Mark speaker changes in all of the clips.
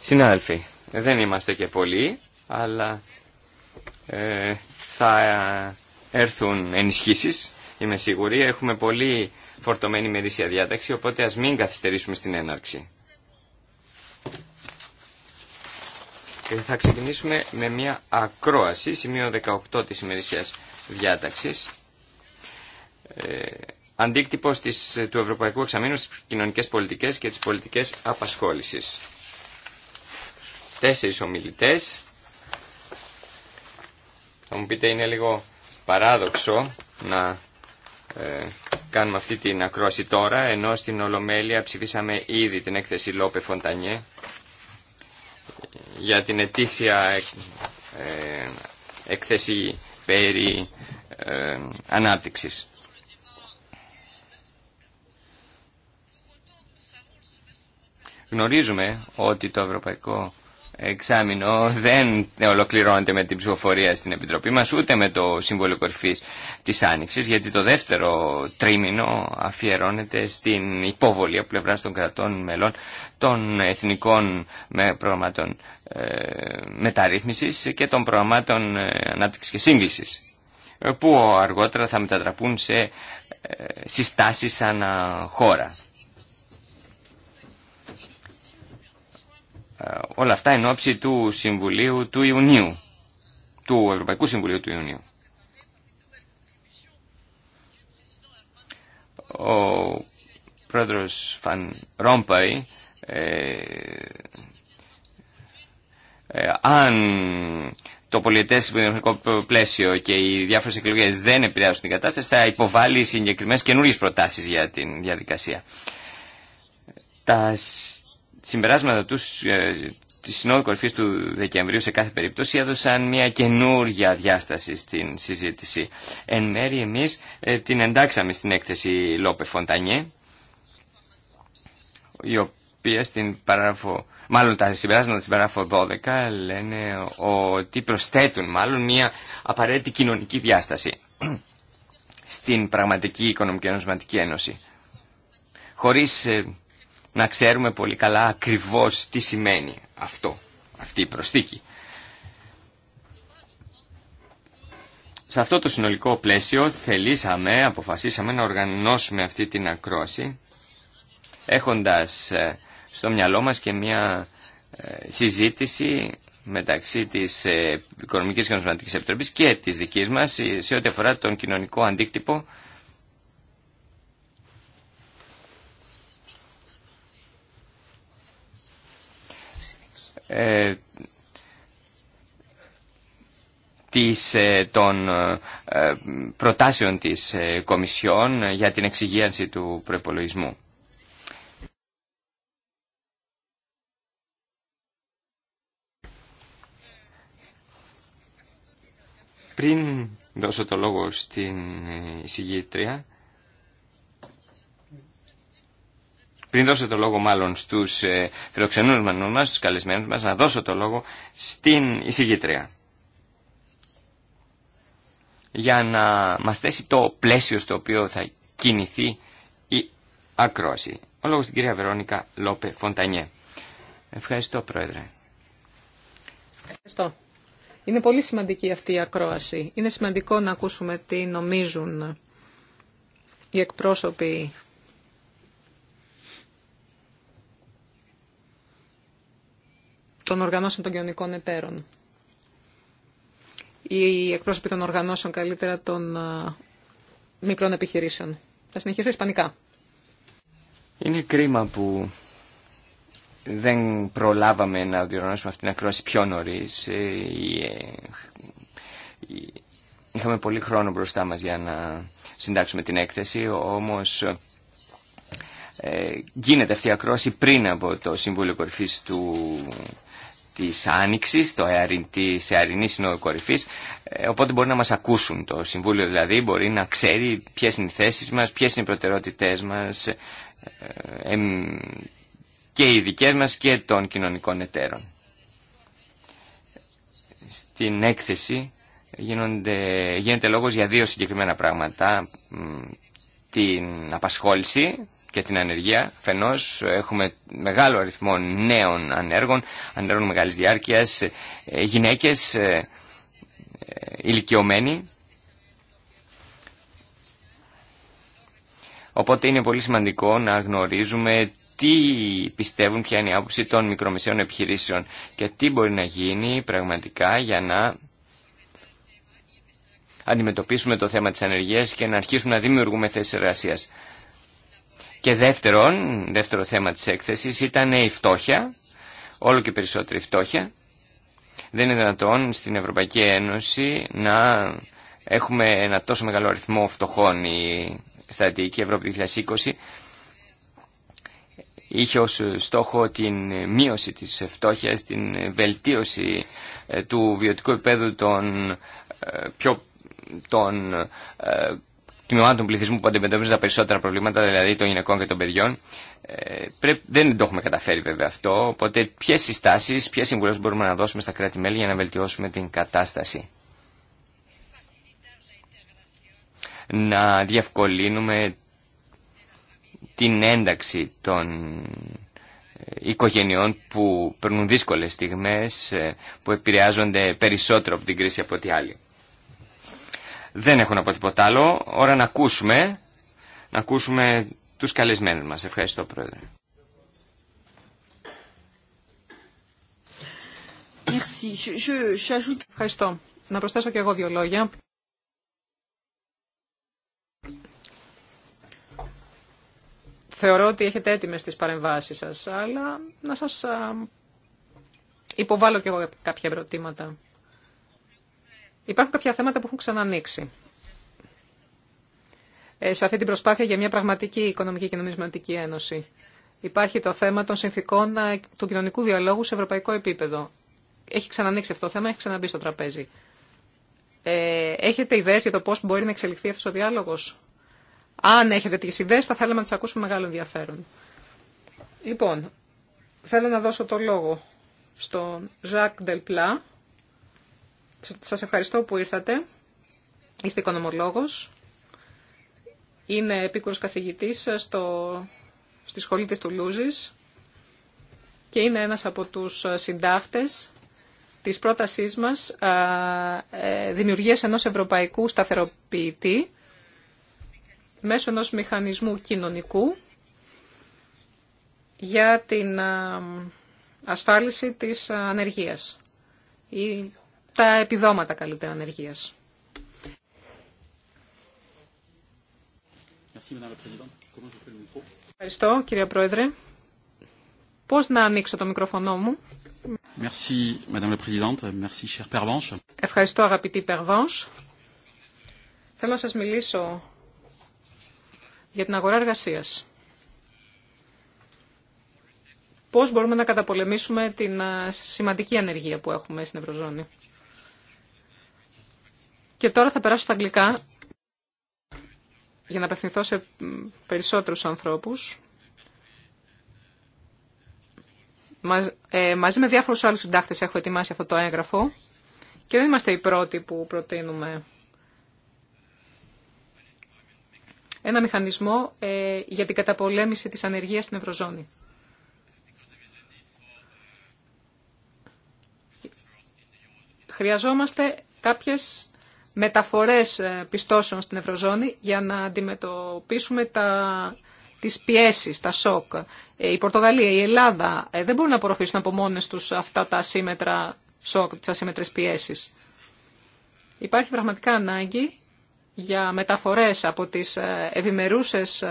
Speaker 1: Συνάδελφοι, δεν είμαστε και πολλοί, αλλά ε, θα ε, έρθουν ενισχύσεις, είμαι σίγουρη. Έχουμε πολύ φορτωμένη μερίσια διάταξη, οπότε ας μην καθυστερήσουμε στην έναρξη. Και ε, θα ξεκινήσουμε με μια ακρόαση, σημείο 18 της ημερησίας διάταξης. Ε, αντίκτυπος της, του Ευρωπαϊκού Εξαμήνου στις κοινωνικές πολιτικές και τις πολιτικές απασχόλησης. Τέσσερις ομιλητές. Θα μου πείτε είναι λίγο παράδοξο να ε, κάνουμε αυτή την ακρόαση τώρα, ενώ στην Ολομέλεια ψηφίσαμε ήδη την έκθεση Λόπε Φοντανιέ για την ετήσια ε, ε, έκθεση περί ανάπτυξης. Γνωρίζουμε ότι το Ευρωπαϊκό Εξάμεινο δεν ολοκληρώνεται με την ψηφοφορία στην Επιτροπή μας ούτε με το Σύμβολο Κορυφής της Άνοιξης γιατί το δεύτερο τρίμηνο αφιερώνεται στην υπόβολη από πλευράς των κρατών μελών των εθνικών προγραμμάτων ε, μεταρρύθμισης και των προγραμμάτων ε, ανάπτυξης και σύγκλησης ε, που αργότερα θα μετατραπούν σε συστάσεις σαν χώρα. Ε, όλα αυτά εν ώψη του Συμβουλίου του Ιουνίου, του Ευρωπαϊκού Συμβουλίου του Ιουνίου. Ο πρόεδρος Φαν Ρόμπαϊ, ε, ε, αν το πολιετές πλαίσιο και οι διάφορες εκλογές δεν επηρεάσουν την κατάσταση, θα υποβάλει συγκεκριμένες καινούργιες προτάσεις για την διαδικασία. Τα συμπεράσματα του ε, τη Συνόδου Κορυφή του Δεκεμβρίου σε κάθε περίπτωση έδωσαν μια καινούργια διάσταση στην συζήτηση. Εν μέρη εμεί ε, την εντάξαμε στην έκθεση Λόπε Φοντανιέ, η οποία στην παράγραφο, μάλλον τα συμπεράσματα στην παράγραφο 12 λένε ότι προσθέτουν μάλλον μια απαραίτητη κοινωνική διάσταση στην πραγματική οικονομική ένωση. Χωρίς ε, να ξέρουμε πολύ καλά ακριβώς τι σημαίνει αυτό, αυτή η προσθήκη. Σε αυτό το συνολικό πλαίσιο θελήσαμε, αποφασίσαμε να οργανώσουμε αυτή την ακρόαση έχοντας ε, στο μυαλό μας και μια ε, συζήτηση μεταξύ της ε, Οικονομικής και Επιτροπής και της δικής μας σε ό,τι αφορά τον κοινωνικό αντίκτυπο Ε, της, ε, των ε, προτάσεων της Κομισιόν για την εξυγίανση του προπολογισμού. Πριν δώσω το λόγο στην εισηγήτρια, πριν δώσω το λόγο μάλλον στους ε, φιλοξενούμενους μας, στους καλεσμένους μας, να δώσω το λόγο στην εισηγήτρια. Για να μας θέσει το πλαίσιο στο οποίο θα κινηθεί η ακρόαση. Ο λόγος στην κυρία Βερόνικα Λόπε Φοντανιέ. Ευχαριστώ Πρόεδρε.
Speaker 2: Ευχαριστώ. Είναι πολύ σημαντική αυτή η ακρόαση. Είναι σημαντικό να ακούσουμε τι νομίζουν οι εκπρόσωποι των οργανώσεων των κοινωνικών εταίρων. Οι εκπρόσωποι των οργανώσεων καλύτερα των μικρών επιχειρήσεων. Θα συνεχίσω ισπανικά.
Speaker 1: Είναι κρίμα που δεν προλάβαμε να διοργανώσουμε αυτήν την ακρόαση πιο νωρί. Ε, ε, είχαμε πολύ χρόνο μπροστά μας για να συντάξουμε την έκθεση, όμως ε, γίνεται αυτή η ακρόαση πριν από το Συμβούλιο Κορυφής του Τη Άνοιξης, το αερι, της Αερινής Συνόδου ε, οπότε μπορεί να μας ακούσουν. Το Συμβούλιο δηλαδή μπορεί να ξέρει ποιες είναι οι θέσεις μας, ποιες είναι οι προτεραιότητές μας ε, και οι δικές μας και των κοινωνικών εταίρων. Στην έκθεση γίνονται, γίνεται λόγος για δύο συγκεκριμένα πράγματα. Την απασχόληση και την ανεργία. Φενός έχουμε μεγάλο αριθμό νέων ανέργων, ανέργων μεγάλης διάρκεια, ε, γυναίκες, ε, ε, ηλικιωμένοι. Οπότε είναι πολύ σημαντικό να γνωρίζουμε τι πιστεύουν, ποια είναι η άποψη των μικρομεσαίων επιχειρήσεων και τι μπορεί να γίνει πραγματικά για να αντιμετωπίσουμε το θέμα της ανεργίας και να αρχίσουμε να δημιουργούμε θέσεις εργασίας. Και δεύτερον, δεύτερο θέμα της έκθεσης ήταν η φτώχεια, όλο και περισσότερη φτώχεια. Δεν είναι δυνατόν στην Ευρωπαϊκή Ένωση να έχουμε ένα τόσο μεγάλο αριθμό φτωχών. Η στρατηγική Ευρώπη 2020 είχε ως στόχο την μείωση της φτώχειας, την βελτίωση ε, του βιωτικού επίπεδου των ε, πιο των ε, την του πληθυσμού που αντιμετωπίζουν τα περισσότερα προβλήματα, δηλαδή των γυναικών και των παιδιών. Ε, δεν το έχουμε καταφέρει βέβαια αυτό. Οπότε, ποιε συστάσει, ποιε συμβουλέ μπορούμε να δώσουμε στα κράτη-μέλη για να βελτιώσουμε την κατάσταση. Να διευκολύνουμε την ένταξη των ε, οικογενειών που περνούν δύσκολες στιγμές, ε, που επηρεάζονται περισσότερο από την κρίση από ό,τι άλλοι. Δεν έχω να πω τίποτα άλλο. Ώρα να ακούσουμε, να ακούσουμε τους καλεσμένους μας. Ευχαριστώ Πρόεδρε.
Speaker 2: Ευχαριστώ. Να προσθέσω και εγώ δύο λόγια. Θεωρώ ότι έχετε έτοιμες τις παρεμβάσεις σας, αλλά να σας υποβάλω και εγώ κάποια ερωτήματα. Υπάρχουν κάποια θέματα που έχουν ξανανοίξει. Ε, σε αυτή την προσπάθεια για μια πραγματική οικονομική και νομισματική ένωση. Υπάρχει το θέμα των συνθήκων ε, του κοινωνικού διαλόγου σε ευρωπαϊκό επίπεδο. Έχει ξανανοίξει αυτό το θέμα, έχει ξαναμπεί στο τραπέζι. Ε, έχετε ιδέε για το πώς μπορεί να εξελιχθεί αυτός ο διάλογο. Αν έχετε τις ιδέε, θα θέλαμε να τι ακούσουμε μεγάλο ενδιαφέρον. Λοιπόν, θέλω να δώσω το λόγο στον Ζακ Ντελπλά σας ευχαριστώ που ήρθατε. Είστε οικονομολόγος. Είναι επίκουρος καθηγητής στο, στη σχολή της Τουλούζης και είναι ένας από τους συντάχτες της πρότασής μας α, ε, δημιουργίας ενός ευρωπαϊκού σταθεροποιητή μέσω ενός μηχανισμού κοινωνικού για την ασφάλιση της ανεργίας ή τα επιδόματα καλύτερα ανεργία. Ευχαριστώ κύριε Πρόεδρε. Πώς να ανοίξω το μικρόφωνο μου.
Speaker 3: Merci, Madame la Présidente. Merci, cher Pervenche.
Speaker 2: Ευχαριστώ αγαπητή Pervenche. Θέλω να σας μιλήσω για την αγορά εργασίας. Πώς μπορούμε να καταπολεμήσουμε την ε, σημαντική ανεργία που έχουμε στην Ευρωζώνη. Και τώρα θα περάσω στα αγγλικά για να απευθυνθώ σε περισσότερους ανθρώπους. Ε, μαζί με διάφορους άλλους συντάκτες έχω ετοιμάσει αυτό το έγγραφο και δεν είμαστε οι πρώτοι που προτείνουμε ένα μηχανισμό ε, για την καταπολέμηση της ανεργίας στην Ευρωζώνη. Χρειαζόμαστε κάποιες μεταφορές ε, πιστώσεων στην Ευρωζώνη για να αντιμετωπίσουμε τα, τις πιέσεις, τα σοκ. Ε, η Πορτογαλία, η Ελλάδα ε, δεν μπορούν να απορροφήσουν από μόνες τους αυτά τα ασύμετρα σοκ, τις ασύμετρες πιέσεις. Υπάρχει πραγματικά ανάγκη για μεταφορές από τις ευημερούσες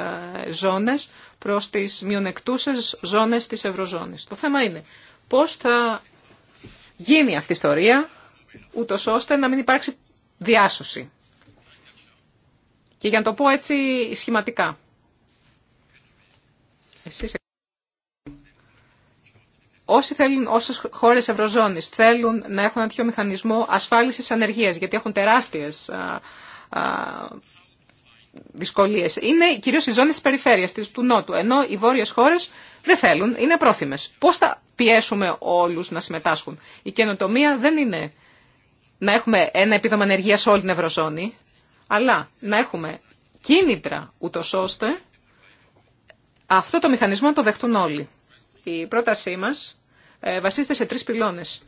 Speaker 2: ζώνες προς τις μειονεκτούσες ζώνες της Ευρωζώνης. Το θέμα είναι πώς θα γίνει αυτή η ιστορία, ούτω ώστε να μην υπάρξει διάσωση. Και για να το πω έτσι σχηματικά. Εσείς... Όσοι θέλουν, όσες χώρες Ευρωζώνης θέλουν να έχουν ένα τέτοιο μηχανισμό ασφάλισης ανεργίας, γιατί έχουν τεράστιες α, δυσκολίες. Είναι κυρίως οι ζώνες της περιφέρειας, του Νότου, ενώ οι βόρειες χώρες δεν θέλουν, είναι πρόθυμες. Πώς θα πιέσουμε όλους να συμμετάσχουν. Η καινοτομία δεν είναι να έχουμε ένα επίδομα ενεργείας σε όλη την Ευρωζώνη, αλλά να έχουμε κίνητρα ούτω ώστε αυτό το μηχανισμό να το δεχτούν όλοι. Η πρότασή μας ε, βασίζεται σε τρεις πυλώνες.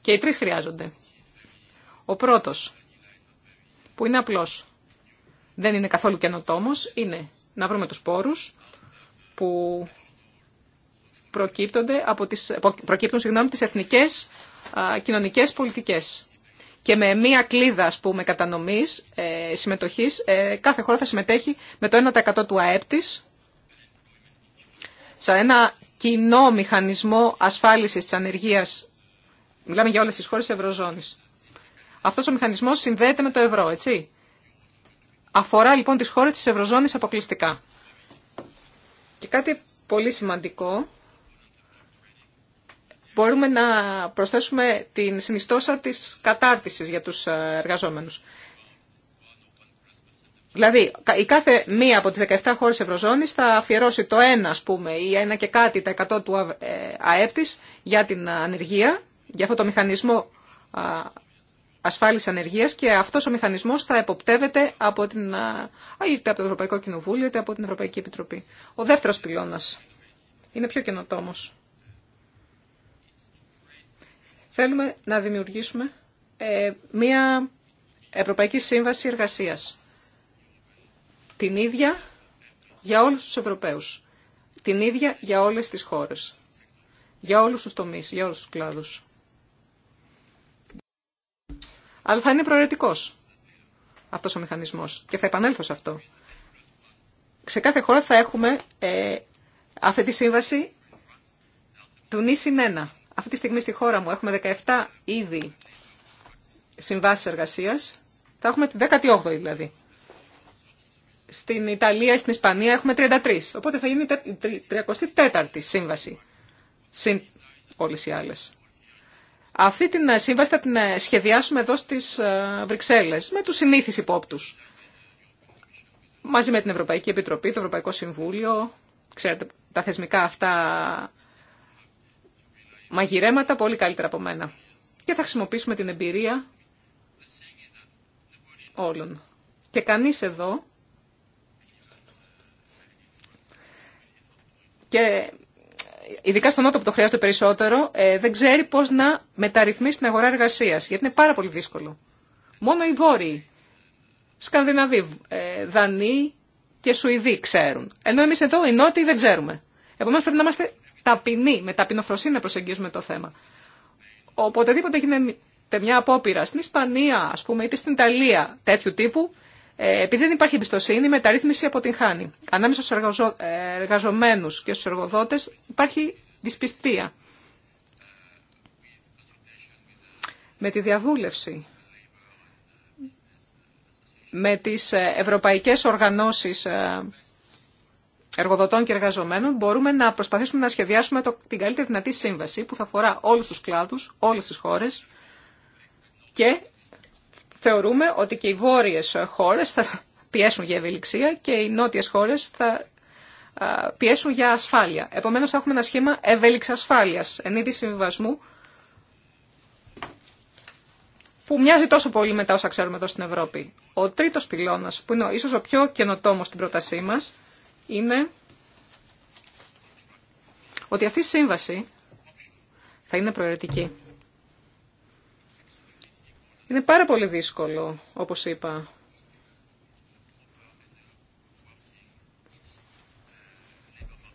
Speaker 2: Και οι τρεις χρειάζονται. Ο πρώτος, που είναι απλός, δεν είναι καθόλου καινοτόμος, είναι να βρούμε τους πόρους που προκύπτονται από τις, προκύπτουν συγγνώμη, τις εθνικές α, κοινωνικές πολιτικές. Και με μία κλίδα, ας πούμε, κατανομής, ε, συμμετοχής, ε, κάθε χώρα θα συμμετέχει με το 1% του ΑΕΠ της, σαν ένα κοινό μηχανισμό ασφάλισης της ανεργίας, μιλάμε για όλες τις χώρες της Ευρωζώνης. Αυτός ο μηχανισμός συνδέεται με το ευρώ, έτσι. Αφορά λοιπόν τις χώρες της Ευρωζώνης αποκλειστικά. Και κάτι πολύ σημαντικό μπορούμε να προσθέσουμε την συνιστόσα της κατάρτισης για τους ε, εργαζόμενους. Δηλαδή, η κάθε μία από τις 17 χώρες Ευρωζώνης θα αφιερώσει το ένα, ας πούμε, ή ένα και κάτι, τα 100 του ε, ΑΕΠ της για την ανεργία, για αυτό το μηχανισμό ασφάλισης ανεργίας και αυτός ο μηχανισμός θα εποπτεύεται από την, είτε από το Ευρωπαϊκό Κοινοβούλιο είτε από την Ευρωπαϊκή Επιτροπή. Ο δεύτερος πυλώνας είναι πιο καινοτόμος. Θέλουμε να δημιουργήσουμε ε, μία Ευρωπαϊκή Σύμβαση Εργασίας. Την ίδια για όλους τους Ευρωπαίους. Την ίδια για όλες τις χώρες. Για όλους τους τομείς, για όλους τους κλάδους. Αλλά θα είναι προαιρετικός αυτός ο μηχανισμός και θα επανέλθω σε αυτό. Σε κάθε χώρα θα έχουμε ε, αυτή τη σύμβαση του νη αυτή τη στιγμή στη χώρα μου έχουμε 17 είδη συμβάσει εργασία. Θα έχουμε 18η δηλαδή. Στην Ιταλία, στην Ισπανία έχουμε 33. Οπότε θα γίνει 34η σύμβαση. Συν όλες οι άλλε. Αυτή την ε, σύμβαση θα την ε, σχεδιάσουμε εδώ στις ε, Βρυξέλλες με τους συνήθεις υπόπτους. Μαζί με την Ευρωπαϊκή Επιτροπή, το Ευρωπαϊκό Συμβούλιο, ξέρετε τα θεσμικά αυτά μαγειρέματα πολύ καλύτερα από μένα. Και θα χρησιμοποιήσουμε την εμπειρία όλων. Και κανείς εδώ και ειδικά στον Νότο που το χρειάζεται περισσότερο, ε, δεν ξέρει πώς να μεταρρυθμίσει την αγορά εργασίας, γιατί είναι πάρα πολύ δύσκολο. Μόνο οι Βόρειοι, Σκανδιναβοί, ε, Δανείοι και Σουηδοί ξέρουν. Ενώ εμείς εδώ οι Νότιοι δεν ξέρουμε. Επομένως πρέπει να είμαστε Ταπεινή, με ταπεινοφροσύνη να προσεγγίζουμε το θέμα. Οποτεδήποτε γίνεται μια απόπειρα στην Ισπανία, α πούμε, είτε στην Ιταλία τέτοιου τύπου, ε, επειδή δεν υπάρχει εμπιστοσύνη, η μεταρρύθμιση αποτυγχάνει. Ανάμεσα στους ε, εργαζομένους και στου εργοδότες υπάρχει δυσπιστία. Με τη διαβούλευση, με τις ε, ευρωπαϊκές οργανώσεις εργοδοτών και εργαζομένων μπορούμε να προσπαθήσουμε να σχεδιάσουμε το, την καλύτερη δυνατή σύμβαση που θα αφορά όλους τους κλάδους, όλες τις χώρες και θεωρούμε ότι και οι βόρειες χώρες θα πιέσουν για ευελιξία και οι νότιες χώρες θα πιέσουν για ασφάλεια. Επομένως έχουμε ένα σχήμα ευέλιξη ασφάλειας εν είδη συμβιβασμού που μοιάζει τόσο πολύ μετά όσα ξέρουμε εδώ στην Ευρώπη. Ο τρίτος πυλώνας που είναι ίσως ο πιο καινοτόμος στην πρότασή μας είναι ότι αυτή η σύμβαση θα είναι προαιρετική. Είναι πάρα πολύ δύσκολο, όπως είπα,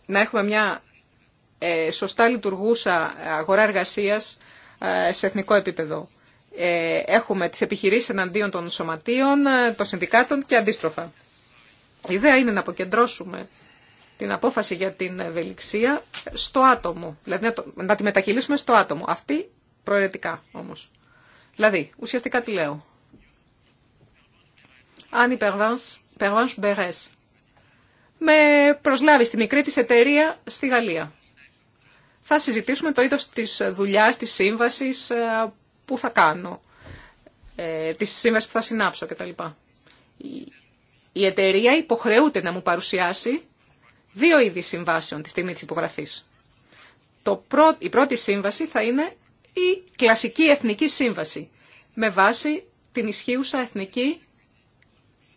Speaker 2: να έχουμε μια ε, σωστά λειτουργούσα αγορά εργασίας ε, σε εθνικό επίπεδο. Ε, έχουμε τις επιχειρήσεις εναντίον των σωματείων, ε, των συνδικάτων και αντίστροφα. Η ιδέα είναι να αποκεντρώσουμε την απόφαση για την ευελιξία στο άτομο, δηλαδή να τη μετακυλήσουμε στο άτομο. Αυτή προαιρετικά όμως. Δηλαδή, ουσιαστικά τι λέω. Αν η Περβάνς Μπερές με προσλάβει στη μικρή της εταιρεία στη Γαλλία. Θα συζητήσουμε το είδος της δουλειάς, της σύμβασης ε, που θα κάνω, ε, της σύμβασης που θα συνάψω κτλ η εταιρεία υποχρεούται να μου παρουσιάσει δύο είδη συμβάσεων τη στιγμή τη υπογραφής. Το πρω... Η πρώτη σύμβαση θα είναι η κλασική εθνική σύμβαση με βάση την ισχύουσα εθνική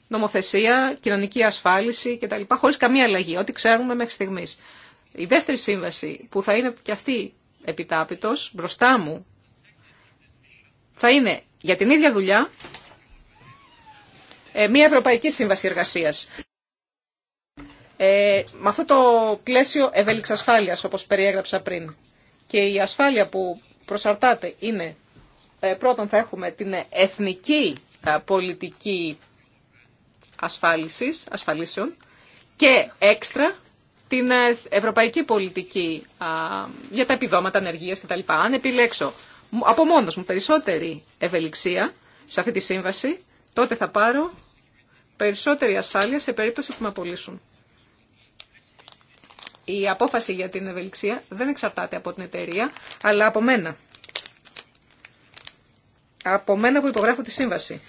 Speaker 2: νομοθεσία, κοινωνική ασφάλιση κτλ. χωρίς καμία αλλαγή, ό,τι ξέρουμε μέχρι στιγμής. Η δεύτερη σύμβαση που θα είναι και αυτή επιτάπητος μπροστά μου θα είναι για την ίδια δουλειά ε, μια Ευρωπαϊκή Σύμβαση εργασία. Ε, με αυτό το πλαίσιο ευέλικτη ασφάλεια, όπως περιέγραψα πριν. Και η ασφάλεια που προσαρτάται είναι, ε, πρώτον θα έχουμε την εθνική ε, πολιτική ασφάλισης, ασφαλίσεων και έξτρα την ευρωπαϊκή πολιτική για τα επιδόματα ανεργίας κτλ. Αν επιλέξω από μόνος μου περισσότερη ευελιξία σε αυτή τη σύμβαση, τότε θα πάρω περισσότερη ασφάλεια σε περίπτωση που με απολύσουν. Η απόφαση για την ευελιξία δεν εξαρτάται από την εταιρεία, αλλά από μένα. Από μένα που υπογράφω τη σύμβαση.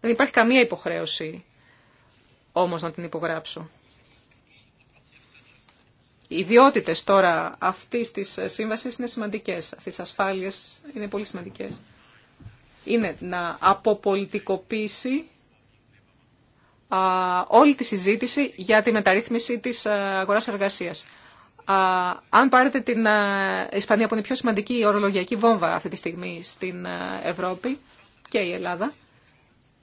Speaker 2: Δεν υπάρχει καμία υποχρέωση όμως να την υπογράψω. Οι ιδιότητε τώρα αυτής της σύμβασης είναι σημαντικές. Αυτές οι ασφάλειες είναι πολύ σημαντικές είναι να αποπολιτικοποιήσει όλη τη συζήτηση για τη μεταρρύθμιση της ε, αγοράς εργασίας. αν πάρετε την ε, Ισπανία που είναι η πιο σημαντική ορολογιακή βόμβα αυτή τη στιγμή στην ε, Ευρώπη και η Ελλάδα,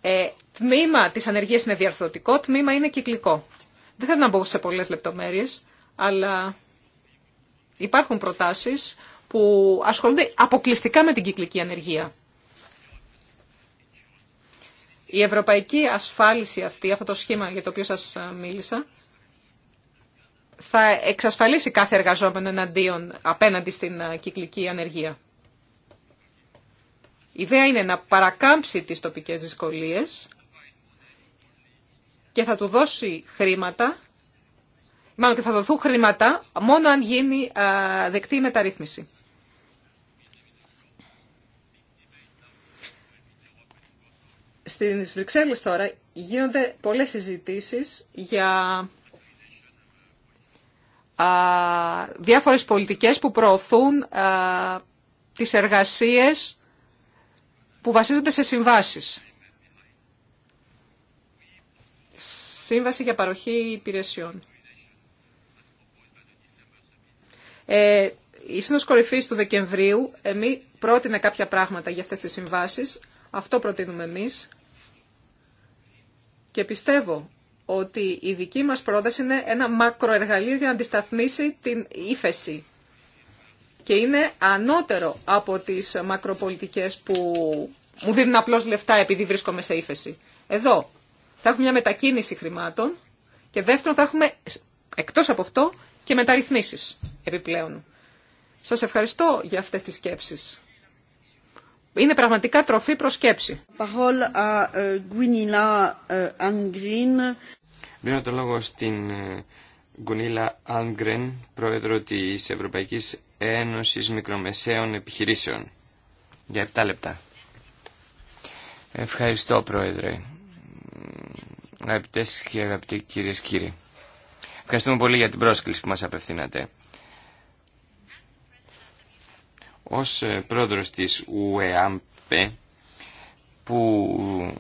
Speaker 2: ε, τμήμα της ανεργίας είναι διαρθρωτικό, τμήμα είναι κυκλικό. Δεν θέλω να μπω σε πολλές λεπτομέρειες, αλλά υπάρχουν προτάσεις που ασχολούνται αποκλειστικά με την κυκλική ανεργία. Η ευρωπαϊκή ασφάλιση αυτή, αυτό το σχήμα για το οποίο σας ε, μίλησα, θα εξασφαλίσει κάθε εργαζόμενο εναντίον απέναντι στην ε, κυκλική ανεργία. Η ιδέα είναι να παρακάμψει τις τοπικές δυσκολίες και θα του δώσει χρήματα, μάλλον και θα δοθούν χρήματα μόνο αν γίνει ε, δεκτή η μεταρρύθμιση. Στις Βρυξέλλες τώρα γίνονται πολλές συζητήσεις για διάφορες πολιτικές που προωθούν τις εργασίες που βασίζονται σε συμβάσεις. Σύμβαση για παροχή υπηρεσιών. Ε, η Σύνος Κορυφής του Δεκεμβρίου εμεί πρότεινε κάποια πράγματα για αυτές τις συμβάσεις, αυτό προτείνουμε εμείς και πιστεύω ότι η δική μας πρόταση είναι ένα μακροεργαλείο για να αντισταθμίσει την ύφεση και είναι ανώτερο από τις μακροπολιτικές που μου δίνουν απλώς λεφτά επειδή βρίσκομαι σε ύφεση. Εδώ θα έχουμε μια μετακίνηση χρημάτων και δεύτερον θα έχουμε εκτός από αυτό και μεταρρυθμίσεις επιπλέον. Σας ευχαριστώ για αυτές τις σκέψεις είναι πραγματικά τροφή προσκέψη. Ε, ε,
Speaker 1: Δίνω το λόγο στην Γκουνίλα ε, Άνγκρεν, πρόεδρο της Ευρωπαϊκής Ένωσης Μικρομεσαίων Επιχειρήσεων. Για 7 λεπτά. Ευχαριστώ, πρόεδρε. Αγαπητές και αγαπητοί κυρίες και κύριοι. Ευχαριστούμε πολύ για την πρόσκληση που μας απευθύνατε. Ως ε, πρόεδρος της ΟΕΑΜΠΕ που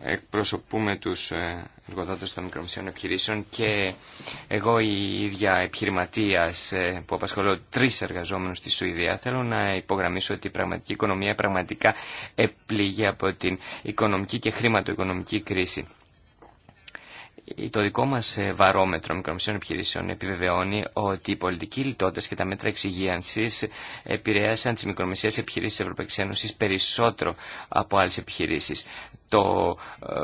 Speaker 1: εκπροσωπούμε τους ε, εργοδότες των μικρομεσαίων επιχειρήσεων και εγώ η ίδια επιχειρηματίας ε, που απασχολώ τρεις εργαζόμενους στη Σουηδία θέλω να υπογραμμίσω ότι η πραγματική οικονομία πραγματικά επλήγει από την οικονομική και χρηματοοικονομική κρίση. Το δικό μας ε, βαρόμετρο μικρομεσαίων επιχειρήσεων επιβεβαιώνει ότι οι πολιτικοί λιτότητες και τα μέτρα εξυγίανσης επηρέασαν τις μικρομεσαίες επιχειρήσεις της Ευρωπαϊκής Ένωσης περισσότερο από άλλες επιχειρήσεις. Το, ε,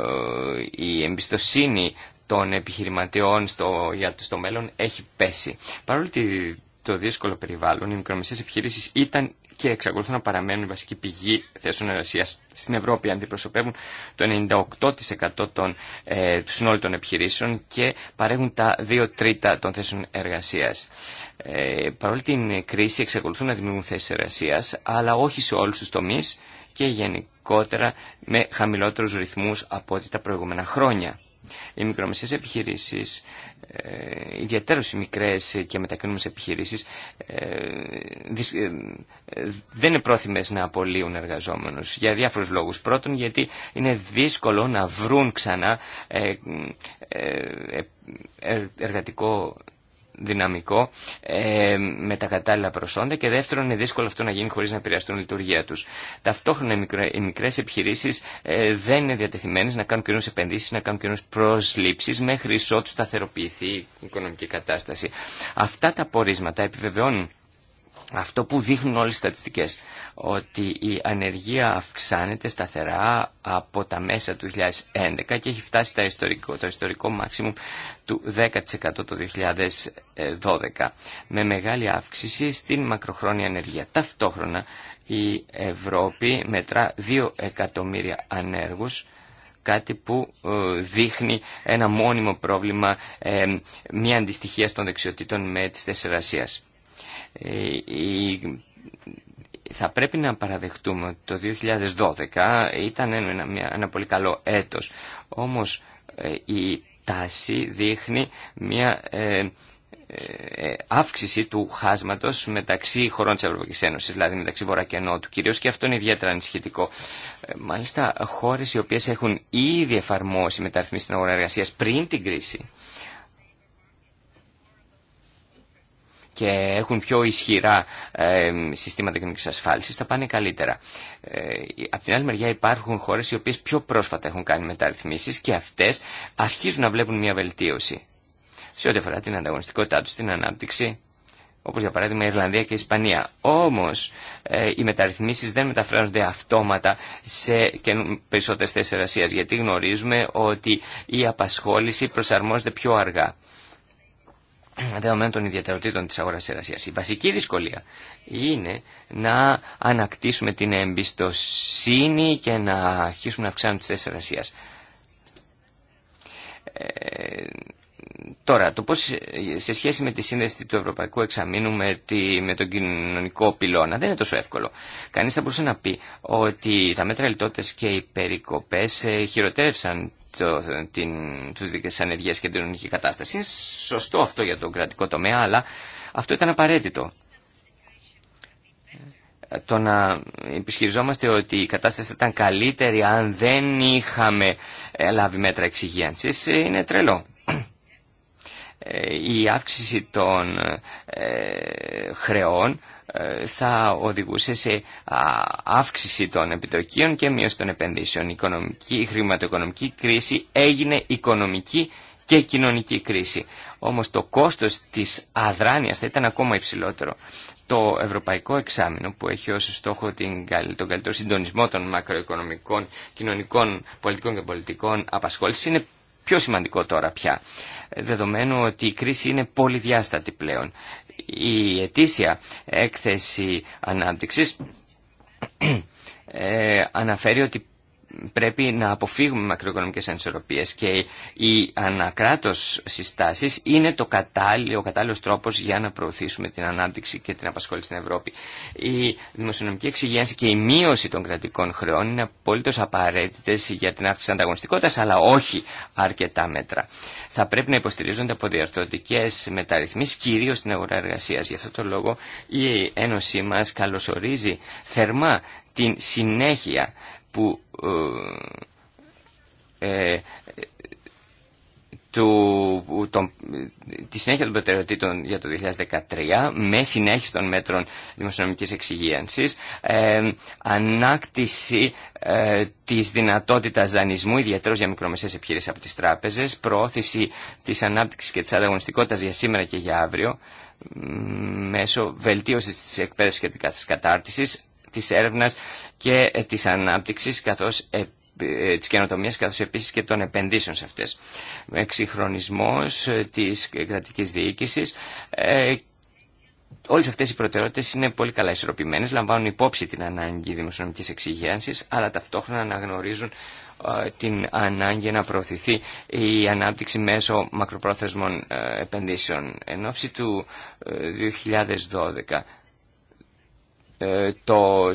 Speaker 1: η εμπιστοσύνη των επιχειρηματιών στο, για, στο μέλλον έχει πέσει. Παρόλο το δύσκολο περιβάλλον, οι μικρομεσαίες επιχειρήσεις ήταν και εξακολουθούν να παραμένουν βασική πηγή θέσεων εργασία. Στην Ευρώπη αντιπροσωπεύουν το 98% των, ε, του των επιχειρήσεων και παρέχουν τα 2 τρίτα των θέσεων εργασία. Ε, παρόλη την κρίση εξακολουθούν να δημιουργούν θέσει εργασία, αλλά όχι σε όλου του τομεί και γενικότερα με χαμηλότερου ρυθμού από ό,τι τα προηγούμενα χρόνια. Οι μικρομεσαίες επιχειρήσεις, ε, οι μικρές και μετακινούμενες επιχειρήσεις, ε, ε, δεν είναι πρόθυμες να απολύουν εργαζόμενους για διάφορους λόγους. Πρώτον, γιατί είναι δύσκολο να βρουν ξανά ε, εργατικό δυναμικό ε, με τα κατάλληλα προσόντα και δεύτερον είναι δύσκολο αυτό να γίνει χωρίς να επηρεαστούν η λειτουργία τους. Ταυτόχρονα οι μικρές επιχειρήσεις ε, δεν είναι διατεθειμένες να κάνουν καινούς επενδύσεις, να κάνουν καινούς προσλήψεις μέχρι ότου σταθεροποιηθεί η οικονομική κατάσταση. Αυτά τα πορίσματα επιβεβαιώνουν αυτό που δείχνουν όλες οι στατιστικές, ότι η ανεργία αυξάνεται σταθερά από τα μέσα του 2011 και έχει φτάσει τα ιστορικό, το ιστορικό μάξιμου του 10% το 2012, με μεγάλη αύξηση στην μακροχρόνια ανεργία. Ταυτόχρονα η Ευρώπη μετρά 2 εκατομμύρια ανέργους, κάτι που ε, δείχνει ένα μόνιμο πρόβλημα, ε, μια αντιστοιχία των δεξιοτήτων με τις θέσεις ε, θα πρέπει να παραδεχτούμε ότι το 2012 ήταν ένα, ένα πολύ καλό έτος. Όμως ε, η τάση δείχνει μια ε, αύξηση του χάσματος μεταξύ χωρών της Ευρωπαϊκής Ένωσης, δηλαδή μεταξύ Βορρά και Νότου κυρίως και αυτό είναι ιδιαίτερα ανησυχητικό. Μάλιστα χώρες οι οποίες έχουν ήδη εφαρμόσει μεταρρυθμίσεις στην αγορά εργασίας πριν την κρίση και έχουν πιο ισχυρά ε, συστήματα κοινωνική ασφάλισης θα πάνε καλύτερα. Ε, απ' την άλλη μεριά υπάρχουν χώρε οι οποίε πιο πρόσφατα έχουν κάνει μεταρρυθμίσεις και αυτέ αρχίζουν να βλέπουν μια βελτίωση σε ό,τι αφορά την ανταγωνιστικότητά του, την ανάπτυξη, όπως για παράδειγμα η Ιρλανδία και η Ισπανία. Όμως ε, οι μεταρρυθμίσεις δεν μεταφράζονται αυτόματα σε περισσότερες θέσεις εργασίας, γιατί γνωρίζουμε ότι η απασχόληση προσαρμόζεται πιο αργά δεδομένων των ιδιαιτεροτήτων της αγοράς εργασίας. Η βασική δυσκολία είναι να ανακτήσουμε την εμπιστοσύνη και να αρχίσουμε να αυξάνουμε τις θέσεις εργασίας. Ε, τώρα, το πώς σε σχέση με τη σύνδεση του Ευρωπαϊκού Εξαμήνου με, με τον κοινωνικό πυλώνα δεν είναι τόσο εύκολο. Κανείς θα μπορούσε να πει ότι τα μέτρα λιτότητες και οι περικοπές ε, χειροτέρευσαν το, την, τους δικες και την κοινωνική κατάσταση. Είναι σωστό αυτό για τον κρατικό τομέα, αλλά αυτό ήταν απαραίτητο. Ε, το να επισκυριζόμαστε ότι η κατάσταση ήταν καλύτερη αν δεν είχαμε ε, λάβει μέτρα εξυγίανσης ε, είναι τρελό. Η αύξηση των ε, χρεών θα οδηγούσε σε αύξηση των επιτοκίων και μείωση των επενδύσεων. Η, οικονομική, η χρηματοοικονομική κρίση έγινε οικονομική και κοινωνική κρίση. Όμως το κόστος της αδράνειας θα ήταν ακόμα υψηλότερο. Το Ευρωπαϊκό Εξάμεινο που έχει ως στόχο την, τον καλύτερο συντονισμό των μακροοικονομικών, κοινωνικών, πολιτικών και πολιτικών απασχόλησης είναι πιο σημαντικό τώρα πια, δεδομένου ότι η κρίση είναι πολυδιάστατη πλέον η ετήσια έκθεση ανάπτυξης ε, αναφέρει ότι πρέπει να αποφύγουμε μακροοικονομικές ανισορροπίες και οι ανακράτος συστάσεις είναι το κατάλληλο, ο κατάλληλος τρόπος για να προωθήσουμε την ανάπτυξη και την απασχόληση στην Ευρώπη. Η δημοσιονομική εξυγένση και η μείωση των κρατικών χρεών είναι απολύτως απαραίτητες για την αύξηση ανταγωνιστικότητας αλλά όχι αρκετά μέτρα. Θα πρέπει να υποστηρίζονται από διαρθρωτικές μεταρρυθμίσεις κυρίως στην αγορά εργασίας. Γι' αυτό το λόγο η Ένωσή μας καλωσορίζει θερμά την συνέχεια που ε, ε τον, τη συνέχεια των προτεραιοτήτων για το 2013 με συνέχιση των μέτρων δημοσιονομικής εξυγίανσης ε, ανάκτηση ε, της δυνατότητας δανεισμού ιδιαίτερα για μικρομεσαίες επιχειρήσεις από τις τράπεζες προώθηση της ανάπτυξης και της ανταγωνιστικότητας για σήμερα και για αύριο μέσω βελτίωσης της εκπαίδευσης και της κατάρτισης της έρευνας και ε, της ανάπτυξης καθώς ε, ε, της καινοτομίας καθώς επίσης και των επενδύσεων σε αυτές. Εξυγχρονισμός της κρατικής διοίκησης Όλε αυτέ οι προτεραιότητε είναι πολύ καλά ισορροπημένε, λαμβάνουν υπόψη την ανάγκη δημοσιονομική εξυγίανση, αλλά ταυτόχρονα αναγνωρίζουν την ανάγκη να προωθηθεί η ανάπτυξη μέσω μακροπρόθεσμων επενδύσεων. Εν ώψη του 2012 ε, το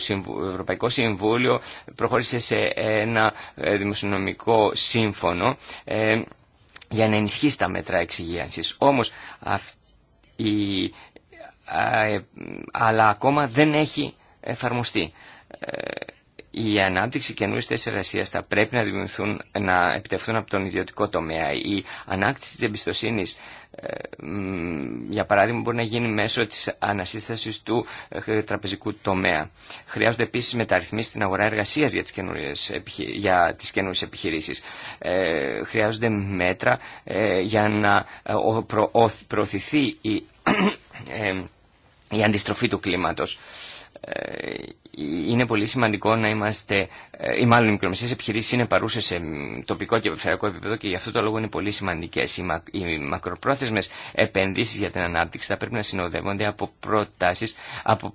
Speaker 1: Ευρωπαϊκό Συμβούλιο προχώρησε σε ένα ε, δημοσιονομικό σύμφωνο ε, για να ενισχύσει τα μέτρα εξυγίανσης. Όμως αλλά ακόμα δεν έχει εφαρμοστεί η ανάπτυξη καινούριε θέσει εργασία θα πρέπει να, να επιτευχθούν από τον ιδιωτικό τομέα. Η ανάκτηση τη εμπιστοσύνη, ε, για παράδειγμα, μπορεί να γίνει μέσω τη ανασύσταση του ε, τραπεζικού τομέα. Χρειάζονται επίση μεταρρυθμίσει στην αγορά εργασία για τι καινούριε επιχειρήσει. Ε, χρειάζονται μέτρα για να προωθηθεί η, η αντιστροφή του κλίματος είναι πολύ σημαντικό να είμαστε, ε, ή μάλλον οι μικρομεσαίες επιχειρήσεις είναι παρούσε σε τοπικό και περιφερειακό επίπεδο και γι' αυτό το λόγο είναι πολύ σημαντικές. Οι, μακροπρόθεσμε επένδυσει μακροπρόθεσμες επενδύσεις για την ανάπτυξη θα πρέπει να συνοδεύονται από προτάσεις, από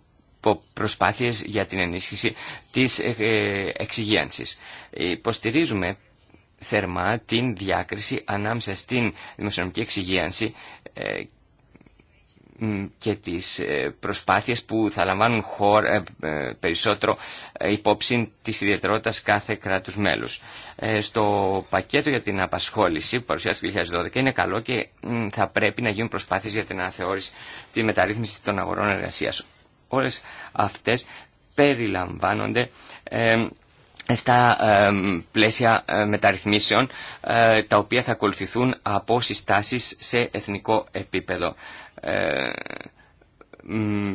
Speaker 1: προσπάθειες για την ενίσχυση της ε, ε, εξυγίανσης. Υποστηρίζουμε θερμά την διάκριση ανάμεσα στην δημοσιονομική εξυγίανση και τις ε, προσπάθειες που θα λαμβάνουν χώρα, ε, ε, περισσότερο υπόψη της ιδιαιτερότητας κάθε κράτους μέλους. Στο πακέτο για την απασχόληση που παρουσιάζει το 2012 είναι καλό και θα πρέπει να γίνουν προσπάθειες για την αναθεώρηση τη μεταρρύθμιση των αγορών εργασίας. Όλες αυτές περιλαμβάνονται στα πλαίσια μεταρρυθμίσεων τα οποία θα ακολουθηθούν από συστάσεις σε εθνικό επίπεδο. Ε,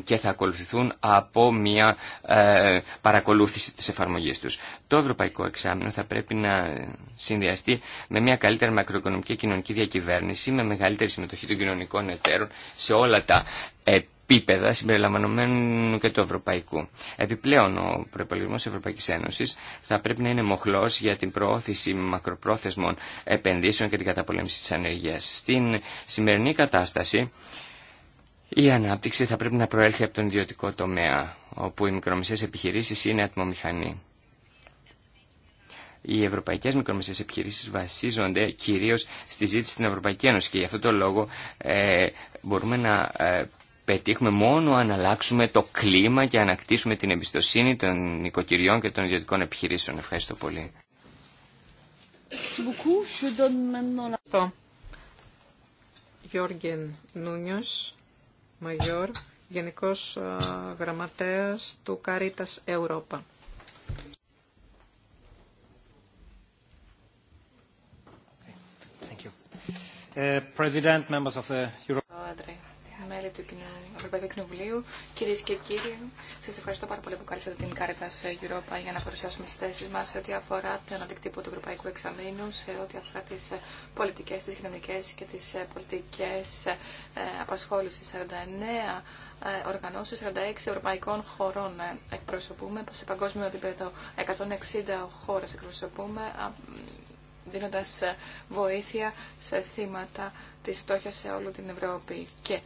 Speaker 1: και θα ακολουθηθούν από μια ε, παρακολούθηση της εφαρμογής τους. Το ευρωπαϊκό εξάμεινο θα πρέπει να συνδυαστεί με μια καλύτερη μακροοικονομική και κοινωνική διακυβέρνηση, με μεγαλύτερη συμμετοχή των κοινωνικών εταίρων σε όλα τα επίπεδα συμπεριλαμβανομένου και του ευρωπαϊκού. Επιπλέον, ο προπολογισμό τη Ευρωπαϊκή Ένωση θα πρέπει να είναι μοχλό για την προώθηση μακροπρόθεσμων επενδύσεων και την καταπολέμηση τη ανεργία. Στην σημερινή κατάσταση, η ανάπτυξη θα πρέπει να προέλθει από τον ιδιωτικό τομέα, όπου οι μικρομεσαίες επιχειρήσεις είναι ατμομηχανή. Οι ευρωπαϊκέ μικρομεσαίες επιχειρήσεις βασίζονται κυρίως στη ζήτηση στην Ευρωπαϊκή Ένωση και γι' αυτό το λόγο ε, μπορούμε να ε, πετύχουμε μόνο αν αλλάξουμε το κλίμα και ανακτήσουμε την εμπιστοσύνη των οικοκυριών και των ιδιωτικών επιχειρήσεων. Ευχαριστώ πολύ.
Speaker 2: Γιώργεν Νούνιος major Γενικός ε, Γραμματέας του Καρίτας Ευρώπα.
Speaker 3: President, members of the Euro μέλη του Ευρωπαϊκού Κοινοβουλίου, κυρίε και κύριοι, σα ευχαριστώ πάρα πολύ που κάλεσατε την κάρτα σε Europa για να παρουσιάσουμε τι θέσει μα σε ό,τι αφορά τον αντικτύπο του Ευρωπαϊκού Εξαμήνου, σε ό,τι αφορά τι ε, πολιτικέ, τι κοινωνικέ και τι ε, πολιτικέ ε, απασχόληση. 49 οργανώσει 46 ευρωπαϊκών χωρών εκπροσωπούμε, σε παγκόσμιο επίπεδο 160 χώρε εκπροσωπούμε δίνοντας βοήθεια σε θύματα της φτώχειας σε όλη την Ευρώπη. Και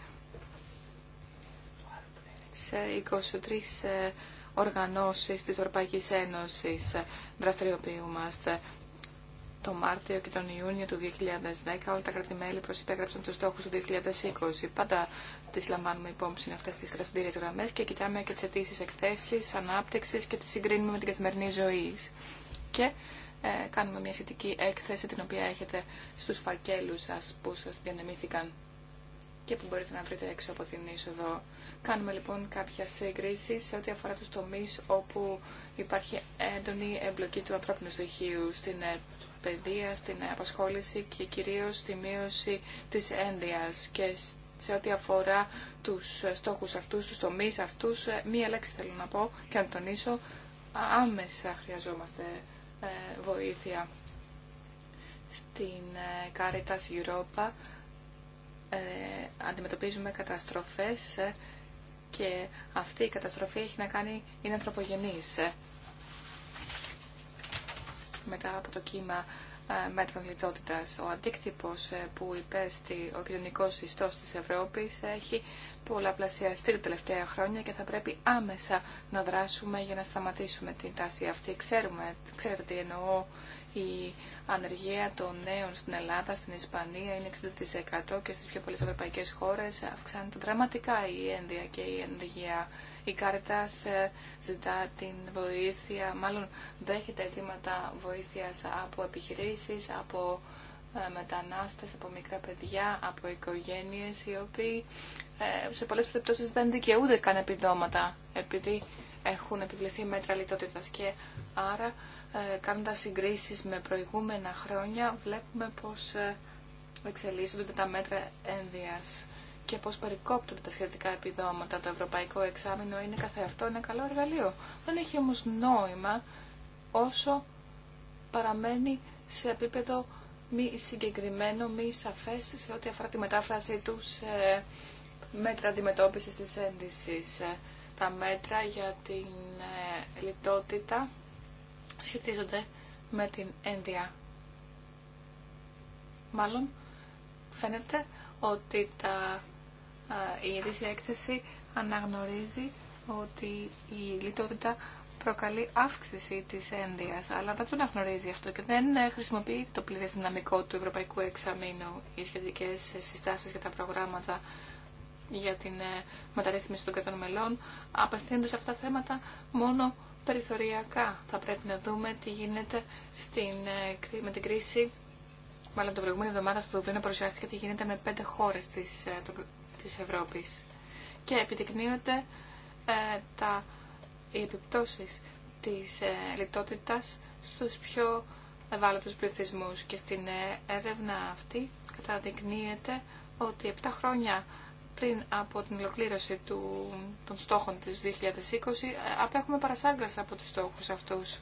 Speaker 3: 23 ε, ε, οργανώσεις της Ευρωπαϊκής Ένωσης ε, δραστηριοποιούμαστε. Το Μάρτιο και τον Ιούνιο του 2010 όλα τα κρατημέλη προσυπέγραψαν τους στόχους του 2020. Πάντα τις λαμβάνουμε υπόψη αυτές τις καταφυντήριες γραμμές και κοιτάμε και τις αιτήσεις εκθέσεις, ανάπτυξης και τις συγκρίνουμε με την καθημερινή ζωή. Και κάνουμε μια σχετική έκθεση την οποία έχετε στους φακέλους σας που σας διανεμήθηκαν και που μπορείτε να βρείτε έξω από την είσοδο. Κάνουμε λοιπόν κάποια σύγκριση σε ό,τι αφορά τους τομείς όπου υπάρχει έντονη εμπλοκή του ανθρώπινου στοιχείου στην ε, παιδεία, στην ε, απασχόληση και κυρίως στη μείωση της ένδυας και σε ό,τι αφορά τους ε, στόχους αυτούς, τους τομείς αυτούς, μία λέξη θέλω να πω και να τονίσω, άμεσα χρειαζόμαστε βοήθεια. Στην Caritas Europa ε, αντιμετωπίζουμε καταστροφές ε, και αυτή η καταστροφή έχει να κάνει, είναι ανθρωπογενής. Ε. Μετά από το κύμα μέτρων λιτότητας, ο αντίκτυπος που υπέστη ο κοινωνικό ιστός της Ευρώπης έχει πολλαπλασιαστεί τα τελευταία χρόνια και θα πρέπει άμεσα να δράσουμε για να σταματήσουμε την τάση αυτή. Ξέρουμε, ξέρετε τι εννοώ η ανεργία των νέων στην Ελλάδα, στην Ισπανία είναι 60% και στις πιο πολλές ευρωπαϊκές χώρες αυξάνεται δραματικά η ένδια και η ενεργεία. Η Κάρτας ε, ζητά την βοήθεια, μάλλον δέχεται αιτήματα βοήθειας από επιχειρήσεις, από ε, μετανάστες, από μικρά παιδιά, από οικογένειες οι οποίοι ε, σε πολλές περιπτώσεις δεν δικαιούνται καν επιδόματα επειδή έχουν επιβληθεί μέτρα λιτότητας και άρα ε, κάνοντας συγκρίσεις με προηγούμενα χρόνια, βλέπουμε πώς ε, εξελίσσονται τα μέτρα ένδυας και πώς περικόπτονται τα σχετικά επιδόματα. Το ευρωπαϊκό εξάμεινο είναι καθεαυτό ένα καλό εργαλείο. Δεν έχει όμως νόημα όσο παραμένει σε επίπεδο μη συγκεκριμένο, μη σαφές σε ό,τι αφορά τη μετάφραση του σε μέτρα αντιμετώπισης της ένδυσης. Τα μέτρα για την ε, λιτότητα σχετίζονται με την Ένδια. Μάλλον φαίνεται ότι τα, ε, η ειδήσια έκθεση αναγνωρίζει ότι η λιτότητα προκαλεί αύξηση της ένδυας, αλλά δεν το αναγνωρίζει αυτό και δεν ε, χρησιμοποιεί το πλήρες δυναμικό του Ευρωπαϊκού Εξαμήνου οι σχετικές ε, συστάσεις για τα προγράμματα για την μεταρρύθμιση των κρατών μελών, απευθύνονται σε αυτά τα θέματα μόνο περιθωριακά. Θα πρέπει να δούμε τι γίνεται στην, ε, με την κρίση. Μάλλον την προηγούμενη εβδομάδα στο Δουβλίνο παρουσιάστηκε τι γίνεται με πέντε χώρες της, ε, της Ευρώπης. Και επιδεικνύονται ε, τα, οι επιπτώσεις της ε, λιτότητας στους πιο ευάλωτους πληθυσμούς. Και στην έρευνα αυτή καταδεικνύεται ότι 7 χρόνια πριν από την ολοκλήρωση του, των στόχων της 2020, ε, απέχουμε παρασάγκας από τους στόχους αυτούς.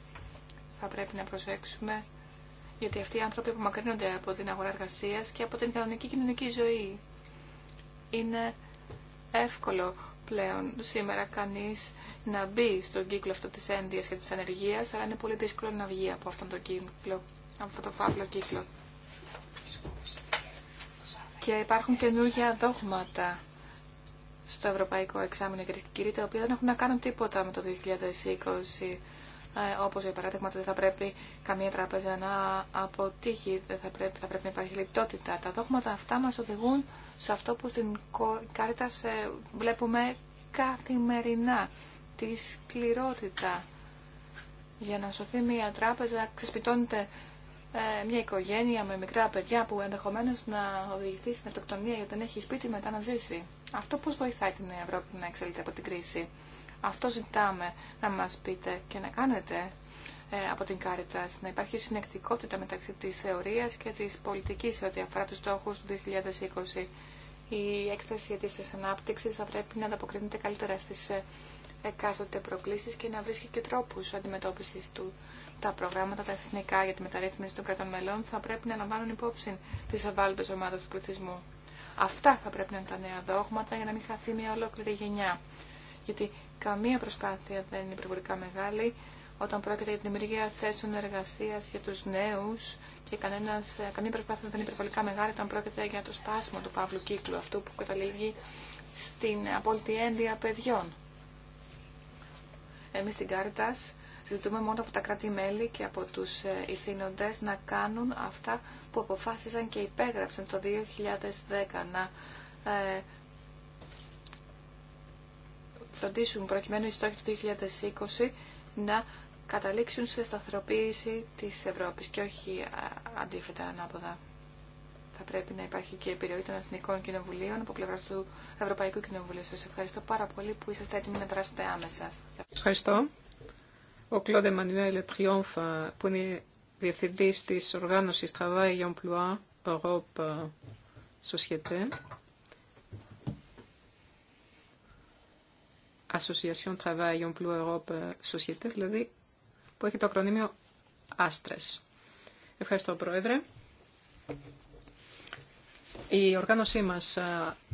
Speaker 3: Θα πρέπει να προσέξουμε, γιατί αυτοί οι άνθρωποι απομακρύνονται από την αγορά εργασία και από την κανονική κοινωνική ζωή. Είναι εύκολο πλέον σήμερα κανείς να μπει στον κύκλο αυτό της ένδυας και της ανεργίας, αλλά είναι πολύ δύσκολο να βγει από αυτόν τον κύκλο, από αυτό το φαύλο κύκλο. Και υπάρχουν καινούργια δόγματα στο Ευρωπαϊκό Εξάμεινο για την Κυρία, τα οποία δεν έχουν να κάνουν τίποτα με το 2020. όπω ε, όπως για παράδειγμα ότι δεν θα πρέπει καμία τράπεζα να αποτύχει, δεν θα πρέπει, θα πρέπει να υπάρχει λιτότητα. Τα δόγματα αυτά μας οδηγούν σε αυτό που στην κάρτα ε, βλέπουμε καθημερινά, τη σκληρότητα. Για να σωθεί μια τράπεζα ξεσπιτώνεται ε, μια οικογένεια με μικρά παιδιά που ενδεχομένως να οδηγηθεί στην αυτοκτονία γιατί δεν έχει σπίτι μετά να ζήσει. Αυτό πώς βοηθάει την Ευρώπη να εξελίξει από την κρίση. Αυτό ζητάμε να μας πείτε και να κάνετε ε, από την Κάριτας, να υπάρχει συνεκτικότητα μεταξύ της θεωρίας και της πολιτικής σε ό,τι αφορά τους στόχους του 2020. Η έκθεση της ανάπτυξης θα πρέπει να ανταποκρίνεται καλύτερα στις ε, εκάστοτε προκλήσεις και να βρίσκει και τρόπους αντιμετώπισης του. Τα προγράμματα τα εθνικά για τη μεταρρύθμιση των κρατών μελών θα πρέπει να λαμβάνουν υπόψη τις ευάλωτες ομάδες του πληθυσμού. Αυτά θα πρέπει να είναι τα νέα δόγματα για να μην χαθεί μια ολόκληρη γενιά. Γιατί καμία προσπάθεια δεν είναι υπερβολικά μεγάλη όταν πρόκειται για τη δημιουργία θέσεων εργασία για του νέου και κανένας, ε, καμία προσπάθεια δεν είναι υπερβολικά μεγάλη όταν πρόκειται για το σπάσιμο του παύλου κύκλου αυτού που καταλήγει στην απόλυτη ένδυα παιδιών. Εμείς στην Κάρτας Ζητούμε μόνο από τα κράτη-μέλη και από τους ε, ηθήνοντες να κάνουν αυτά που αποφάσισαν και υπέγραψαν το 2010 να ε, φροντίσουν προκειμένου οι στόχοι του 2020 να καταλήξουν σε σταθεροποίηση της Ευρώπης και όχι ε, αντίθετα ανάποδα. Θα πρέπει να υπάρχει και επιρροή των Εθνικών Κοινοβουλίων από πλευρά του Ευρωπαϊκού Κοινοβουλίου. Σας ευχαριστώ πάρα πολύ που είσαστε έτοιμοι να δράσετε άμεσα.
Speaker 2: Ευχαριστώ. Ο Κλοντ Μανουέλ Τριόμφα, που είναι διευθυντή τη οργάνωση Travail et Emploi Europe Société, Association Travail et Emploi Europe Société, δηλαδή, που έχει το ακρονίμιο Άστρες. Ευχαριστώ, Πρόεδρε. Η οργάνωσή μας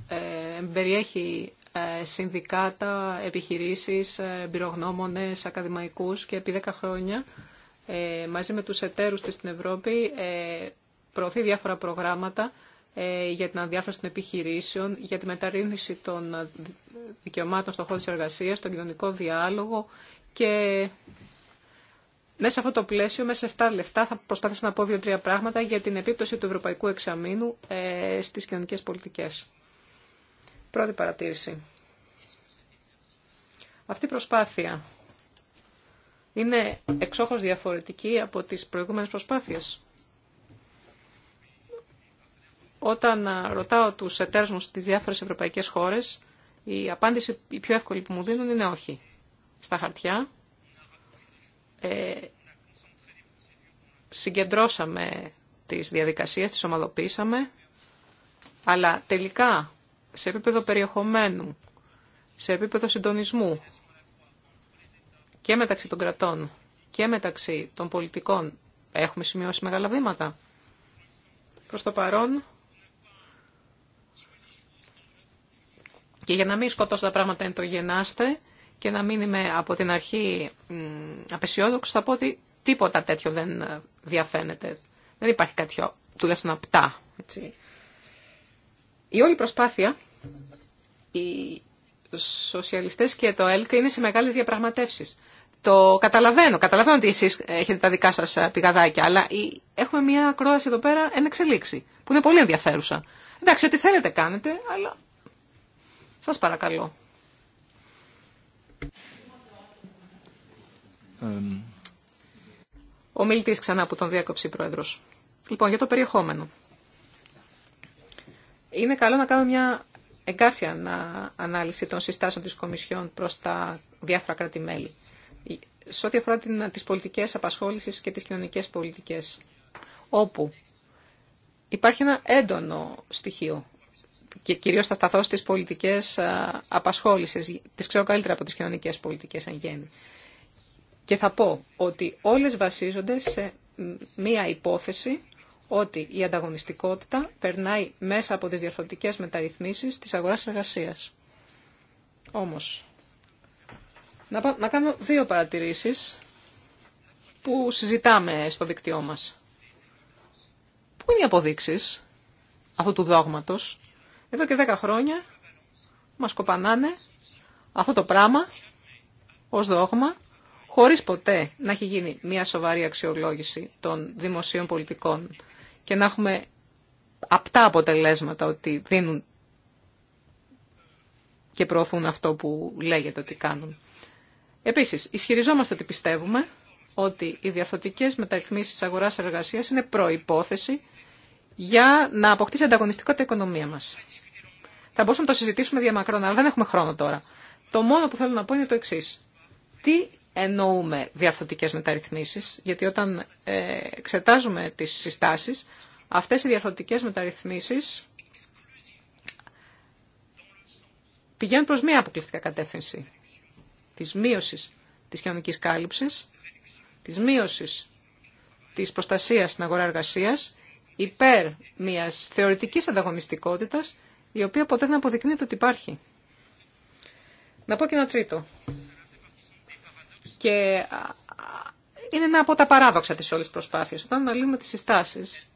Speaker 2: ε, περιέχει ε, συνδικάτα, επιχειρήσεις, ε, εμπειρογνώμονες, ακαδημαϊκούς και επί 10 χρόνια ε, μαζί με τους εταίρους της στην Ευρώπη προωθεί διάφορα προγράμματα για την ανδιάφραση των επιχειρήσεων, για τη μεταρρύθμιση των δικαιωμάτων στον χώρο της εργασίας, τον κοινωνικό διάλογο και μέσα σε αυτό το πλαίσιο, μέσα σε 7 λεφτά, θα προσπαθήσω να πω δύο-τρία πράγματα για την επίπτωση του Ευρωπαϊκού Εξαμήνου στις κοινωνικές πολιτικές. Πρώτη παρατήρηση. Αυτή η προσπάθεια είναι εξόχως διαφορετική από τις προηγούμενες προσπάθειες. Όταν ρωτάω τους εταίρους μου στις διάφορες ευρωπαϊκές χώρες, η απάντηση η πιο εύκολη που μου δίνουν είναι όχι. Στα χαρτιά ε, συγκεντρώσαμε τις διαδικασίες, τις ομαδοποίησαμε, αλλά τελικά σε επίπεδο περιεχομένου, σε επίπεδο συντονισμού και μεταξύ των κρατών και μεταξύ των πολιτικών έχουμε σημειώσει μεγάλα βήματα. Προς το παρόν και για να μην σκοτώσω τα πράγματα εν το γεννάστε και να μην είμαι από την αρχή απεσιόδοξο θα πω ότι τίποτα τέτοιο δεν ε, διαφαίνεται. Δεν υπάρχει κάτι τουλάχιστον απτά. Έτσι η όλη προσπάθεια, οι σοσιαλιστές και το ΕΛΚ είναι σε μεγάλες διαπραγματεύσεις. Το καταλαβαίνω, καταλαβαίνω ότι εσείς έχετε τα δικά σας ε, πηγαδάκια, αλλά έχουμε μια ακρόαση εδώ πέρα ένα εξελίξη, που είναι πολύ ενδιαφέρουσα. Εντάξει, ό,τι θέλετε κάνετε, αλλά σας παρακαλώ. Ο μιλητής ξανά που τον διάκοψε η Πρόεδρος. Λοιπόν, για το περιεχόμενο είναι καλό να κάνουμε μια εγκάρσια ανάλυση των συστάσεων της Κομισιόν προς τα διάφορα κράτη-μέλη σε ό,τι αφορά την, τις πολιτικές απασχόλησης και τις κοινωνικές πολιτικές, όπου υπάρχει ένα έντονο στοιχείο και κυρίως θα σταθώ στις πολιτικές απασχόλησης, τις ξέρω καλύτερα από τις κοινωνικές πολιτικές εν γέννη. Και θα πω ότι όλες βασίζονται σε μία υπόθεση ότι η ανταγωνιστικότητα περνάει μέσα από τις διαφορετικές μεταρρυθμίσεις της αγοράς εργασίας. Όμως, να, να κάνω δύο παρατηρήσεις που συζητάμε στο δίκτυό μας. Πού είναι οι αποδείξεις αυτού του δόγματος. Εδώ και δέκα χρόνια μας κοπανάνε αυτό το πράγμα ως δόγμα χωρίς ποτέ να έχει γίνει μια σοβαρή αξιολόγηση των δημοσίων πολιτικών και να έχουμε απτά αποτελέσματα ότι δίνουν και προωθούν αυτό που λέγεται ότι κάνουν. Επίσης, ισχυριζόμαστε ότι πιστεύουμε ότι οι διαφορετικές μεταρρυθμίσεις αγοράς εργασίας είναι προϋπόθεση για να αποκτήσει ανταγωνιστικότητα η οικονομία μας. Θα μπορούσαμε να το συζητήσουμε διαμακρόν, αλλά δεν έχουμε χρόνο τώρα. Το μόνο που θέλω να πω είναι το εξή. Τι εννοούμε διαρθωτικές μεταρρυθμίσεις, γιατί όταν ε, εξετάζουμε τις συστάσεις, αυτές οι διαρθωτικές μεταρρυθμίσεις πηγαίνουν προς μία αποκλειστικά κατεύθυνση της μείωσης της κοινωνικής κάλυψης, της μείωσης της προστασίας στην αγορά εργασίας, υπέρ μιας θεωρητικής ανταγωνιστικότητας, η οποία ποτέ δεν αποδεικνύεται ότι υπάρχει. Να πω και ένα τρίτο και είναι ένα από τα παράδοξα της όλης προσπάθειας. Όταν αναλύουμε τις συστάσεις,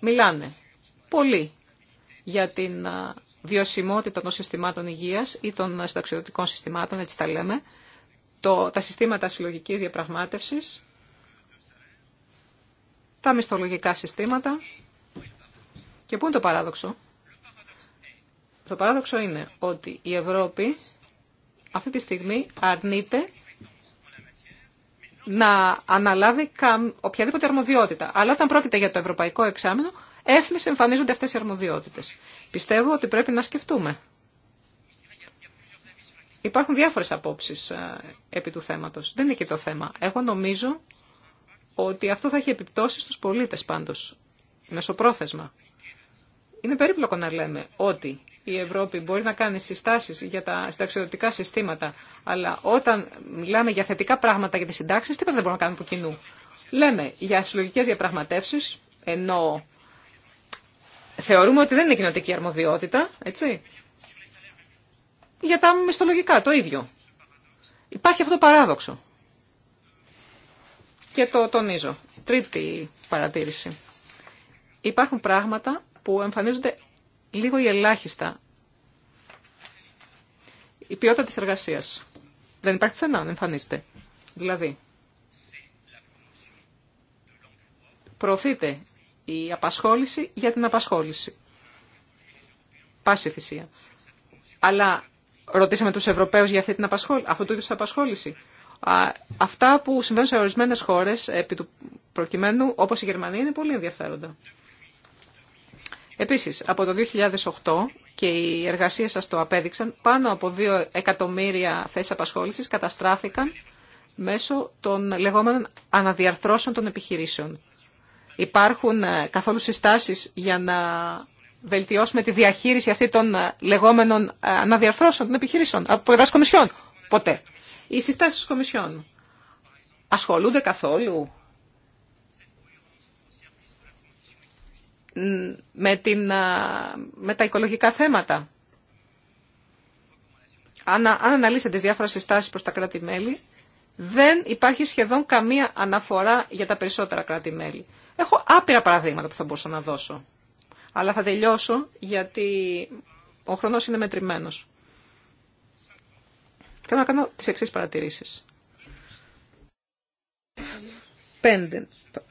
Speaker 2: μιλάνε πολύ για την βιωσιμότητα των συστημάτων υγείας ή των συνταξιδοτικών συστημάτων, έτσι τα λέμε, το, τα συστήματα συλλογική διαπραγμάτευσης, τα μισθολογικά συστήματα. Και πού είναι το παράδοξο. Το παράδοξο είναι ότι η Ευρώπη αυτή τη στιγμή αρνείται να αναλάβει οποιαδήποτε αρμοδιότητα. Αλλά όταν πρόκειται για το ευρωπαϊκό εξάμεινο, έφνης εμφανίζονται αυτές οι αρμοδιότητες. Πιστεύω ότι πρέπει να σκεφτούμε. Υπάρχουν διάφορες απόψεις ε, επί του θέματος. Δεν είναι και το θέμα. Εγώ νομίζω ότι αυτό θα έχει επιπτώσει στους πολίτες πάντως, μεσοπρόθεσμα. Είναι περίπλοκο να λέμε ότι η Ευρώπη μπορεί να κάνει συστάσεις για τα συνταξιδοτικά συστήματα, αλλά όταν μιλάμε για θετικά πράγματα για τις συντάξεις, τίποτα δεν μπορούμε να κάνουμε από κοινού. Λέμε για συλλογικέ διαπραγματεύσει, ενώ θεωρούμε ότι δεν είναι κοινωτική αρμοδιότητα, έτσι. Για τα μισθολογικά, το ίδιο. Υπάρχει αυτό το παράδοξο. Και το τονίζω. Τρίτη παρατήρηση. Υπάρχουν πράγματα που εμφανίζονται λίγο ή ελάχιστα η ποιότητα της εργασίας. Δεν υπάρχει πουθενά, δεν εμφανίζεται. Δηλαδή, προωθείται η απασχόληση για την απασχόληση. Πάση θυσία. Αλλά ρωτήσαμε τους Ευρωπαίους για αυτή την απασχόληση, αυτού του απασχόληση. αυτά που συμβαίνουν σε ορισμένες χώρες, επί του προκειμένου, όπως η Γερμανία, είναι πολύ ενδιαφέροντα. Επίσης, από το 2008 και οι εργασίες σας το απέδειξαν, πάνω από 2 εκατομμύρια θέσεις απασχόλησης καταστράφηκαν μέσω των λεγόμενων αναδιαρθρώσεων των επιχειρήσεων. Υπάρχουν ε, καθόλου συστάσεις για να βελτιώσουμε τη διαχείριση αυτή των ε, λεγόμενων ε, αναδιαρθρώσεων των επιχειρήσεων από πλευρά Κομισιόν. Ποτέ. Οι συστάσεις της ασχολούνται καθόλου με, την, με τα οικολογικά θέματα. Αν, αν αναλύσετε τις διάφορες συστάσεις προς τα κράτη-μέλη, δεν υπάρχει σχεδόν καμία αναφορά για τα περισσότερα κράτη-μέλη. Έχω άπειρα παραδείγματα που θα μπορούσα να δώσω. Αλλά θα τελειώσω γιατί ο χρονός είναι μετρημένος. Θέλω να κάνω τις εξής παρατηρήσεις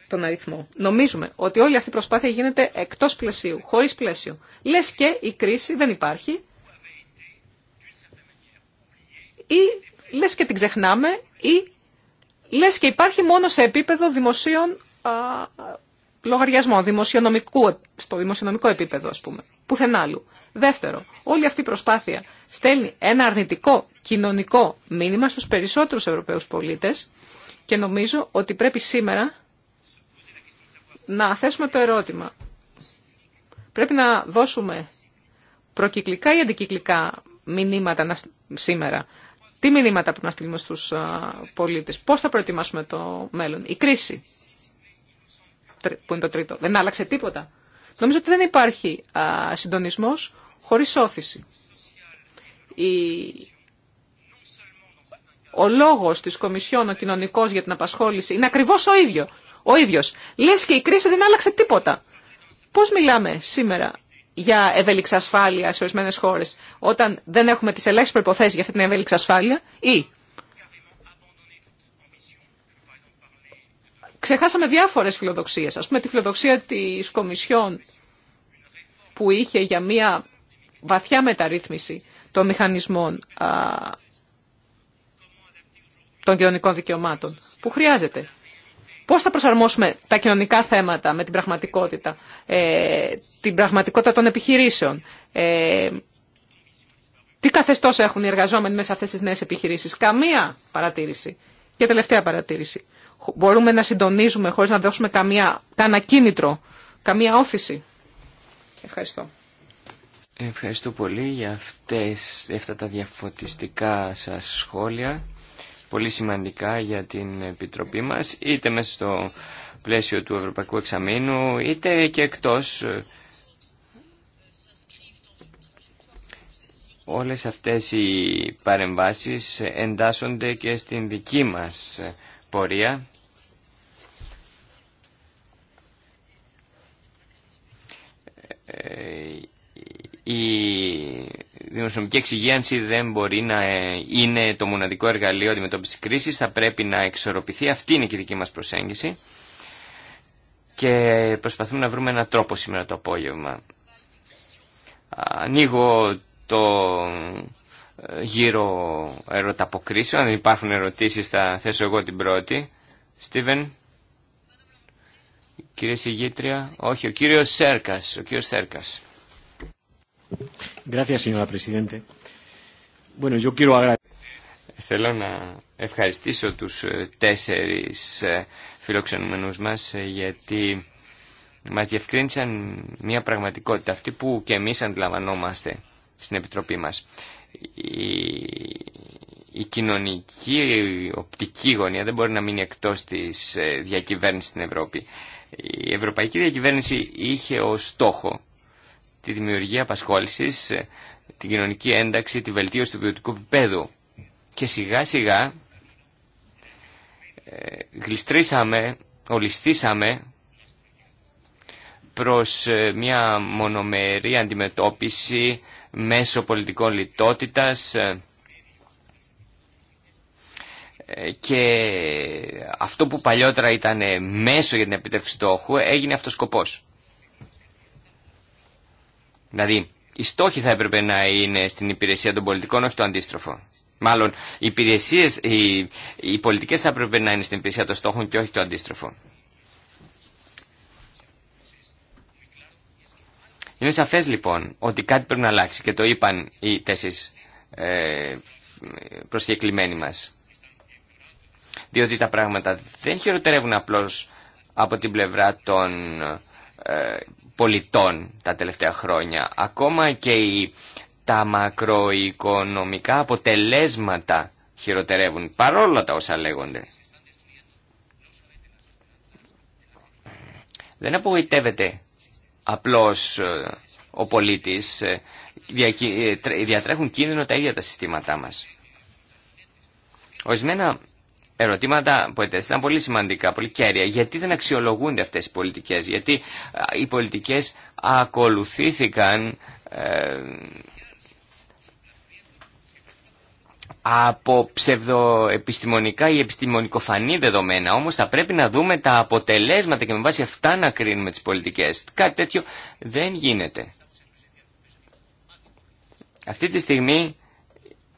Speaker 2: τον αριθμό. Νομίζουμε ότι όλη αυτή η προσπάθεια γίνεται εκτός πλαισίου, χωρίς πλαίσιο. Λες και η κρίση δεν υπάρχει ή λες και την ξεχνάμε ή λες και υπάρχει μόνο σε επίπεδο δημοσίων α, λογαριασμών, δημοσιονομικού, στο δημοσιονομικό επίπεδο ας πούμε, πουθενά άλλου. Δεύτερο, όλη αυτή η προσπάθεια στέλνει ένα αρνητικό κοινωνικό μήνυμα στους περισσότερους Ευρωπαίους πολίτες και νομίζω ότι πρέπει σήμερα να θέσουμε το ερώτημα. Πρέπει να δώσουμε προκυκλικά ή αντικυκλικά μηνύματα σήμερα. Τι μηνύματα πρέπει να στείλουμε στους πολίτες. Πώς θα προετοιμάσουμε το μέλλον. Η κρίση που είναι το τρίτο. Δεν άλλαξε τίποτα. Νομίζω ότι δεν υπάρχει συντονισμός χωρίς όθηση. Η ο λόγος της Κομισιόν, ο κοινωνικός για την απασχόληση, είναι ακριβώς ο ίδιο. Ο ίδιος. Λες και η κρίση δεν άλλαξε τίποτα. Πώς μιλάμε σήμερα για ευέλιξη ασφάλεια σε ορισμένε χώρε, όταν δεν έχουμε τι ελάχιστε προποθέσει για αυτή την ευέλιξη ασφάλεια, ή ξεχάσαμε διάφορε φιλοδοξίε. Α πούμε, τη φιλοδοξία τη Κομισιόν που είχε για μια βαθιά μεταρρύθμιση των μηχανισμών των κοινωνικών δικαιωμάτων που χρειάζεται. Πώς θα προσαρμόσουμε τα κοινωνικά θέματα με την πραγματικότητα, ε, την πραγματικότητα των επιχειρήσεων, ε, τι καθεστώς έχουν οι εργαζόμενοι μέσα σε αυτές τις νέες επιχειρήσεις. Καμία παρατήρηση. Και τελευταία παρατήρηση. Μπορούμε να συντονίζουμε χωρίς να δώσουμε καμία, κανένα κίνητρο, καμία όφηση. Ευχαριστώ.
Speaker 1: Ευχαριστώ πολύ για αυτές, αυτά τα διαφωτιστικά σας σχόλια πολύ σημαντικά για την Επιτροπή μας, είτε μέσα στο πλαίσιο του Ευρωπαϊκού Εξαμήνου, είτε και εκτός. Όλες αυτές οι παρεμβάσεις εντάσσονται και στην δική μας πορεία. Ε, δημοσιονομική εξυγίανση δεν μπορεί να ε, είναι το μοναδικό εργαλείο αντιμετώπισης κρίσης, θα πρέπει να εξορροπηθεί. Αυτή είναι και η δική μας προσέγγιση και προσπαθούμε να βρούμε έναν τρόπο σήμερα το απόγευμα. Ανοίγω το ε, γύρο ερωταποκρίσεων, αν υπάρχουν ερωτήσεις θα θέσω εγώ την πρώτη. Στίβεν, κύριε Συγγήτρια, όχι, ο κύριος Σέρκας, ο κύριος Σέρκας. Θέλω να ευχαριστήσω τους ε, τέσσερις ε, φιλοξενούμενους μας ε, γιατί μας διευκρίνησαν μια πραγματικότητα αυτή που και εμείς αντιλαμβανόμαστε στην Επιτροπή μας. Η, κοινωνική οπτική γωνία δεν μπορεί να μείνει εκτός της διακυβέρνησης στην Ευρώπη. Η ευρωπαϊκή διακυβέρνηση είχε ως στόχο τη δημιουργία απασχόλησης, ε, την κοινωνική ένταξη, τη βελτίωση του βιωτικού επίπεδου. Και σιγά σιγά ε, γλιστρήσαμε, ολιστήσαμε προς ε, μια μονομερή αντιμετώπιση μέσω πολιτικών λιτότητας και αυτό που παλιότερα ήταν μέσο για την επιτεύξη στόχου έγινε αυτός σκοπός. Δηλαδή, οι στόχοι θα έπρεπε να είναι στην υπηρεσία των πολιτικών, όχι το αντίστροφο. Μάλλον, οι, υπηρεσίες, οι, πολιτικές θα έπρεπε να είναι στην υπηρεσία των στόχων και όχι το αντίστροφο. Είναι σαφές λοιπόν ότι κάτι πρέπει να αλλάξει και το είπαν οι τέσσερις ε, προσκεκλημένοι μας. Διότι τα πράγματα δεν χειροτερεύουν απλώς από την πλευρά των ε, πολιτών τα τελευταία χρόνια. Ακόμα και τα μακροοικονομικά αποτελέσματα χειροτερεύουν παρόλα τα όσα λέγονται. Δεν απογοητεύεται απλώς ε, ο πολίτης, ε, ε, διατρέχουν κίνδυνο τα ίδια τα συστήματά μας. Ορισμένα ερωτήματα που ήταν πολύ σημαντικά, πολύ κέρια. Γιατί δεν αξιολογούνται αυτές οι πολιτικές, γιατί οι πολιτικές ακολουθήθηκαν ε, από ψευδοεπιστημονικά ή επιστημονικοφανή δεδομένα. Όμως θα πρέπει να δούμε τα αποτελέσματα και με βάση αυτά να κρίνουμε τις πολιτικές. Κάτι τέτοιο δεν γίνεται. Αυτή τη στιγμή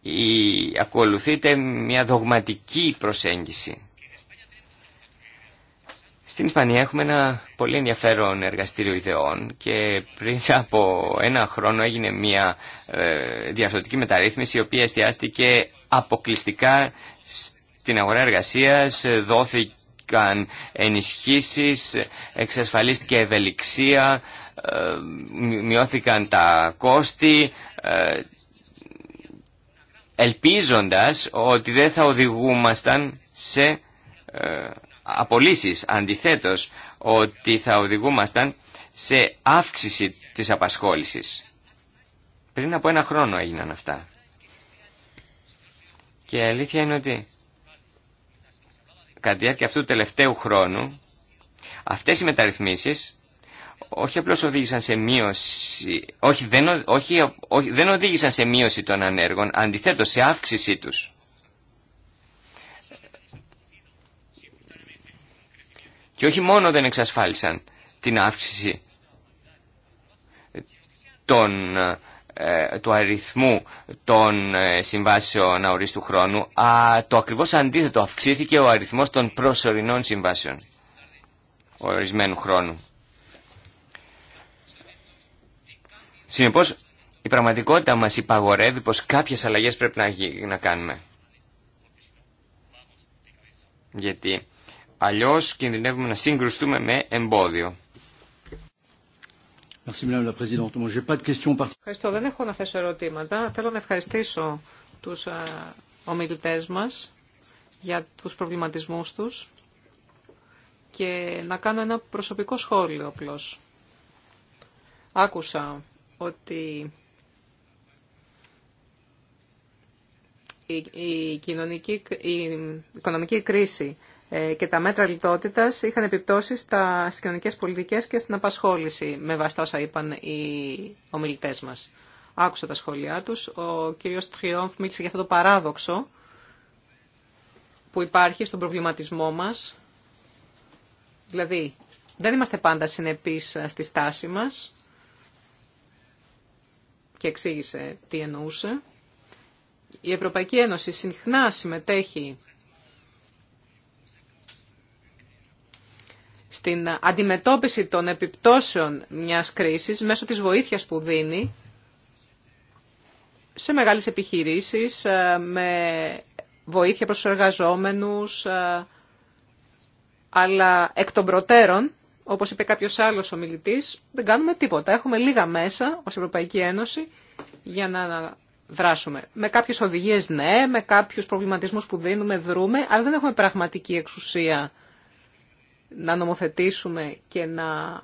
Speaker 1: ή ακολουθείται μια δογματική προσέγγιση. Στην Ισπανία έχουμε ένα πολύ ενδιαφέρον εργαστήριο ιδεών και πριν από ένα χρόνο έγινε μια ε, διαρθρωτική μεταρρύθμιση η οποία εστιάστηκε αποκλειστικά στην αγορά εργασίας, δόθηκαν ενισχύσεις, εξασφαλίστηκε ευελιξία, ε, μειώθηκαν τα κόστη, ε, ελπίζοντας ότι δεν θα οδηγούμασταν σε ε, απολύσεις. Αντιθέτως, ότι θα οδηγούμασταν σε αύξηση της απασχόλησης. Πριν από ένα χρόνο έγιναν αυτά. Και η αλήθεια είναι ότι κατά τη διάρκεια αυτού του τελευταίου χρόνου αυτές οι μεταρρυθμίσεις όχι απλώς οδήγησαν σε μείωση, όχι δεν, οδήγησαν σε μείωση των ανέργων, αντιθέτως σε αύξησή τους. Και όχι μόνο δεν εξασφάλισαν την αύξηση των, ε, του αριθμού των ε, συμβάσεων αορίστου χρόνου, α, το ακριβώς αντίθετο αυξήθηκε ο αριθμός των προσωρινών συμβάσεων ορισμένου χρόνου. Συνεπώ, η πραγματικότητα μα υπαγορεύει πω κάποιε αλλαγέ πρέπει να, κάνουμε. Γιατί αλλιώς κινδυνεύουμε να συγκρουστούμε με εμπόδιο.
Speaker 2: Ευχαριστώ. Δεν έχω να θέσω ερωτήματα. Θέλω να ευχαριστήσω του ομιλητέ μας για τους προβληματισμού του και να κάνω ένα προσωπικό σχόλιο απλώ. Άκουσα ότι η, κοινωνική, η οικονομική κρίση ε, και τα μέτρα λιτότητας είχαν επιπτώσεις στα, στις κοινωνικές πολιτικές και στην απασχόληση, με βαστά όσα είπαν οι ομιλητές μας. Άκουσα τα σχόλιά τους. Ο κύριος Τριόμφ μίλησε για αυτό το παράδοξο που υπάρχει στον προβληματισμό μας. Δηλαδή, δεν είμαστε πάντα συνεπείς ε, στη στάση μας και εξήγησε τι εννοούσε. Η Ευρωπαϊκή Ένωση συχνά συμμετέχει στην αντιμετώπιση των επιπτώσεων μιας κρίσης μέσω της βοήθειας που δίνει σε μεγάλες επιχειρήσεις, ε, με βοήθεια προς τους εργαζόμενους, ε, αλλά εκ των προτέρων Όπω είπε κάποιος άλλος ομιλητή, δεν κάνουμε τίποτα. Έχουμε λίγα μέσα ω Ευρωπαϊκή Ένωση για να δράσουμε. Με κάποιε οδηγίε, ναι, με κάποιου προβληματισμού που δίνουμε δρούμε, αλλά δεν έχουμε πραγματική εξουσία να νομοθετήσουμε και να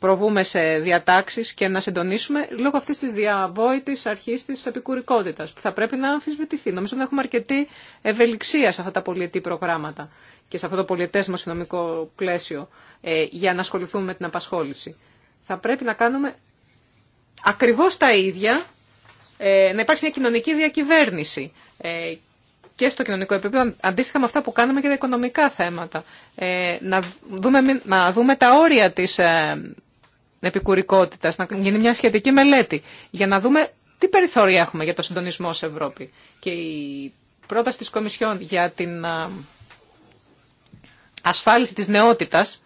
Speaker 2: προβούμε σε διατάξει και να συντονίσουμε λόγω αυτή τη διαβόητη αρχή τη επικούρικότητα που θα πρέπει να αμφισβητηθεί. Νομίζω ότι έχουμε αρκετή ευελιξία σε αυτά τα πολιετή προγράμματα και σε αυτό το πολιτεσμο-συνομικό πλαίσιο ε, για να ασχοληθούμε με την απασχόληση. Θα πρέπει να κάνουμε ακριβώ τα ίδια, ε, να υπάρχει μια κοινωνική διακυβέρνηση ε, και στο κοινωνικό επίπεδο, αντίστοιχα με αυτά που κάναμε και τα οικονομικά θέματα. να, δούμε, να δούμε τα όρια της επικουρικότητας, να γίνει μια σχετική μελέτη για να δούμε τι περιθώρια έχουμε για το συντονισμό σε Ευρώπη. Και η πρόταση της Κομισιόν για την ασφάλιση της νεότητας,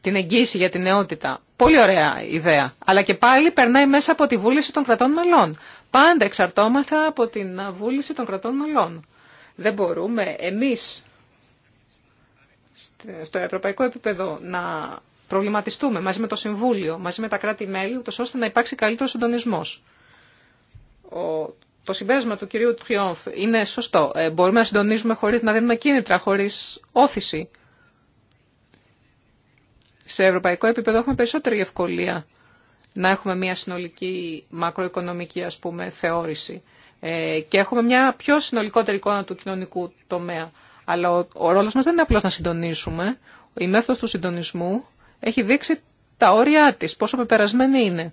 Speaker 2: την εγγύηση για την νεότητα, πολύ ωραία ιδέα, αλλά και πάλι περνάει μέσα από τη βούληση των κρατών μελών. Πάντα εξαρτώματα από την βούληση των κρατών μελών. Δεν μπορούμε εμείς στο ευρωπαϊκό επίπεδο να προβληματιστούμε μαζί με το Συμβούλιο, μαζί με τα κράτη-μέλη, ούτως ώστε να υπάρξει καλύτερο συντονισμό. Το συμπέρασμα του κυρίου Τριόμφ είναι σωστό. Ε, μπορούμε να συντονίζουμε χωρίς να δίνουμε κίνητρα, χωρίς όθηση. Σε ευρωπαϊκό επίπεδο έχουμε περισσότερη ευκολία να έχουμε μια συνολική μακροοικονομική ας πούμε, θεώρηση ε, και έχουμε μια πιο συνολικότερη εικόνα του κοινωνικού τομέα. Αλλά ο, ο ρόλος μας δεν είναι απλώς να συντονίσουμε. Η μέθοδος του συντονισμού έχει δείξει τα όρια της, πόσο πεπερασμένη είναι,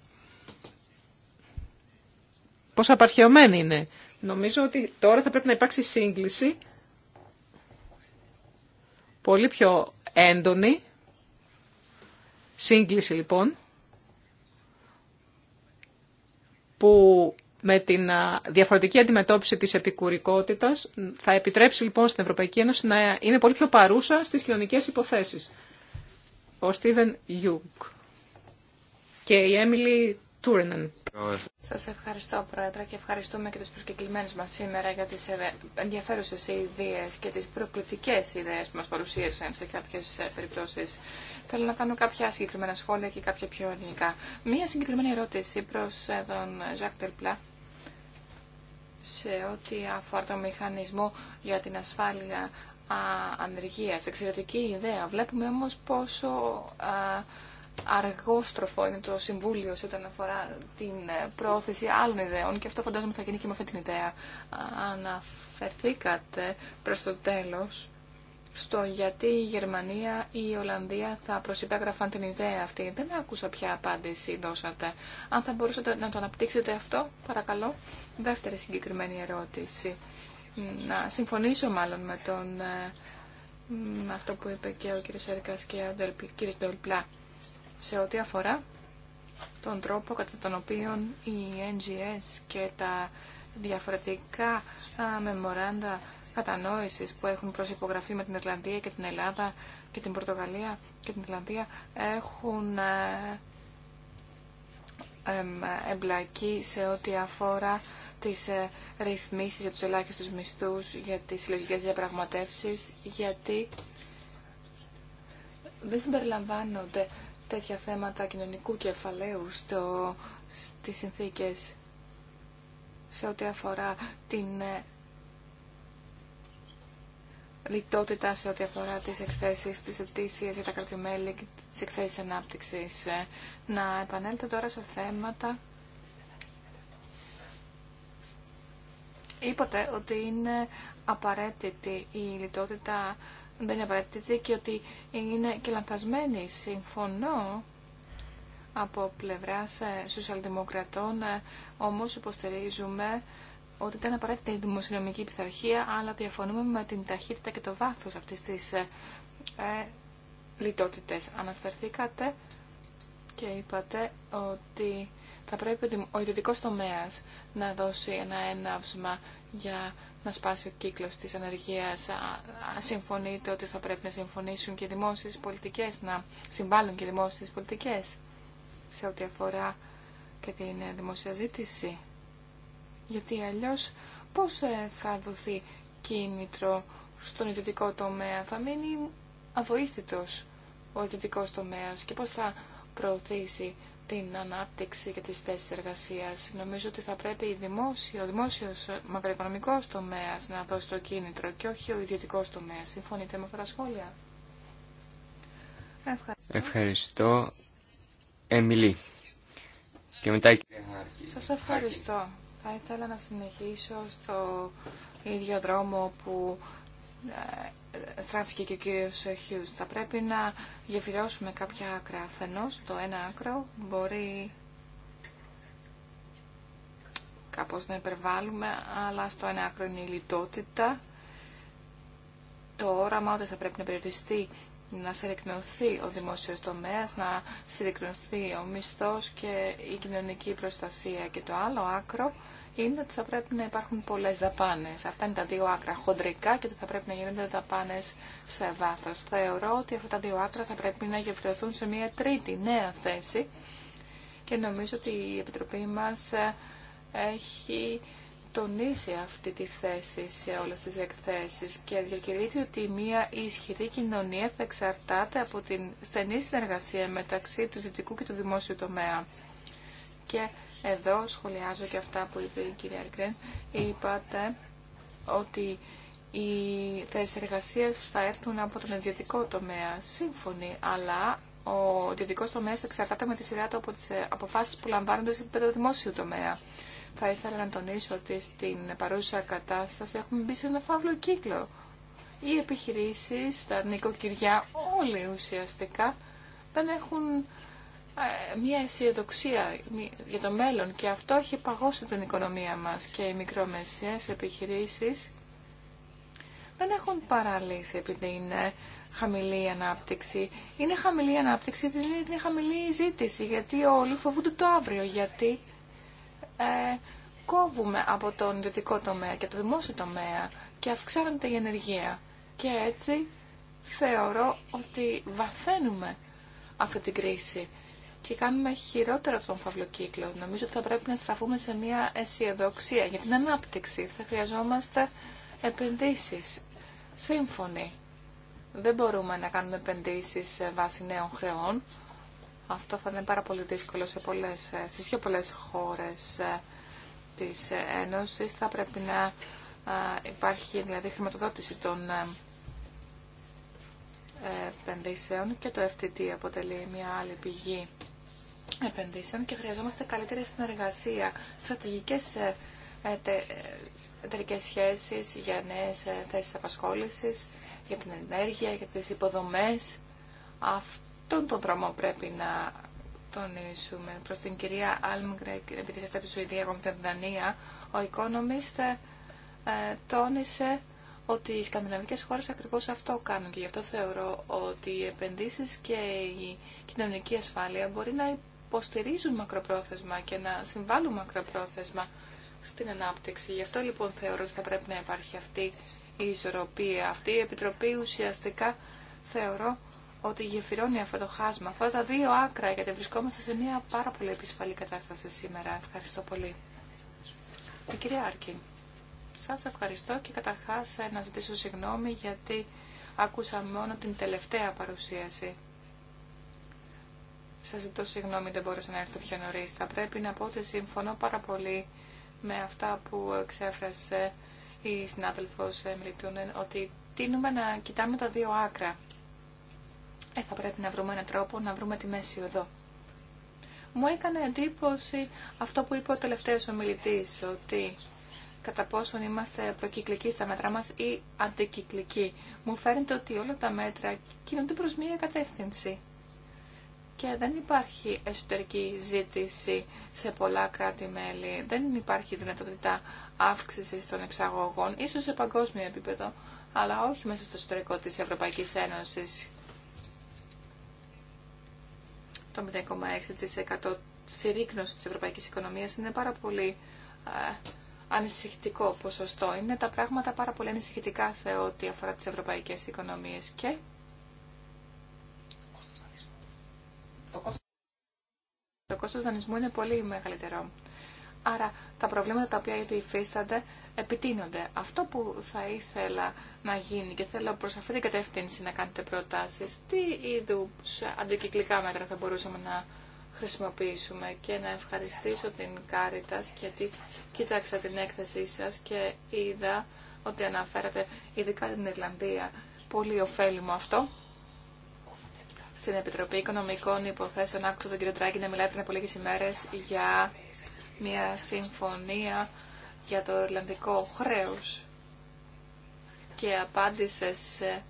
Speaker 2: πόσο απαρχαιωμένη είναι. Νομίζω ότι τώρα θα πρέπει να υπάρξει σύγκληση πολύ πιο έντονη, σύγκληση λοιπόν, που με την διαφορετική αντιμετώπιση της επικουρικότητας θα επιτρέψει λοιπόν στην Ευρωπαϊκή Ένωση να είναι πολύ πιο παρούσα στις κοινωνικές υποθέσεις ο Στίβεν Γιούγκ και η Έμιλι Τούρνεν.
Speaker 3: Σας ευχαριστώ Πρόεδρε και ευχαριστούμε και τους προσκεκλημένους μας σήμερα για τις ενδιαφέρουσες ιδέες και τις προκλητικές ιδέες που μας παρουσίασαν σε κάποιες ε, περιπτώσεις. Θέλω να κάνω κάποια συγκεκριμένα σχόλια και κάποια πιο ελληνικά. Μία συγκεκριμένη ερώτηση προς ε, τον Ζακ Τερπλά σε ό,τι αφορά το μηχανισμό για την ασφάλεια ανεργίας. Εξαιρετική ιδέα. Βλέπουμε όμως πόσο αργόστροφο είναι το Συμβούλιο σε όταν αφορά την ε, πρόθεση άλλων ιδεών και αυτό φαντάζομαι θα γίνει και με αυτή την ιδέα. Αναφερθήκατε προς το τέλος στο γιατί η Γερμανία ή η Ολλανδία θα προσυπέγραφαν την ιδέα αυτή. Δεν άκουσα ποια απάντηση δώσατε. Αν θα μπορούσατε να το αναπτύξετε αυτό, παρακαλώ. Δεύτερη συγκεκριμένη ερώτηση να συμφωνήσω μάλλον με τον ε, αυτό που είπε και ο κύριος Έρκας και ο κύριος Ντολπλά σε ό,τι αφορά τον τρόπο κατά τον οποίο οι NGS και τα διαφορετικά μεμοράντα κατανόησης που έχουν προσυπογραφεί με την Ιρλανδία και την Ελλάδα και την Πορτογαλία και την Ιρλανδία έχουν ε, εμπλακεί σε ό,τι αφορά τις ε, ρυθμίσει για τους ελάχιστους μισθού για τι συλλογικέ διαπραγματεύσει, γιατί δεν συμπεριλαμβάνονται τέτοια θέματα κοινωνικού κεφαλαίου στο, στις συνθήκες σε ό,τι αφορά την λιτότητα, ε, σε ό,τι αφορά τις εκθέσεις, τις αιτήσεις για τα κρατημέλη και τις εκθέσεις ανάπτυξης. Ε, να επανέλθω τώρα σε θέματα Είπατε ότι είναι απαραίτητη η λιτότητα, δεν είναι απαραίτητη και ότι είναι και λανθασμένη. Συμφωνώ από πλευράς ε, σοσιαλδημοκρατών, ε, όμως υποστηρίζουμε ότι ήταν απαραίτητη η δημοσιονομική πειθαρχία, αλλά διαφωνούμε με την ταχύτητα και το βάθος αυτής της ε, ε λιτότητες. Αναφερθήκατε και είπατε ότι θα πρέπει ο ιδιωτικός τομέας να δώσει ένα έναυσμα για να σπάσει ο κύκλος της ανεργίας. Συμφωνείτε ότι θα πρέπει να συμφωνήσουν και οι δημόσιες πολιτικές, να συμβάλλουν και οι δημόσιες πολιτικές σε ό,τι αφορά και την δημόσια ζήτηση. Γιατί αλλιώς πώς ε, θα δοθεί κίνητρο στον ιδιωτικό τομέα. Θα μείνει αβοήθητος ο ιδιωτικός τομέας και πώς θα προωθήσει την ανάπτυξη και τις θέσεις εργασίας. Νομίζω ότι θα πρέπει η δημόσιο, ο δημόσιος μακροοικονομικός τομέας να δώσει το κίνητρο και όχι ο ιδιωτικός τομέας. Συμφωνείτε με αυτά τα σχόλια. Ευχαριστώ.
Speaker 1: Ευχαριστώ. Εμιλή. Και μετά η
Speaker 3: κυρία Σας ευχαριστώ. Θα ήθελα να συνεχίσω στο ίδιο δρόμο που ε, στράφηκε και ο κύριος Χιούς. Θα πρέπει να γεφυρώσουμε κάποια άκρα. Αφενός, το ένα άκρο μπορεί κάπως να υπερβάλλουμε, αλλά στο ένα άκρο είναι η λιτότητα. Το όραμα ότι θα πρέπει να περιοριστεί, να συρρυκνωθεί ο δημόσιος τομέας, να συρρυκνωθεί ο μισθός και η κοινωνική προστασία. Και το άλλο άκρο είναι ότι θα πρέπει να υπάρχουν πολλές δαπάνες. Αυτά είναι τα δύο άκρα, χοντρικά και ότι θα πρέπει να γίνονται δαπάνες σε βάθος. Θεωρώ ότι αυτά τα δύο άκρα θα πρέπει να γεφυρωθούν σε μια τρίτη νέα θέση και νομίζω ότι η Επιτροπή μας ε, έχει τονίσει αυτή τη θέση σε όλες τις εκθέσεις και διακηρύττει ότι μια ισχυρή κοινωνία θα εξαρτάται από την στενή συνεργασία μεταξύ του δυτικού και του δημόσιου τομέα. Και εδώ σχολιάζω και αυτά που είπε η κυρία Αρκρέν. Είπατε ότι οι θέσει εργασία θα έρθουν από τον ιδιωτικό τομέα. Σύμφωνοι, αλλά ο ιδιωτικό τομέα εξαρτάται με τη σειρά του από τι ε, αποφάσει που λαμβάνονται σε επίπεδο τομέα. Θα ήθελα να τονίσω ότι στην παρούσα κατάσταση έχουμε μπει σε ένα φαύλο κύκλο. Οι επιχειρήσει, τα νοικοκυριά, όλοι ουσιαστικά δεν έχουν μια αισιοδοξία για το μέλλον και αυτό έχει παγώσει την οικονομία μας και οι μικρομεσαίες επιχειρήσεις δεν έχουν παραλύσει επειδή είναι χαμηλή η ανάπτυξη. Είναι χαμηλή η ανάπτυξη, είναι χαμηλή η ζήτηση, γιατί όλοι φοβούνται το αύριο, γιατί ε, κόβουμε από τον ιδιωτικό τομέα και από το δημόσιο τομέα και αυξάνεται η ενεργεία. Και έτσι θεωρώ ότι βαθαίνουμε αυτή την κρίση και κάνουμε χειρότερο τον φαυλοκύκλο. Νομίζω ότι θα πρέπει να στραφούμε σε μια αισιοδοξία για την ανάπτυξη. Θα χρειαζόμαστε επενδύσεις. Σύμφωνοι. Δεν μπορούμε να κάνουμε επενδύσεις σε βάση νέων χρεών. Αυτό θα είναι πάρα πολύ δύσκολο σε πολλές, ε, στις πιο πολλές χώρες ε, της Ένωσης. Θα πρέπει να ε, υπάρχει δηλαδή χρηματοδότηση των επενδύσεων και το FTT αποτελεί μια άλλη πηγή επενδύσεων και χρειαζόμαστε καλύτερη συνεργασία, στρατηγικές ε, ε, εταιρικέ σχέσεις για νέες ε, θέσεις απασχόλησης, για την ενέργεια, για τις υποδομές. Αυτόν τον δρόμο πρέπει να τονίσουμε. Προς την κυρία Άλμγκρεκ, επειδή είστε από τη Σουηδία, εγώ την Δανία, ο Economist τόνισε ότι οι σκανδιναβικές χώρες ακριβώς αυτό κάνουν και γι' αυτό θεωρώ ότι οι επενδύσεις και η κοινωνική ασφάλεια μπορεί να υποστηρίζουν μακροπρόθεσμα και να συμβάλλουν μακροπρόθεσμα στην ανάπτυξη. Γι' αυτό λοιπόν θεωρώ ότι θα πρέπει να υπάρχει αυτή η ισορροπία. Αυτή η Επιτροπή ουσιαστικά θεωρώ ότι γεφυρώνει αυτό το χάσμα, αυτά τα δύο άκρα, γιατί βρισκόμαστε σε μια πάρα πολύ επισφαλή κατάσταση σήμερα. Ευχαριστώ πολύ. Η κυρία Άρκιν, σας ευχαριστώ και καταρχάς να ζητήσω συγγνώμη γιατί άκουσα μόνο την τελευταία παρουσίαση. Σα ζητώ συγγνώμη, δεν μπόρεσα να έρθω πιο νωρί. Θα πρέπει να πω ότι συμφωνώ πάρα πολύ με αυτά που εξέφρασε η συνάδελφο Μιλτούνεν, ότι τίνουμε να κοιτάμε τα δύο άκρα. Ε, θα πρέπει να βρούμε έναν τρόπο να βρούμε τη μέση εδώ. Μου έκανε εντύπωση αυτό που είπε ο τελευταίος ομιλητής, ότι κατά πόσον είμαστε προκυκλικοί στα μέτρα μας ή αντικυκλικοί. Μου φαίνεται ότι όλα τα μέτρα κινούνται προς μία κατεύθυνση και δεν υπάρχει εσωτερική ζήτηση σε πολλά κράτη-μέλη. Δεν υπάρχει δυνατότητα αύξησης των εξαγωγών, ίσως σε παγκόσμιο επίπεδο, αλλά όχι μέσα στο εσωτερικό της Ευρωπαϊκής Ένωσης. Το 0,6% συρρήκνωση της ευρωπαϊκής οικονομίας είναι πάρα πολύ ε, ανησυχητικό ποσοστό. Είναι τα πράγματα πάρα πολύ ανησυχητικά σε ό,τι αφορά τις ευρωπαϊκές οικονομίες και το κόστος, το δανεισμού είναι πολύ μεγαλύτερο. Άρα τα προβλήματα τα οποία ήδη υφίστανται επιτείνονται. Αυτό που θα ήθελα να γίνει και θέλω προς αυτή την κατεύθυνση να κάνετε προτάσεις, τι είδου αντικυκλικά μέτρα θα μπορούσαμε να χρησιμοποιήσουμε και να ευχαριστήσω την Κάριτας γιατί κοίταξα την έκθεσή σας και είδα ότι αναφέρατε ειδικά την Ιρλανδία. Πολύ ωφέλιμο αυτό στην Επιτροπή Οικονομικών Υποθέσεων άκουσα τον κύριο Τράγκη να μιλάει πριν από λίγε ημέρε για μια συμφωνία για το Ιρλανδικό Χρέο. και απάντησε σε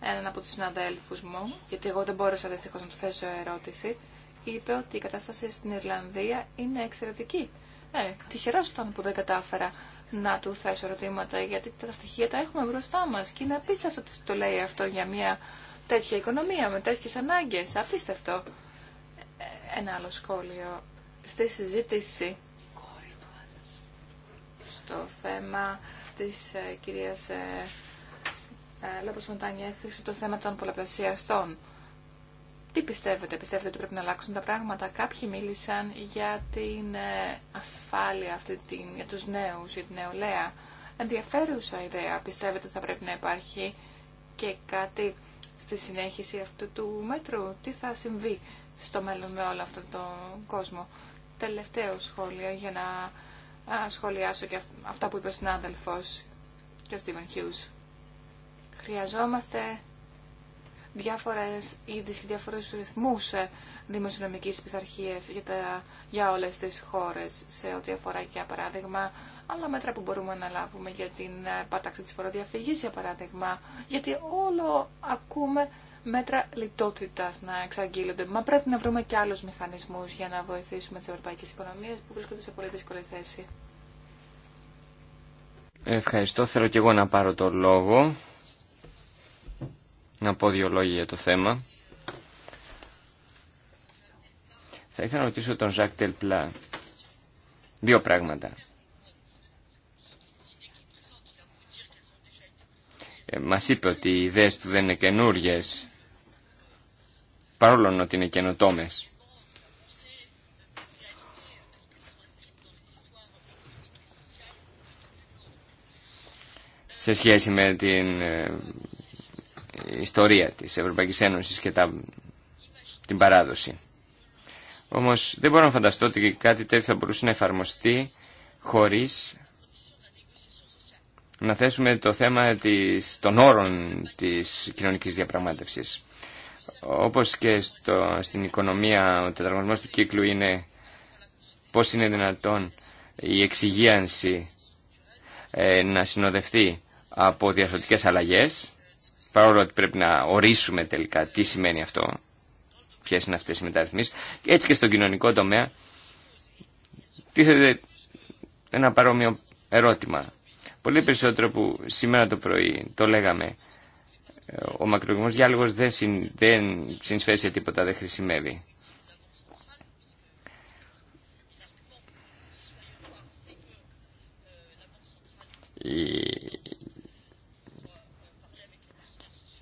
Speaker 3: έναν από του συναδέλφου μου, γιατί εγώ δεν μπόρεσα δυστυχώ να του θέσω ερώτηση, είπε ότι η κατάσταση στην Ιρλανδία είναι εξαιρετική. Ε, τυχερό ήταν που δεν κατάφερα να του θέσω ερωτήματα, γιατί τα στοιχεία τα έχουμε μπροστά μα και είναι απίστευτο ότι το λέει αυτό για μια τέτοια οικονομία, με τέτοιες ανάγκες. Απίστευτο. Ένα άλλο σχόλιο. Στη συζήτηση στο θέμα της ε, κυρίας ε, ε, Λόπος Μοντάνη το θέμα των πολλαπλασιαστών. Τι πιστεύετε, πιστεύετε ότι πρέπει να αλλάξουν τα πράγματα. Κάποιοι μίλησαν για την ασφάλεια αυτή, την, για τους νέους, για την νεολαία. Ενδιαφέρουσα ιδέα. Πιστεύετε ότι θα πρέπει να υπάρχει και κάτι στη συνέχιση αυτού του μέτρου. Τι θα συμβεί στο μέλλον με όλο αυτόν τον κόσμο. Τελευταίο σχόλιο για να σχολιάσω και αυτά που είπε ο συνάδελφος και ο Στίβεν Χιούς. Χρειαζόμαστε διάφορες είδης και διάφορους ρυθμούς ε, δημοσιονομικής πειθαρχίας για, τα, για όλες τις χώρες σε ό,τι αφορά για παράδειγμα άλλα μέτρα που μπορούμε να λάβουμε για την ε, πάταξη της φοροδιαφυγής, για παράδειγμα, γιατί όλο ακούμε μέτρα λιτότητας να εξαγγείλονται. Μα πρέπει να βρούμε και άλλους μηχανισμούς για να βοηθήσουμε τις ευρωπαϊκές οικονομίες που βρίσκονται σε πολύ δύσκολη θέση.
Speaker 1: Ευχαριστώ. Θέλω και εγώ να πάρω το λόγο. Να πω δύο λόγια για το θέμα. Θα ήθελα να ρωτήσω τον Ζακ Τελπλά δύο πράγματα. Ε, μας είπε ότι οι ιδέες του δεν είναι καινούριε, παρόλο ότι είναι καινοτόμε. σε σχέση με την ε, ιστορία της Ευρωπαϊκής Ένωσης και την παράδοση. Όμως δεν μπορώ να φανταστώ ότι κάτι τέτοιο θα μπορούσε να εφαρμοστεί χωρίς να θέσουμε το θέμα της, των όρων της κοινωνικής διαπραγμάτευσης. Όπως και στο, στην οικονομία, ο τετραγωνισμός του κύκλου είναι πώς είναι δυνατόν η εξυγίανση ε, να συνοδευτεί από διαφορετικές αλλαγές, παρόλο ότι πρέπει να ορίσουμε τελικά τι σημαίνει αυτό, ποιες είναι αυτές οι μεταρρυθμίσεις, έτσι και στον κοινωνικό τομέα τίθεται ένα παρόμοιο ερώτημα πολύ περισσότερο που σήμερα το πρωί το λέγαμε. Ο μακροοικονομικός διάλογος δεν, συν, δεν σε τίποτα, δεν χρησιμεύει.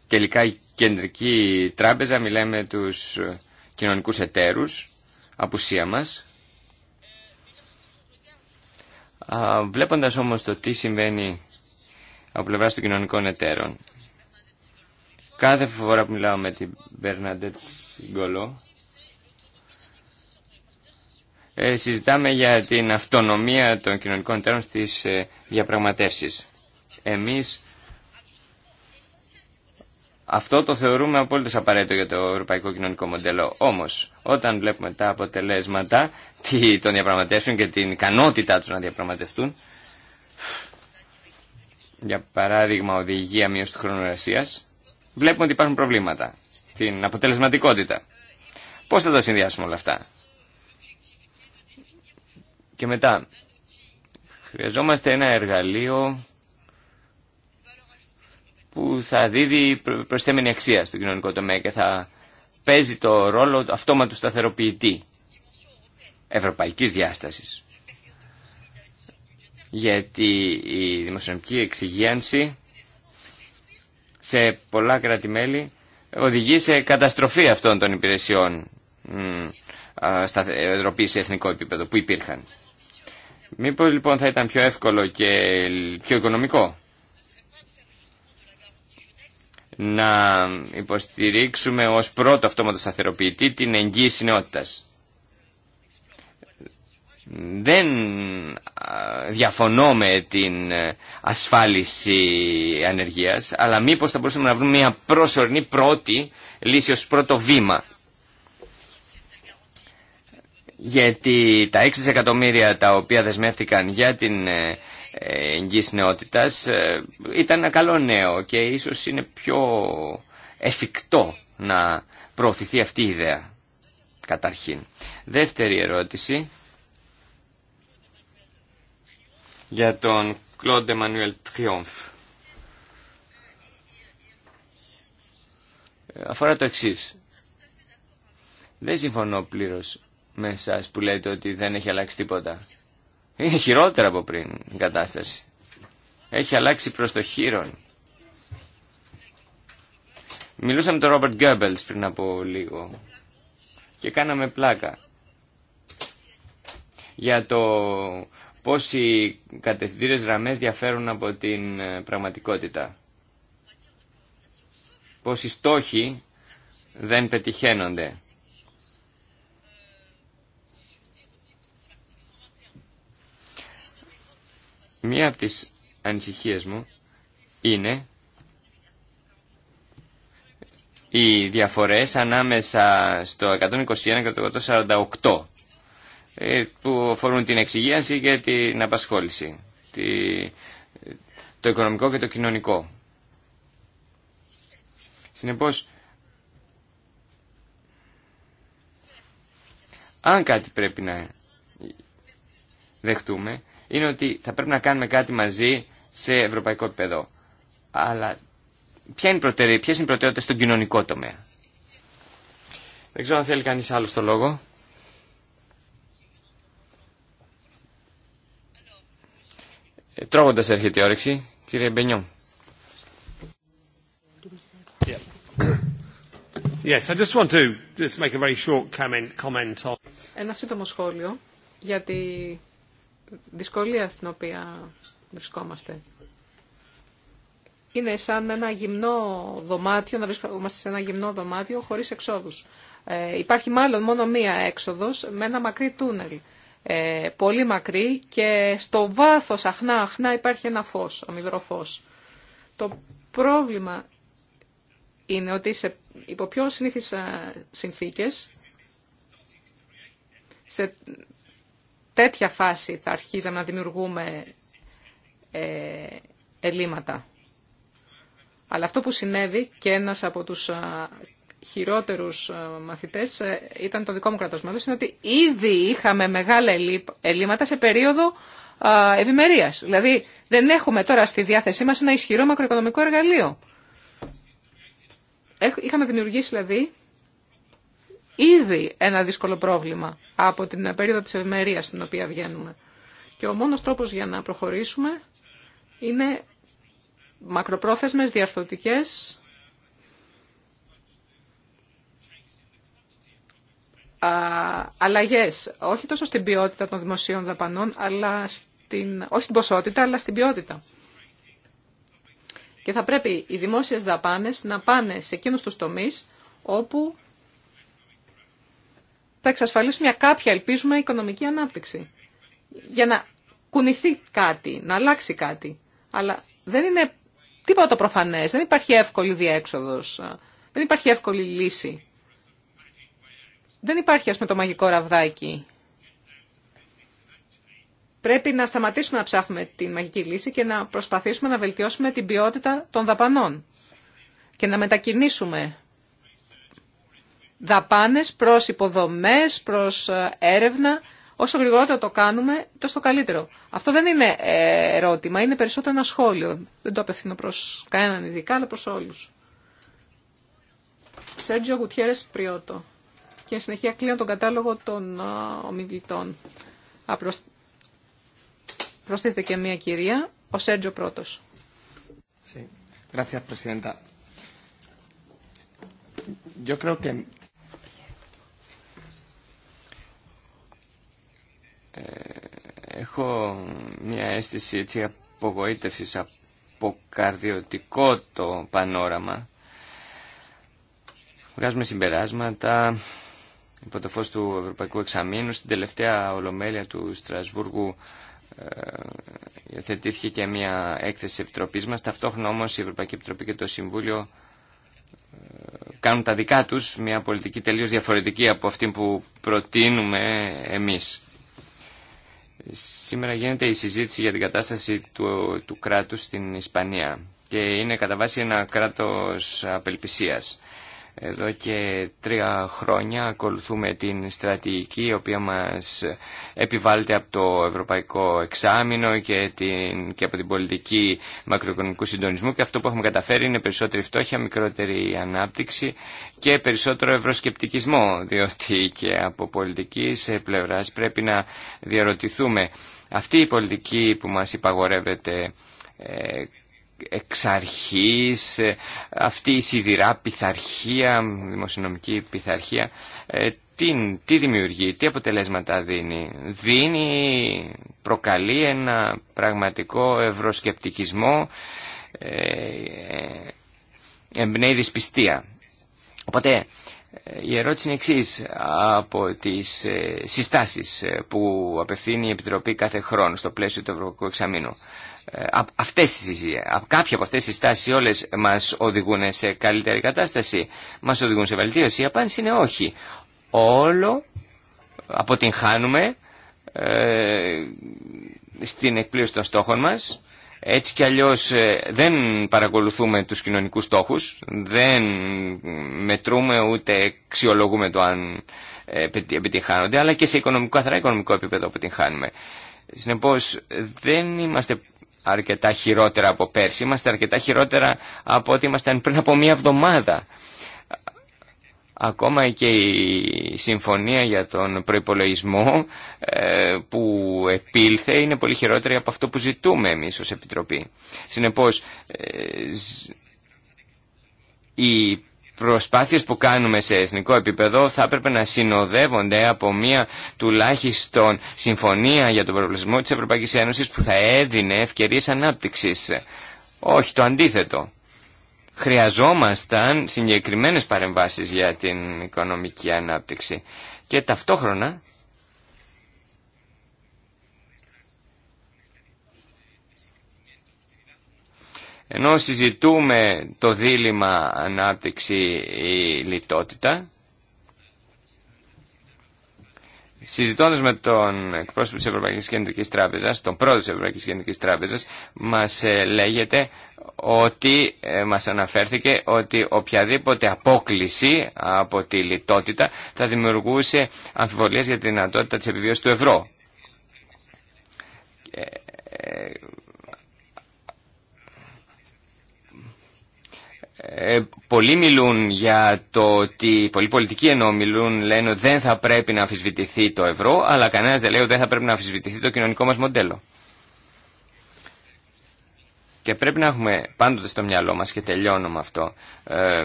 Speaker 1: Τελικά η κεντρική τράπεζα μιλάμε τους κοινωνικούς εταίρους, απουσία μας. Βλέποντας όμως το τι συμβαίνει από πλευράς των κοινωνικών εταίρων, κάθε φορά που μιλάω με την Μπερναντέτ Σιγκολό ε, συζητάμε για την αυτονομία των κοινωνικών εταίρων στις ε, διαπραγματεύσεις. Εμείς αυτό το θεωρούμε απόλυτα απαραίτητο για το ευρωπαϊκό κοινωνικό μοντέλο. Όμω, όταν βλέπουμε τα αποτελέσματα των διαπραγματεύσεων και την ικανότητά του να διαπραγματευτούν, για παράδειγμα οδηγία μείωση του χρόνου εργασία, βλέπουμε ότι υπάρχουν προβλήματα στην αποτελεσματικότητα. Πώ θα τα συνδυάσουμε όλα αυτά. Και μετά, χρειαζόμαστε ένα εργαλείο που θα δίδει προσθέμενη αξία στο κοινωνικό τομέα και θα παίζει το ρόλο αυτόματου σταθεροποιητή ευρωπαϊκής διάστασης. Γιατί η δημοσιονομική εξυγίανση σε πολλά κράτη-μέλη οδηγεί σε καταστροφή αυτών των υπηρεσιών σταθεροποίηση σε εθνικό επίπεδο που υπήρχαν. Μήπως λοιπόν θα ήταν πιο εύκολο και πιο οικονομικό να υποστηρίξουμε ως πρώτο αυτόματο σταθεροποιητή την εγγύηση νεότητας. Δεν διαφωνώ με την ε, ασφάλιση ανεργίας, αλλά μήπως θα μπορούσαμε να βρούμε μια προσωρινή πρώτη λύση ως πρώτο βήμα. Γιατί τα 6 εκατομμύρια τα οποία δεσμεύτηκαν για την ε, εγγύης νεότητας ε, ήταν ένα καλό νέο και ίσως είναι πιο εφικτό να προωθηθεί αυτή η ιδέα καταρχήν. Δεύτερη ερώτηση για τον Κλοντ Μανουέλ Τριόμφ. Αφορά το εξή. Δεν συμφωνώ πλήρως με εσά που λέτε ότι δεν έχει αλλάξει τίποτα. Είναι χειρότερα από πριν η κατάσταση. Έχει αλλάξει προς το χείρον. Μιλούσαμε με τον Ρόμπερτ Γκέμπελς πριν από λίγο και κάναμε πλάκα για το πώς οι κατευθυντήρες γραμμές διαφέρουν από την ε, πραγματικότητα. Πώς οι στόχοι δεν πετυχαίνονται. Μία από τις ανησυχίες μου είναι οι διαφορές ανάμεσα στο 121 και το 148 ε, που αφορούν την εξυγίανση και την απασχόληση, το οικονομικό και το κοινωνικό. Συνεπώς, αν κάτι πρέπει να δεχτούμε, είναι ότι θα πρέπει να κάνουμε κάτι μαζί σε ευρωπαϊκό επίπεδο. Αλλά ποια είναι είναι οι προτεραιότητε στον κοινωνικό τομέα. Δεν ξέρω αν θέλει κανεί άλλο το λόγο. Ε, Τρώγοντα έρχεται η όρεξη, κύριε Μπενιό.
Speaker 2: Ένα σύντομο σχόλιο Γιατί δυσκολία στην οποία βρισκόμαστε. Είναι σαν ένα γυμνό δωμάτιο, να βρισκόμαστε σε ένα γυμνό δωμάτιο χωρίς εξόδους. Ε, υπάρχει μάλλον μόνο μία έξοδος με ένα μακρύ τούνελ. Ε, πολύ μακρύ και στο βάθος αχνά αχνά υπάρχει ένα φως, αμυδρό φως. Το πρόβλημα είναι ότι σε, υπό πιο συνήθεις ε, συνθήκες, σε τέτοια φάση θα αρχίζαμε να δημιουργούμε ε, ελλείμματα. Αλλά αυτό που συνέβη και ένας από τους χειρότερους μαθητές ε, ήταν το δικό μου κρατός είναι ότι ήδη είχαμε μεγάλα ελλείμματα σε περίοδο ευημερίας. Δηλαδή δεν έχουμε τώρα στη διάθεσή μας ένα ισχυρό μακροοικονομικό εργαλείο. Είχαμε δημιουργήσει δηλαδή ήδη ένα δύσκολο πρόβλημα από την περίοδο της ευημερία στην οποία βγαίνουμε. Και ο μόνος τρόπος για να προχωρήσουμε είναι μακροπρόθεσμες, διαρθωτικές, αλλαγές, όχι τόσο στην ποιότητα των δημοσίων δαπανών, αλλά στην, όχι στην ποσότητα, αλλά στην ποιότητα. Και θα πρέπει οι δημόσιες δαπάνες να πάνε σε εκείνους τους τομείς όπου θα εξασφαλίσουμε μια κάποια, ελπίζουμε, οικονομική ανάπτυξη. Για να κουνηθεί κάτι, να αλλάξει κάτι. Αλλά δεν είναι τίποτα το προφανές, δεν υπάρχει εύκολη διέξοδος, δεν υπάρχει εύκολη λύση. Δεν υπάρχει, α πούμε, το μαγικό ραβδάκι. Πρέπει να σταματήσουμε να ψάχνουμε τη μαγική λύση και να προσπαθήσουμε να βελτιώσουμε την ποιότητα των δαπανών και να μετακινήσουμε δαπάνες προς υποδομές, προς ε, έρευνα. Όσο γρηγορότερα το κάνουμε, τόσο καλύτερο. Αυτό δεν είναι ε, ερώτημα, είναι περισσότερο ένα σχόλιο. Δεν το απευθύνω προς κανέναν ειδικά, αλλά προς όλους. Σέργιο Γουτιέρες Πριώτο. Και συνεχεία κλείνω τον κατάλογο των ε, ομιλητών. Α, και μία κυρία, ο Σέργιο πρώτος.
Speaker 1: Gracias, Presidenta. Yo Ε, έχω μια αίσθηση έτσι απογοήτευσης αποκαρδιωτικό το πανόραμα. Βγάζουμε συμπεράσματα υπό το φως του Ευρωπαϊκού Εξαμήνου. Στην τελευταία ολομέλεια του Στρασβούργου ε, θετήθηκε και μια έκθεση επιτροπής μας. Ταυτόχρονα όμως η Ευρωπαϊκή Επιτροπή και το Συμβούλιο ε, κάνουν τα δικά τους μια πολιτική τελείως διαφορετική από αυτή που προτείνουμε εμείς. Σήμερα γίνεται η συζήτηση για την κατάσταση του, του κράτους στην Ισπανία και είναι κατά βάση ένα κράτος απελπισίας. Εδώ και τρία χρόνια ακολουθούμε την στρατηγική η οποία μας επιβάλλεται από το Ευρωπαϊκό Εξάμεινο και, την, και από την πολιτική μακροοικονομικού συντονισμού και αυτό που έχουμε καταφέρει είναι περισσότερη φτώχεια, μικρότερη ανάπτυξη και περισσότερο ευρωσκεπτικισμό διότι και από πολιτική σε πλευράς πρέπει να διαρωτηθούμε αυτή η πολιτική που μας υπαγορεύεται ε, εξ αρχής, ε, αυτή η σιδηρά πειθαρχία, δημοσιονομική πειθαρχία, ε, τι, δημιουργεί, τι αποτελέσματα δίνει. Δίνει, προκαλεί ένα πραγματικό ευρωσκεπτικισμό, ε, εμπνέει δυσπιστία. Οπότε η ερώτηση είναι εξή από τις συστάσεις που απευθύνει η Επιτροπή κάθε χρόνο στο πλαίσιο του Ευρωπαϊκού Εξαμήνου. Ε, αυτές, κάποια από αυτές τις στάσεις όλες μας οδηγούν σε καλύτερη κατάσταση, μας οδηγούν σε βελτίωση. Η απάντηση είναι όχι. Όλο αποτυγχάνουμε ε, στην εκπλήρωση των στόχων μας. Έτσι κι αλλιώς ε, δεν παρακολουθούμε τους κοινωνικούς στόχους, δεν μετρούμε ούτε αξιολογούμε το αν ε, επιτυγχάνονται, αλλά και σε οικονομικό, καθαρά οικονομικό επίπεδο αποτυγχάνουμε. Συνεπώς δεν είμαστε αρκετά χειρότερα από πέρσι, είμαστε αρκετά χειρότερα από ό,τι ήμασταν πριν από μία εβδομάδα. Ακόμα και η συμφωνία για τον προϋπολογισμό ε, που επήλθε είναι πολύ χειρότερη από αυτό που ζητούμε εμείς ως Επιτροπή. Συνεπώς, ε, η προσπάθειες που κάνουμε σε εθνικό επίπεδο θα έπρεπε να συνοδεύονται από μια τουλάχιστον συμφωνία για τον προβλησμό της Ευρωπαϊκής Ένωσης που θα έδινε ευκαιρίες ανάπτυξης. Όχι, το αντίθετο. Χρειαζόμασταν συγκεκριμένες παρεμβάσεις για την οικονομική ανάπτυξη. Και ταυτόχρονα Ενώ συζητούμε το δίλημα ανάπτυξη ή λιτότητα, συζητώντας με τον εκπρόσωπο της Ευρωπαϊκής Κεντρικής Τράπεζας, τον πρόεδρο της Ευρωπαϊκής Κεντρικής Τράπεζας, μας ε, λέγεται ότι ε, μας αναφέρθηκε ότι οποιαδήποτε απόκληση από τη λιτότητα θα δημιουργούσε αμφιβολίες για τη δυνατότητα της επιβίωσης του ευρώ. Ε, Ε, πολλοί μιλούν για το ότι, πολλοί πολιτικοί ενώ μιλούν, λένε ότι δεν θα πρέπει να αμφισβητηθεί το ευρώ, αλλά κανένας δεν λέει ότι δεν θα πρέπει να αμφισβητηθεί το κοινωνικό μας μοντέλο. Και πρέπει να έχουμε πάντοτε στο μυαλό μας και τελειώνω με αυτό. Ε,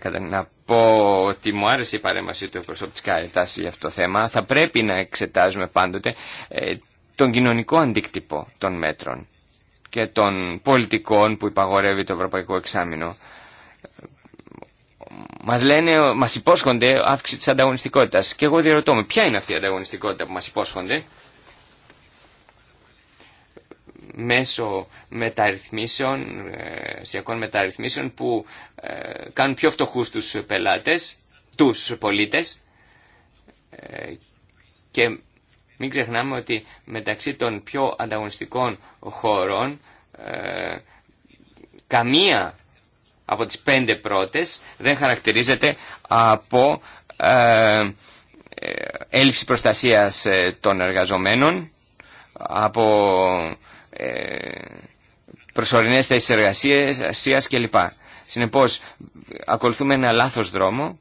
Speaker 1: να, να πω ότι μου άρεσε η παρέμβαση του εκπροσώπου της για αυτό το θέμα. Θα πρέπει να εξετάζουμε πάντοτε ε, τον κοινωνικό αντίκτυπο των μέτρων και των πολιτικών που υπαγορεύει το Ευρωπαϊκό Εξάμεινο. Μα λένε, μα υπόσχονται αύξηση τη ανταγωνιστικότητα. Και εγώ διερωτώ, με ποια είναι αυτή η ανταγωνιστικότητα που μα υπόσχονται μέσω μεταρρυθμίσεων, ε, σιακών μεταρρυθμίσεων που ε, κάνουν πιο φτωχούς τους πελάτες, τους πολίτες ε, και μην ξεχνάμε ότι μεταξύ των πιο ανταγωνιστικών χωρών καμία από τις πέντε πρώτες δεν χαρακτηρίζεται από ε, ε έλλειψη προστασίας ε, των εργαζομένων, από ε, προσωρινές θέσεις εργασίας κλπ. Συνεπώς, ακολουθούμε ένα λάθος δρόμο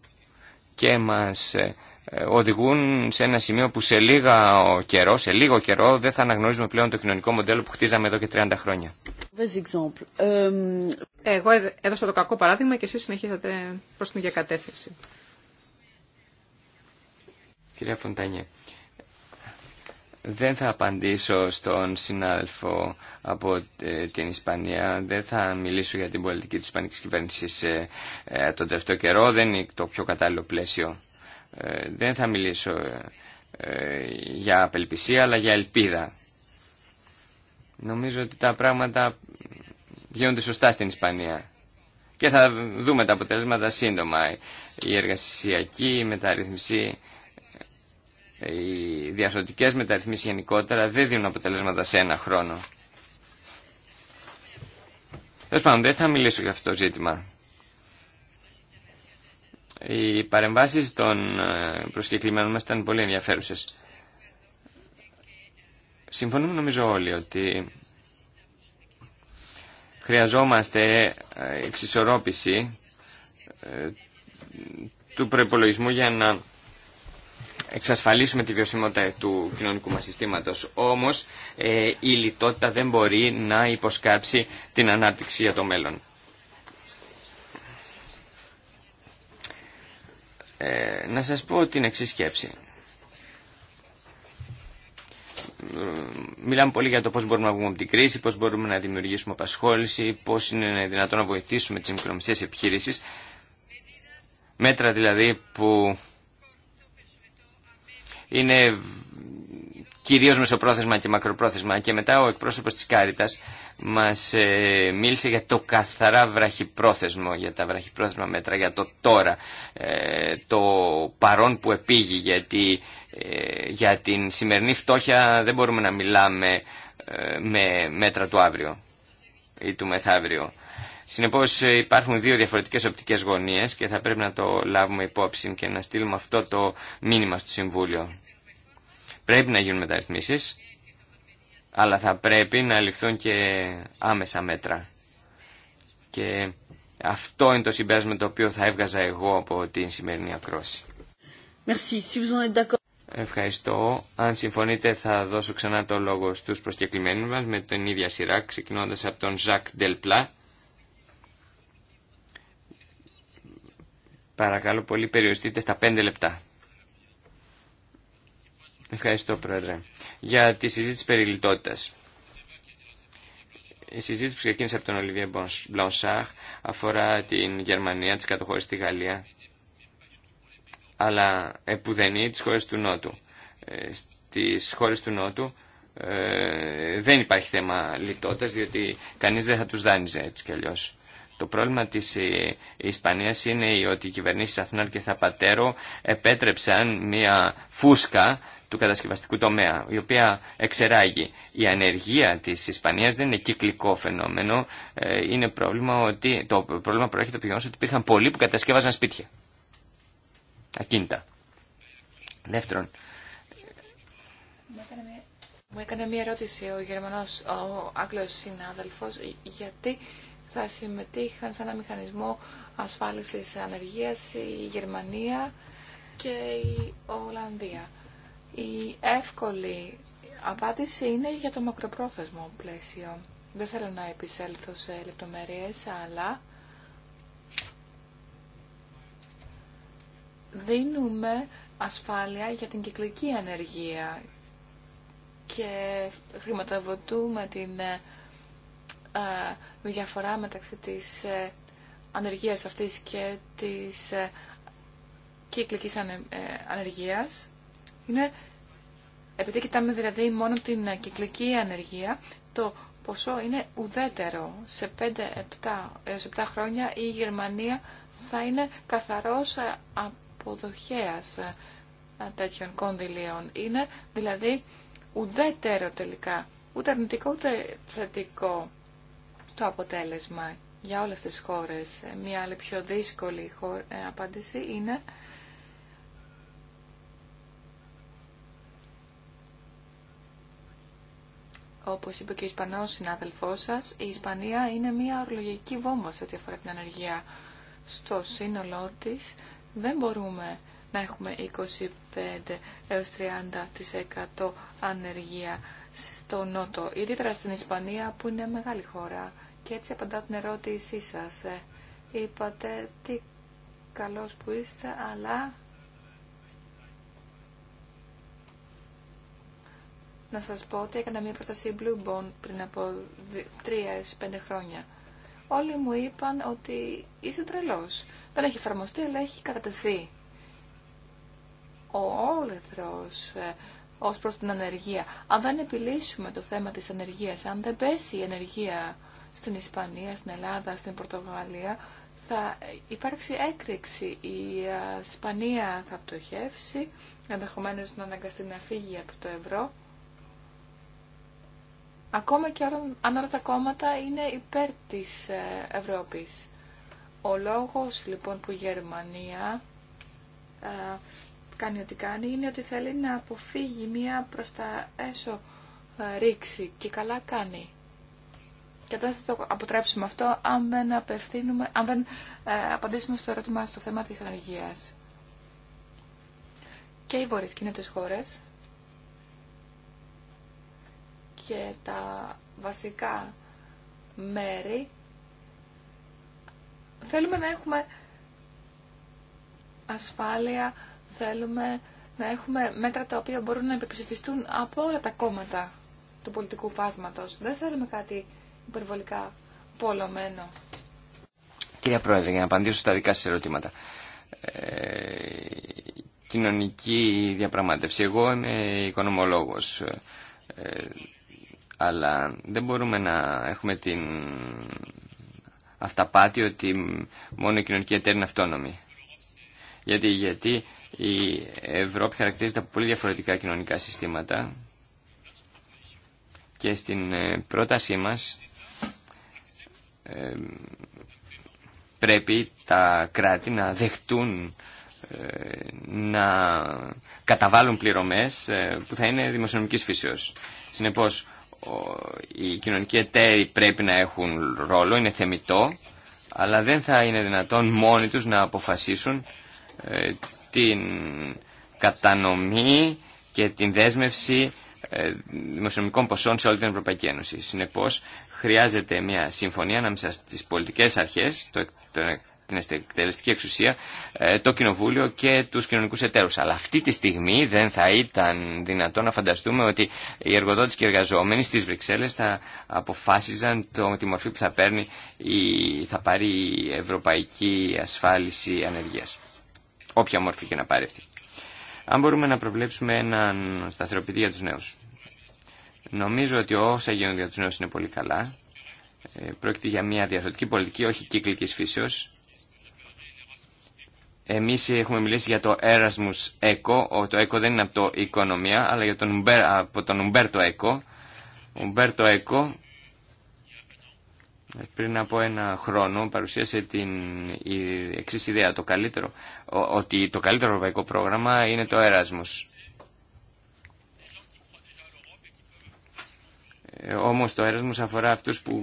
Speaker 1: και μας ε, ε, οδηγούν σε ένα σημείο που σε, λίγα καιρό, σε λίγο καιρό δεν θα αναγνωρίζουμε πλέον το κοινωνικό μοντέλο που χτίζαμε εδώ και 30 χρόνια.
Speaker 2: Ε, Εγώ έδωσα το κακό παράδειγμα και εσείς συνεχίσατε προς την ίδια κατεύθυνση.
Speaker 1: Κυρία Φοντανιέ, δεν θα απαντήσω στον συνάδελφο από ε, την Ισπανία. Δεν θα μιλήσω για την πολιτική της Ισπανικής κυβέρνησης τον τελευταίο καιρό. Δεν είναι το πιο κατάλληλο πλαίσιο. Ε, δεν θα μιλήσω ε, για απελπισία αλλά για ελπίδα. Νομίζω ότι τα πράγματα γίνονται σωστά στην Ισπανία. Και θα δούμε τα αποτελέσματα σύντομα. Η εργασιακή η μεταρρύθμιση, οι διαρθρωτικές μεταρρυθμίσεις γενικότερα δεν δίνουν αποτελέσματα σε ένα χρόνο. δεν θα μιλήσω για αυτό το ζήτημα. Οι παρεμβάσεις των ε, προσκεκλημένων μα ήταν πολύ ενδιαφέρουσε. Συμφωνούμε νομίζω όλοι ότι χρειαζόμαστε ε, εξισορρόπηση ε, του προπολογισμού για να εξασφαλίσουμε τη βιωσιμότητα του κοινωνικού μας συστήματος. Όμως η λιτότητα δεν μπορεί να υποσκάψει την ανάπτυξη για το μέλλον. Ε, να σας πω την εξή σκέψη. Μιλάμε πολύ για το πώς μπορούμε να βγούμε από την κρίση, πώς μπορούμε να δημιουργήσουμε απασχόληση, πώς είναι δυνατόν να βοηθήσουμε τις μικρομεσαίες επιχειρήσεις. Μέτρα δηλαδή που είναι κυρίως μεσοπρόθεσμα και μακροπρόθεσμα και μετά ο εκπρόσωπο τη Κάριτα μα ε, μίλησε για το καθαρά βραχυπρόθεσμο, για τα βραχυπρόθεσμα μέτρα, για το τώρα, ε, το παρόν που επήγει, γιατί ε, για την σημερινή φτώχεια δεν μπορούμε να μιλάμε με μέτρα του αύριο ή του μεθαύριο. Συνεπώ υπάρχουν δύο διαφορετικέ οπτικέ γωνίε και θα πρέπει να το λάβουμε υπόψη και να στείλουμε αυτό το μήνυμα στο Συμβούλιο. Πρέπει να γίνουν μεταρρυθμίσεις, αλλά θα πρέπει να ληφθούν και άμεσα μέτρα. Και αυτό είναι το συμπέρασμα το οποίο θα έβγαζα εγώ από την σημερινή ακρόση. Ευχαριστώ. Αν συμφωνείτε θα δώσω ξανά το λόγο στους προσκεκλημένους μας με την ίδια σειρά, ξεκινώντας από τον Ζακ Δελπλά. Παρακαλώ πολύ περιοριστείτε στα πέντε λεπτά. Ευχαριστώ, Πρόεδρε. Για τη συζήτηση περί λιτότητας. Η συζήτηση που ξεκίνησε από τον Ολιβιέ Μπλονσάχ αφορά την Γερμανία, τις κατοχώρες στη Γαλλία, αλλά επουδενή τις χώρες του Νότου. Ε, στις χώρες του Νότου ε, δεν υπάρχει θέμα λιτότητας, διότι κανείς δεν θα τους δάνειζε έτσι κι αλλιώς. Το πρόβλημα της ε, Ισπανίας είναι ότι οι κυβερνήσεις Αθηνών και Θαπατέρο επέτρεψαν μια φούσκα του κατασκευαστικού τομέα, η οποία εξεράγει. Η ανεργία της Ισπανίας δεν είναι κυκλικό φαινόμενο, ε, είναι πρόβλημα ότι, το πρόβλημα προέρχεται από το ότι υπήρχαν πολλοί που κατασκεύαζαν σπίτια. Ακίνητα. Δεύτερον,
Speaker 3: μου έκανε μία ερώτηση ο Γερμανός, ο Άγγλος συνάδελφος, γιατί θα συμμετείχαν σε ένα μηχανισμό ασφάλισης ανεργίας η Γερμανία και η Ολλανδία. Η εύκολη απάντηση είναι για το μακροπρόθεσμο πλαίσιο. Δεν θέλω να επισέλθω σε λεπτομέρειες, αλλά δίνουμε ασφάλεια για την κυκλική ανεργία και χρηματοδοτούμε την ε, ε, διαφορά μεταξύ της ε, ανεργίας αυτής και της κύκλικής ανεργίας είναι, επειδή κοιτάμε δηλαδή μόνο την κυκλική ανεργία, το ποσό είναι ουδέτερο. Σε 5-7 έως 7 χρόνια η Γερμανία θα είναι καθαρός αποδοχέας τέτοιων κονδυλίων. Είναι δηλαδή ουδέτερο τελικά, ούτε αρνητικό ούτε θετικό το αποτέλεσμα για όλες τις χώρες. Μία άλλη πιο δύσκολη ε, απάντηση είναι Όπως είπε και ο Ισπανός συνάδελφός σας, η Ισπανία είναι μια ορολογική βόμβα σε ό,τι αφορά την ανεργία. Στο σύνολό της δεν μπορούμε να έχουμε 25 έως 30% ανεργία στο Νότο, ιδιαίτερα στην Ισπανία που είναι μεγάλη χώρα. Και έτσι απαντάω την ερώτησή σας. Ε, είπατε τι καλός που είστε, αλλά να σας πω ότι έκανα μια πρόταση Blue πριν από 3-5 χρόνια. Όλοι μου είπαν ότι είσαι τρελός. Δεν έχει εφαρμοστεί, αλλά έχει κατατεθεί. Ο όλεθρος ε, ως προς την ανεργία. Αν δεν επιλύσουμε το θέμα της ανεργίας, αν δεν πέσει η ανεργία στην Ισπανία, στην Ελλάδα, στην Πορτογαλία, θα υπάρξει έκρηξη. Η ε, Ισπανία θα πτωχεύσει, ενδεχομένω να αναγκαστεί να φύγει από το ευρώ. Ακόμα και αν όλα τα κόμματα είναι υπέρ της ε, Ευρώπης. Ο λόγος λοιπόν που η Γερμανία ε, κάνει ό,τι κάνει είναι ότι θέλει να αποφύγει μία προς τα έσω ε, ρήξη και καλά κάνει. Και δεν θα το αποτρέψουμε αυτό αν δεν, απευθύνουμε, αν δεν απαντήσουμε στο ερώτημα στο θέμα της ανεργίας. Και οι βορειοσκήνωτες χώρες και τα βασικά μέρη, θέλουμε να έχουμε ασφάλεια, θέλουμε να έχουμε μέτρα τα οποία μπορούν να επιψηφιστούν από όλα τα κόμματα του πολιτικού φάσματος. Δεν θέλουμε κάτι υπερβολικά πολλωμένο.
Speaker 1: Κυρία Πρόεδρε, για να απαντήσω στα δικά σας ερωτήματα. Ε, κοινωνική διαπραγμάτευση. Εγώ είμαι οικονομολόγος. Ε, αλλά δεν μπορούμε να έχουμε την αυταπάτη ότι μόνο η κοινωνική εταίρεια είναι αυτόνομη. Γιατί, γιατί η Ευρώπη χαρακτηρίζεται από πολύ διαφορετικά κοινωνικά συστήματα και στην ε, πρότασή μας ε, πρέπει τα κράτη να δεχτούν ε, να καταβάλουν πληρωμές που θα είναι δημοσιονομικής φύσεως. Συνεπώς, οι κοινωνικοί εταίροι πρέπει να έχουν ρόλο, είναι θεμητό, αλλά δεν θα είναι δυνατόν μόνοι τους να αποφασίσουν ε, την κατανομή και την δέσμευση ε, δημοσιονομικών ποσών σε όλη την Ευρωπαϊκή Ένωση. Συνεπώς, χρειάζεται μια συμφωνία ανάμεσα στις πολιτικές αρχές, την εκτελεστική εξουσία, ε, το κοινοβούλιο και τους κοινωνικούς εταίρους. Αλλά αυτή τη στιγμή δεν θα ήταν δυνατό να φανταστούμε ότι οι εργοδότες και οι εργαζόμενοι στις Βρυξέλλες θα αποφάσιζαν το, τη μορφή που θα, η, θα πάρει η Ευρωπαϊκή Ασφάλιση Ανεργίας. Όποια μορφή και να πάρει αυτή. Αν μπορούμε να προβλέψουμε έναν σταθεροποιητή για τους νέους. Νομίζω ότι όσα γίνονται για τους νέους είναι πολύ καλά. Ε, πρόκειται για μια διαρθρωτική πολιτική, όχι κύκλικης φύσεως. Εμείς έχουμε μιλήσει για το Erasmus Eco. Το Eco δεν είναι από το οικονομία, αλλά για τον Umber, από τον Umberto Eco. Umberto Eco πριν από ένα χρόνο παρουσίασε την εξή ιδέα, το καλύτερο, ότι το καλύτερο ευρωπαϊκό πρόγραμμα είναι το Erasmus. Ε, όμως το έρασμος αφορά αυτούς που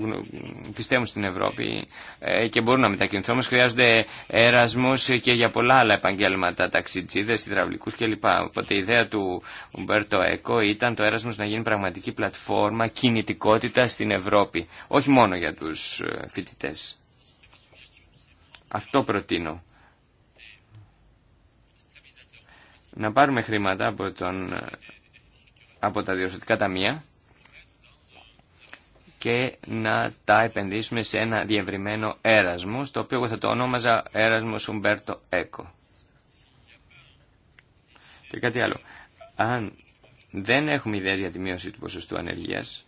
Speaker 1: πιστεύουν στην Ευρώπη ε, και μπορούν να μετακινηθούν. Όμως χρειάζονται έρασμος και για πολλά άλλα επαγγέλματα, ταξιτζίδες, υδραυλικούς κλπ. Οπότε η ιδέα του Ουμπέρτο Έκο ήταν το έρασμος να γίνει πραγματική πλατφόρμα κινητικότητα στην Ευρώπη. Όχι μόνο για τους ε, φοιτητέ. Αυτό προτείνω. Να πάρουμε χρήματα από, τον, από τα διορθωτικά ταμεία και να τα επενδύσουμε σε ένα διευρυμένο έρασμο, το οποίο εγώ θα το ονόμαζα έρασμο Σουμπέρτο Έκο. Και κάτι άλλο. Αν δεν έχουμε ιδέες για τη μείωση του ποσοστού ανεργίας,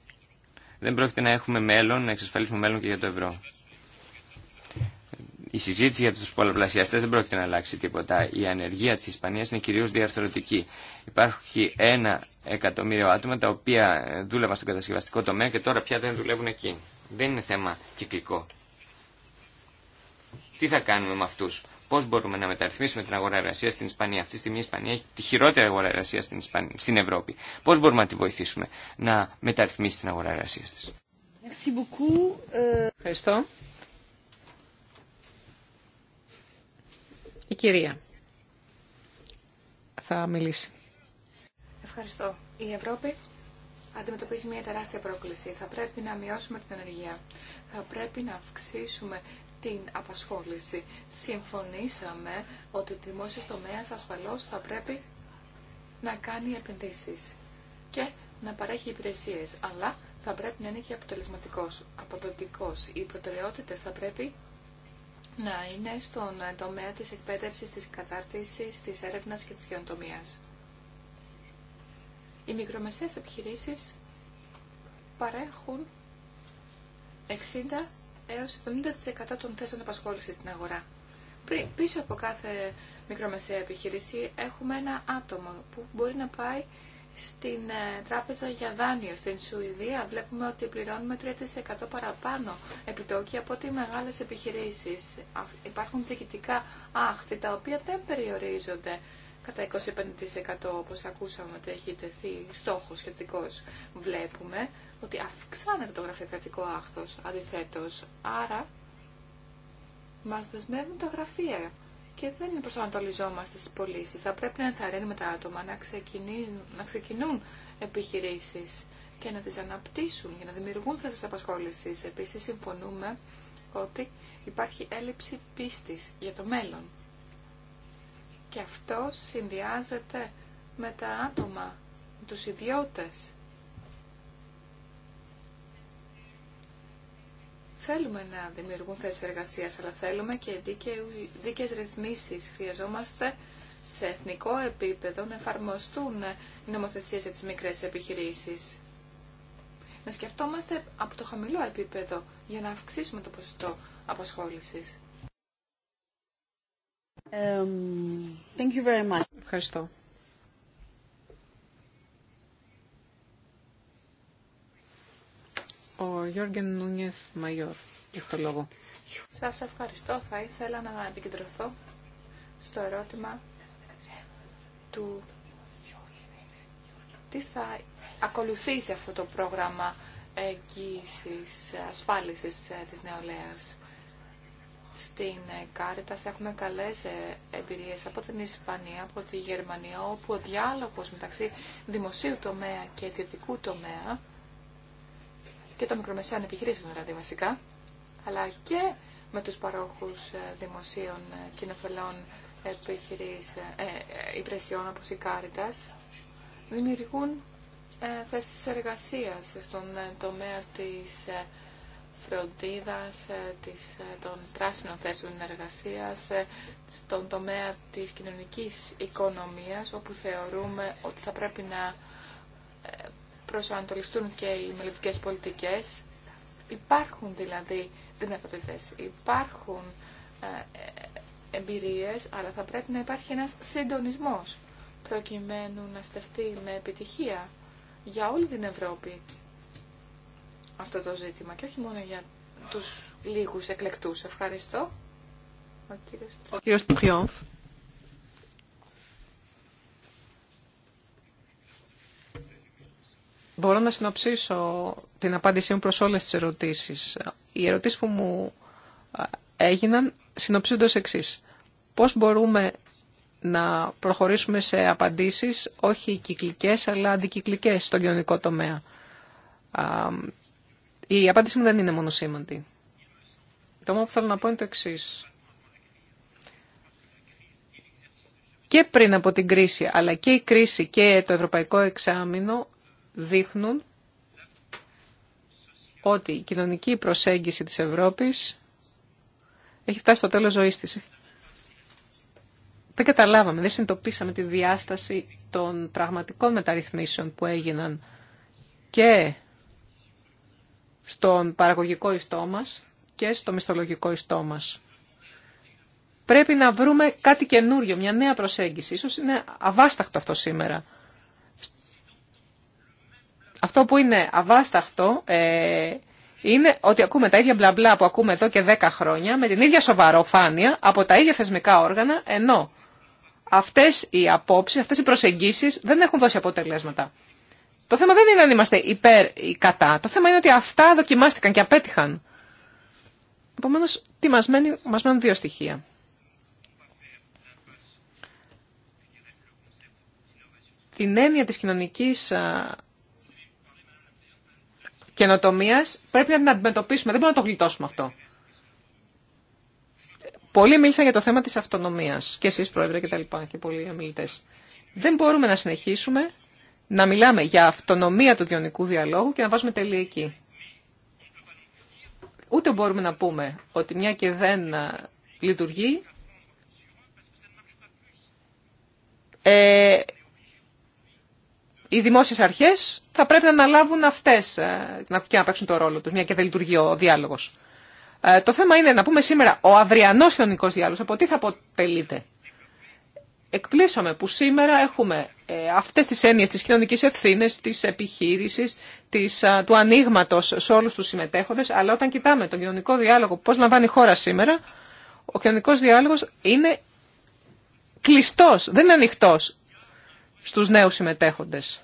Speaker 1: δεν πρόκειται να έχουμε μέλλον, να εξασφαλίσουμε μέλλον και για το ευρώ. Η συζήτηση για τους πολλαπλασιαστές δεν πρόκειται να αλλάξει τίποτα. Η ανεργία της Ισπανίας είναι κυρίως διαρθρωτική. Υπάρχει ένα εκατομμύριο άτομα τα οποία ε, δούλευαν στον κατασκευαστικό τομέα και τώρα πια δεν δουλεύουν εκεί. Δεν είναι θέμα κυκλικό. Τι θα κάνουμε με αυτού, πώ μπορούμε να μεταρρυθμίσουμε την αγορά εργασία στην Ισπανία. Αυτή τη στιγμή η Ισπανία έχει τη χειρότερη αγορά εργασία στην, στην Ευρώπη. Πώ μπορούμε να τη βοηθήσουμε να μεταρρυθμίσει την αγορά εργασία τη.
Speaker 2: Ε, Ευχαριστώ. Η κυρία θα μιλήσει.
Speaker 3: Ευχαριστώ. Η Ευρώπη αντιμετωπίζει μια τεράστια πρόκληση. Θα πρέπει να μειώσουμε την ενεργεία. Θα πρέπει να αυξήσουμε την απασχόληση. Συμφωνήσαμε ότι ο δημόσιο τομέα ασφαλώ θα πρέπει να κάνει επενδύσεις και να παρέχει υπηρεσίες, αλλά θα πρέπει να είναι και αποτελεσματικό, αποδοτικός. Οι προτεραιότητε θα πρέπει να είναι στον τομέα της εκπαίδευσης, της κατάρτισης, της έρευνας και της καινοτομία. Οι μικρομεσαίες επιχειρήσεις παρέχουν 60 έως 70% των θέσεων απασχόλησης στην αγορά. Πίσω από κάθε μικρομεσαία επιχείρηση έχουμε ένα άτομο που μπορεί να πάει στην ε, τράπεζα για δάνειο. Στην Σουηδία βλέπουμε ότι πληρώνουμε 3% παραπάνω επιτόκια από ότι μεγάλες επιχειρήσεις. Υπάρχουν διοικητικά άχτη τα οποία δεν περιορίζονται Κατά 25% όπως ακούσαμε ότι έχει τεθεί στόχος σχετικό. βλέπουμε ότι αυξάνεται το γραφειοκρατικό άχθος αντιθέτως. Άρα μας δεσμεύουν τα γραφεία και δεν προσανατολιζόμαστε στις πωλήσει. Θα πρέπει να ενθαρρύνουμε τα άτομα να, ξεκινούν, να ξεκινούν επιχειρήσεις και να τις αναπτύσσουν για να δημιουργούν θέσεις απασχόλησης. Επίσης συμφωνούμε ότι υπάρχει έλλειψη πίστης για το μέλλον. Και αυτό συνδυάζεται με τα άτομα, με τους ιδιώτες. Θέλουμε να δημιουργούν θέσεις εργασίας, αλλά θέλουμε και δίκαιες ρυθμίσεις. Χρειαζόμαστε σε εθνικό επίπεδο να εφαρμοστούν οι νομοθεσίες για τις μικρές επιχειρήσεις. Να σκεφτόμαστε από το χαμηλό επίπεδο για να αυξήσουμε το ποσοστό απασχόλησης.
Speaker 2: Ευχαριστώ. Ο Γιώργεν Νούνιεθ
Speaker 3: Σας ευχαριστώ. Θα ήθελα να επικεντρωθώ στο ερώτημα του τι θα ακολουθήσει αυτό το πρόγραμμα εγγύησης ασφάλισης ε, της νεολαίας. Στην ε, Κάριτα έχουμε καλές ε, εμπειρίες από την Ισπανία, από τη Γερμανία, όπου ο διάλογος μεταξύ δημοσίου τομέα και ιδιωτικού τομέα και των μικρομεσαίων επιχειρήσεων δηλαδή βασικά, αλλά και με τους παρόχους ε, δημοσίων κοινοφελών ε, υπηρεσιών όπως η Κάριτας, δημιουργούν ε, θέσεις εργασίας στον τομέα της φροντίδας ε, της, ε, των πράσινων θέσεων εργασίας ε, στον τομέα της κοινωνική οικονομίας, όπου θεωρούμε ότι θα πρέπει να προσανατολιστούν και οι μελλοντικές πολιτικές. Υπάρχουν δηλαδή δυνατότητες, υπάρχουν εμπειρίες, αλλά θα πρέπει να υπάρχει ένας συντονισμό προκειμένου να στεφτεί με επιτυχία για όλη την Ευρώπη αυτό το ζήτημα και όχι μόνο για τους λίγους εκλεκτούς. Ευχαριστώ. Ο κύριος, Ο
Speaker 2: κύριος Μπορώ να συνοψίσω την απάντησή μου προς όλες τις ερωτήσεις. Οι ερωτήσεις που μου έγιναν συνοψίζονται ως εξής. Πώς μπορούμε να προχωρήσουμε σε απαντήσεις όχι κυκλικές αλλά αντικυκλικές στον κοινωνικό τομέα. Η απάντηση μου δεν είναι μονοσήμαντη. Το μόνο που θέλω να πω είναι το εξή. Και πριν από την κρίση, αλλά και η κρίση και το ευρωπαϊκό εξάμεινο δείχνουν ότι η κοινωνική προσέγγιση της Ευρώπης έχει φτάσει στο τέλος ζωής της. Δεν καταλάβαμε, δεν συνειδητοποίησαμε τη διάσταση των πραγματικών μεταρρυθμίσεων που έγιναν και στον παραγωγικό ιστό μας και στο μισθολογικό ιστό μας. Πρέπει να βρούμε κάτι καινούριο, μια νέα προσέγγιση. Ίσως είναι αβάσταχτο αυτό σήμερα. Αυτό που είναι αβάσταχτο ε, είναι ότι ακούμε τα ίδια μπλα μπλα που ακούμε εδώ και 10 χρόνια με την ίδια σοβαροφάνεια από τα ίδια θεσμικά όργανα ενώ αυτές οι απόψεις, αυτές οι προσεγγίσεις δεν έχουν δώσει αποτελέσματα. Το θέμα δεν είναι αν είμαστε υπέρ ή κατά. Το θέμα είναι ότι αυτά δοκιμάστηκαν και απέτυχαν. Επομένως, τι μας, μένει, μας μένουν δύο στοιχεία. Την έννοια της κοινωνικής καινοτομίας πρέπει να την αντιμετωπίσουμε. Δεν μπορούμε να το γλιτώσουμε αυτό. Πολλοί μίλησαν για το θέμα της αυτονομίας. Και εσείς, Πρόεδρε, και τα λοιπά. Και πολλοί ομιλητές. Δεν μπορούμε να συνεχίσουμε να μιλάμε για αυτονομία του κοινωνικού διαλόγου και να βάζουμε τελεία εκεί. Ούτε μπορούμε να πούμε ότι μια και δεν ε, λειτουργεί, ε, οι δημόσιες αρχές θα πρέπει να αναλάβουν αυτές ε, και να παίξουν το ρόλο τους, μια και δεν λειτουργεί ο διάλογος. Ε, το θέμα είναι να πούμε σήμερα ο αυριανός κοινωνικός διάλογος, από τι θα αποτελείται εκπλήσωμε που σήμερα έχουμε ε, αυτές τις έννοιες της κοινωνικής ευθύνης, της επιχείρησης, της, του ανοίγματο σε όλους τους συμμετέχοντες, αλλά όταν κοιτάμε τον κοινωνικό διάλογο, πώς λαμβάνει η χώρα σήμερα, ο κοινωνικός διάλογος είναι κλειστός, δεν είναι ανοιχτός στους νέους συμμετέχοντες.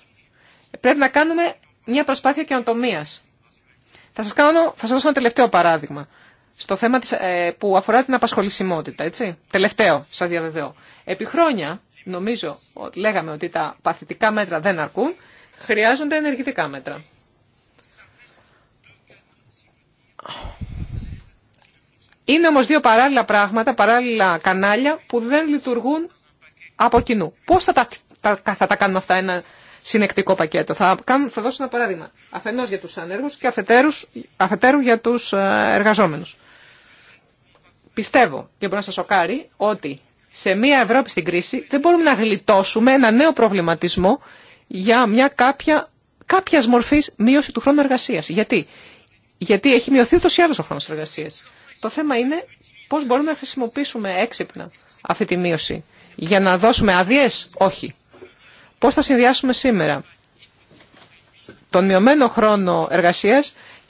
Speaker 2: Πρέπει να κάνουμε μια προσπάθεια καινοτομίας. Θα σας, κάνω, θα σας δώσω ένα τελευταίο παράδειγμα στο θέμα ε, που αφορά την απασχολησιμότητα, έτσι. Τελευταίο, σας διαβεβαιώ. Επί χρόνια, νομίζω, ότι λέγαμε ότι τα παθητικά μέτρα δεν αρκούν, χρειάζονται ενεργητικά μέτρα. Είναι όμως δύο παράλληλα πράγματα, παράλληλα κανάλια που δεν λειτουργούν από κοινού. Πώς θα τα, θα κάνουμε αυτά ένα συνεκτικό πακέτο. Θα, δώσω ένα παράδειγμα. Αφενός για τους ανέργους και αφετέρου για τους ε, εργαζόμενους πιστεύω και μπορώ να σας σοκάρει ότι σε μια Ευρώπη στην κρίση δεν μπορούμε να γλιτώσουμε ένα νέο προβληματισμό για μια κάποια κάποια μορφή μείωση του χρόνου εργασία. Γιατί? Γιατί έχει μειωθεί ούτω ή άλλω ο χρόνο εργασία. Το θέμα είναι πώ μπορούμε να χρησιμοποιήσουμε έξυπνα αυτή τη μείωση. Για να δώσουμε άδειε, όχι. Πώ θα συνδυάσουμε σήμερα τον μειωμένο χρόνο εργασία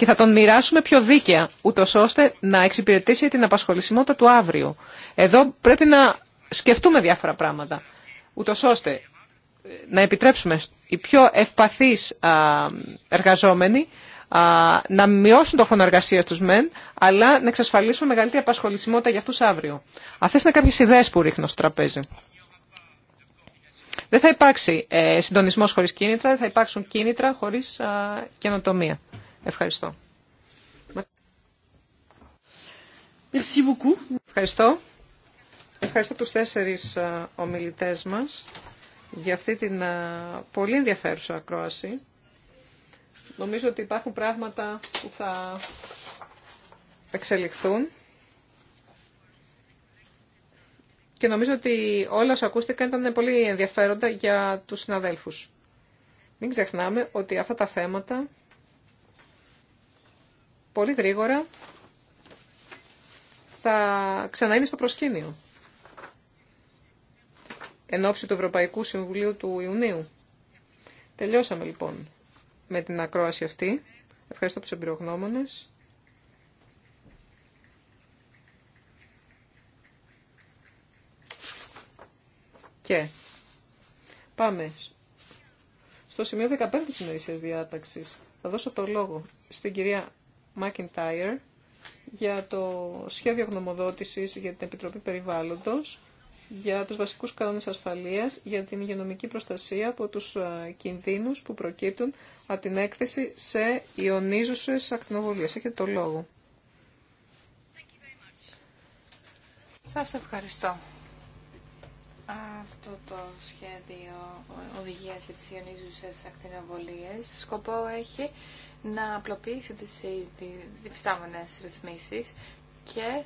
Speaker 2: θα τον μοιράσουμε πιο δίκαια, ούτω ώστε να εξυπηρετήσει την απασχολησιμότητα του αύριο. Εδώ πρέπει να σκεφτούμε διάφορα πράγματα, ούτω ώστε ε, να επιτρέψουμε οι πιο ευπαθεί εργαζόμενοι να μειώσουν το χρόνο εργασία του μεν, αλλά να εξασφαλίσουμε μεγαλύτερη απασχολησιμότητα για αυτού αύριο. Αυτέ είναι κάποιε ιδέε που ρίχνω στο τραπέζι. Δεν θα υπάρξει ε, συντονισμό χωρί κίνητρα, δεν θα υπάρξουν κίνητρα χωρί καινοτομία. Ευχαριστώ. Ευχαριστώ. Ευχαριστώ τους τέσσερις ομιλητές μας για αυτή την πολύ ενδιαφέρουσα ακρόαση. Νομίζω ότι υπάρχουν πράγματα που θα εξελιχθούν και νομίζω ότι όλα όσα ακούστηκαν ήταν πολύ ενδιαφέροντα για τους συναδέλφους. Μην ξεχνάμε ότι αυτά τα θέματα πολύ γρήγορα θα ξαναείνει στο προσκήνιο. Εν ώψη του Ευρωπαϊκού Συμβουλίου του Ιουνίου. Τελειώσαμε λοιπόν με την ακρόαση αυτή. Ευχαριστώ τους εμπειρογνώμονες. Και πάμε στο σημείο 15 της ημερησίας διάταξης. Θα δώσω το λόγο στην κυρία McIntyre για το σχέδιο γνωμοδότησης για την Επιτροπή Περιβάλλοντος, για τους βασικούς κανόνες ασφαλείας, για την υγειονομική προστασία από τους ε, κινδύνους που προκύπτουν από την έκθεση σε ιονίζουσες ακτινοβολίες. Έχετε το λόγο.
Speaker 3: Σας ευχαριστώ. Αυτό το σχέδιο οδηγία για τι ιονίζουσε ακτινοβολίε. σκοπό έχει να απλοποιήσει τις υφιστάμενες ρυθμίσει και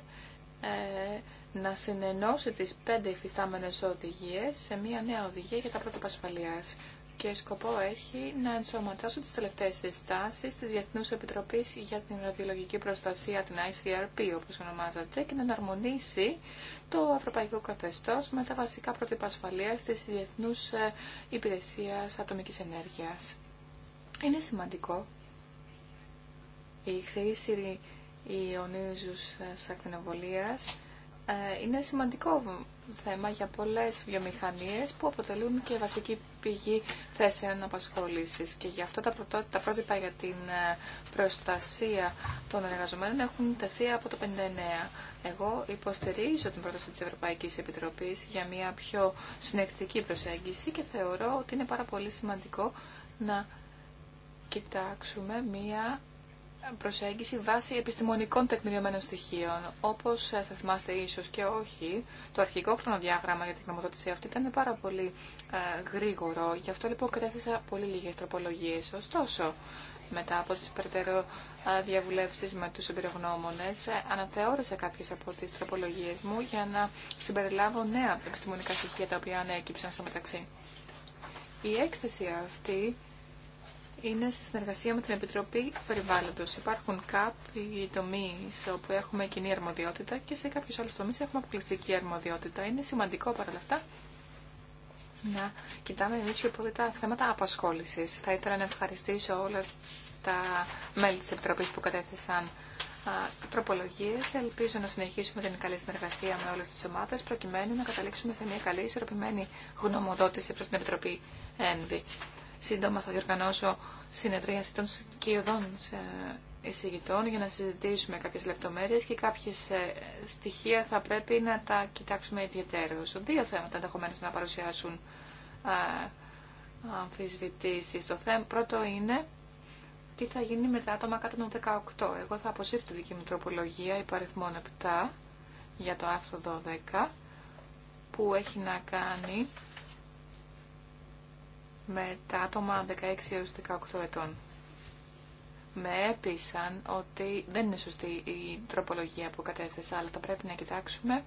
Speaker 3: ε, να συνενώσει τις πέντε υφιστάμενες οδηγίες σε μια νέα οδηγία για τα πρώτα ασφαλείας και σκοπό έχει να ενσωματώσουν τις τελευταίες συστάσεις της Διεθνούς Επιτροπής για την Ραδιολογική Προστασία, την ICRP όπως ονομάζεται, και να εναρμονίσει το ευρωπαϊκό καθεστώς με τα βασικά πρότυπα ασφαλείας της Διεθνούς ε, Υπηρεσίας Ατομικής Ενέργειας. Είναι σημαντικό η χρήση ιονίζους ε, ακτινοβολίας ε, είναι σημαντικό θέμα για πολλές βιομηχανίες που αποτελούν και βασική πηγή θέσεων απασχόλησης και γι' αυτό τα, τα πρότυπα για την ε, προστασία των εργαζομένων έχουν τεθεί από το 59. Εγώ υποστηρίζω την πρόταση της Ευρωπαϊκής Επιτροπής για μια πιο συνεκτική προσέγγιση και θεωρώ ότι είναι πάρα πολύ σημαντικό να κοιτάξουμε μια προσέγγιση βάσει επιστημονικών τεκμηριωμένων στοιχείων. όπω ε, θα θυμάστε ίσως και όχι, το αρχικό χρονοδιάγραμμα για την γνωμοδότηση αυτή ήταν πάρα πολύ ε, γρήγορο. Γι' αυτό λοιπόν κατέθεσα πολύ λίγε τροπολογίε, Ωστόσο, μετά από τι περαιτέρω ε, διαβουλεύσεις με τους εμπειρογνώμονες, αναθεώρησα κάποιε από τι τροπολογίε μου για να συμπεριλάβω νέα επιστημονικά στοιχεία τα οποία ανέκυψαν στο μεταξύ. Η έκθεση αυτή είναι σε συνεργασία με την Επιτροπή Περιβάλλοντος. Υπάρχουν κάποιοι τομείς όπου έχουμε κοινή αρμοδιότητα και σε κάποιους άλλους τομείς έχουμε αποκλειστική αρμοδιότητα. Είναι σημαντικό παρ' όλα αυτά να κοιτάμε εμείς πιο πολύ τα θέματα απασχόλησης. Θα ήθελα να ευχαριστήσω όλα τα μέλη της Επιτροπής που κατέθεσαν τροπολογίες. Ελπίζω να συνεχίσουμε την καλή συνεργασία με όλες τις ομάδες προκειμένου να καταλήξουμε σε μια καλή ισορροπημένη γνωμοδότηση προς την Επιτροπή ΕΝΒΗ. Σύντομα θα διοργανώσω συνεδρίαση των κοιοδών εισηγητών για να συζητήσουμε κάποιες λεπτομέρειες και κάποιες ε, στοιχεία θα πρέπει να τα κοιτάξουμε ιδιαίτερως. Δύο θέματα ενδεχομένω να παρουσιάσουν ε, αμφισβητήσεις. Το θέμα πρώτο είναι τι θα γίνει με τα άτομα κάτω των 18. Εγώ θα αποσύρω τη δική μου τροπολογία υπαριθμών 7 για το άρθρο 12 που έχει να κάνει με τα άτομα 16 έως 18 ετών. Με έπεισαν ότι δεν είναι σωστή η τροπολογία που κατέθεσα, αλλά θα πρέπει να κοιτάξουμε.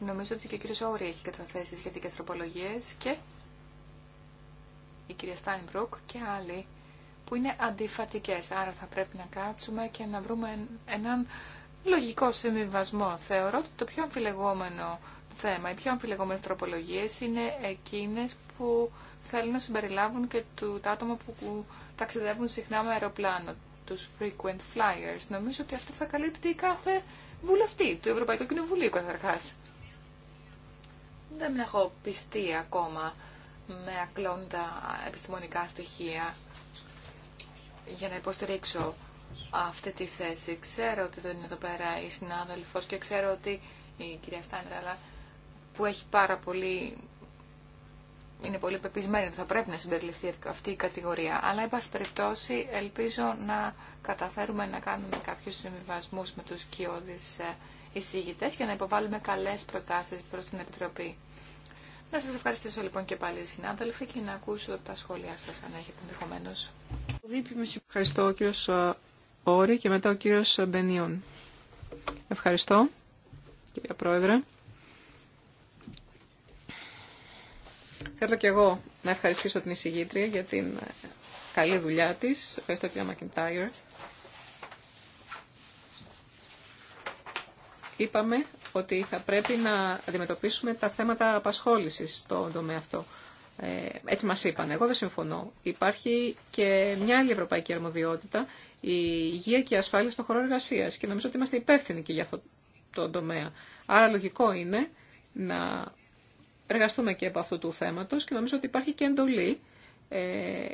Speaker 3: Νομίζω ότι και ο κύριος Όρη έχει καταθέσει σχετικές τροπολογίες και η κυρία Στάινμπρουκ και άλλοι που είναι αντιφατικές. Άρα θα πρέπει να κάτσουμε και να βρούμε έναν λογικό συμβιβασμό. Θεωρώ ότι το πιο αμφιλεγόμενο θέμα. Οι πιο αμφιλεγόμενε τροπολογίε είναι εκείνες που θέλουν να συμπεριλάβουν και του, τα άτομα που ταξιδεύουν συχνά με αεροπλάνο, τους frequent flyers. Νομίζω ότι αυτό θα καλύπτει κάθε βουλευτή του Ευρωπαϊκού Κοινοβουλίου καταρχά. Δεν έχω πιστεί ακόμα με ακλόντα επιστημονικά στοιχεία για να υποστηρίξω αυτή τη θέση. Ξέρω ότι δεν είναι εδώ πέρα η συνάδελφος και ξέρω ότι η κυρία Στάνερα, αλλά που έχει πάρα πολύ... είναι πολύ πεπισμένη ότι θα πρέπει να συμπεριληφθεί αυτή η κατηγορία. Αλλά, εν πάση περιπτώσει, ελπίζω να καταφέρουμε να κάνουμε κάποιους συμβιβασμούς με τους κοιόδης ε, εισηγητές και να υποβάλουμε καλές προτάσεις προς την Επιτροπή. Να σας ευχαριστήσω λοιπόν και πάλι συνάδελφοι και να ακούσω τα σχόλιά σας αν έχετε ενδεχομένω.
Speaker 2: Ευχαριστώ ο κύριος ε, Όρη και μετά ο κύριος Μπενιών. Ευχαριστώ κυρία Πρόεδρε. Θέλω και εγώ να ευχαριστήσω την εισηγήτρια για την καλή δουλειά της. Ευχαριστώ κύριε Μακιντάιρ. Είπαμε ότι θα πρέπει να αντιμετωπίσουμε τα θέματα απασχόλησης στον τομέα αυτό. Ε, έτσι μας είπαν. Εγώ δεν συμφωνώ. Υπάρχει και μια άλλη ευρωπαϊκή αρμοδιότητα, η υγεία και η ασφάλεια στον χώρο εργασία. Και νομίζω ότι είμαστε υπεύθυνοι και για αυτό το τομέα. Άρα λογικό είναι να εργαστούμε και από αυτού του θέματος και νομίζω ότι υπάρχει και εντολή. Ε,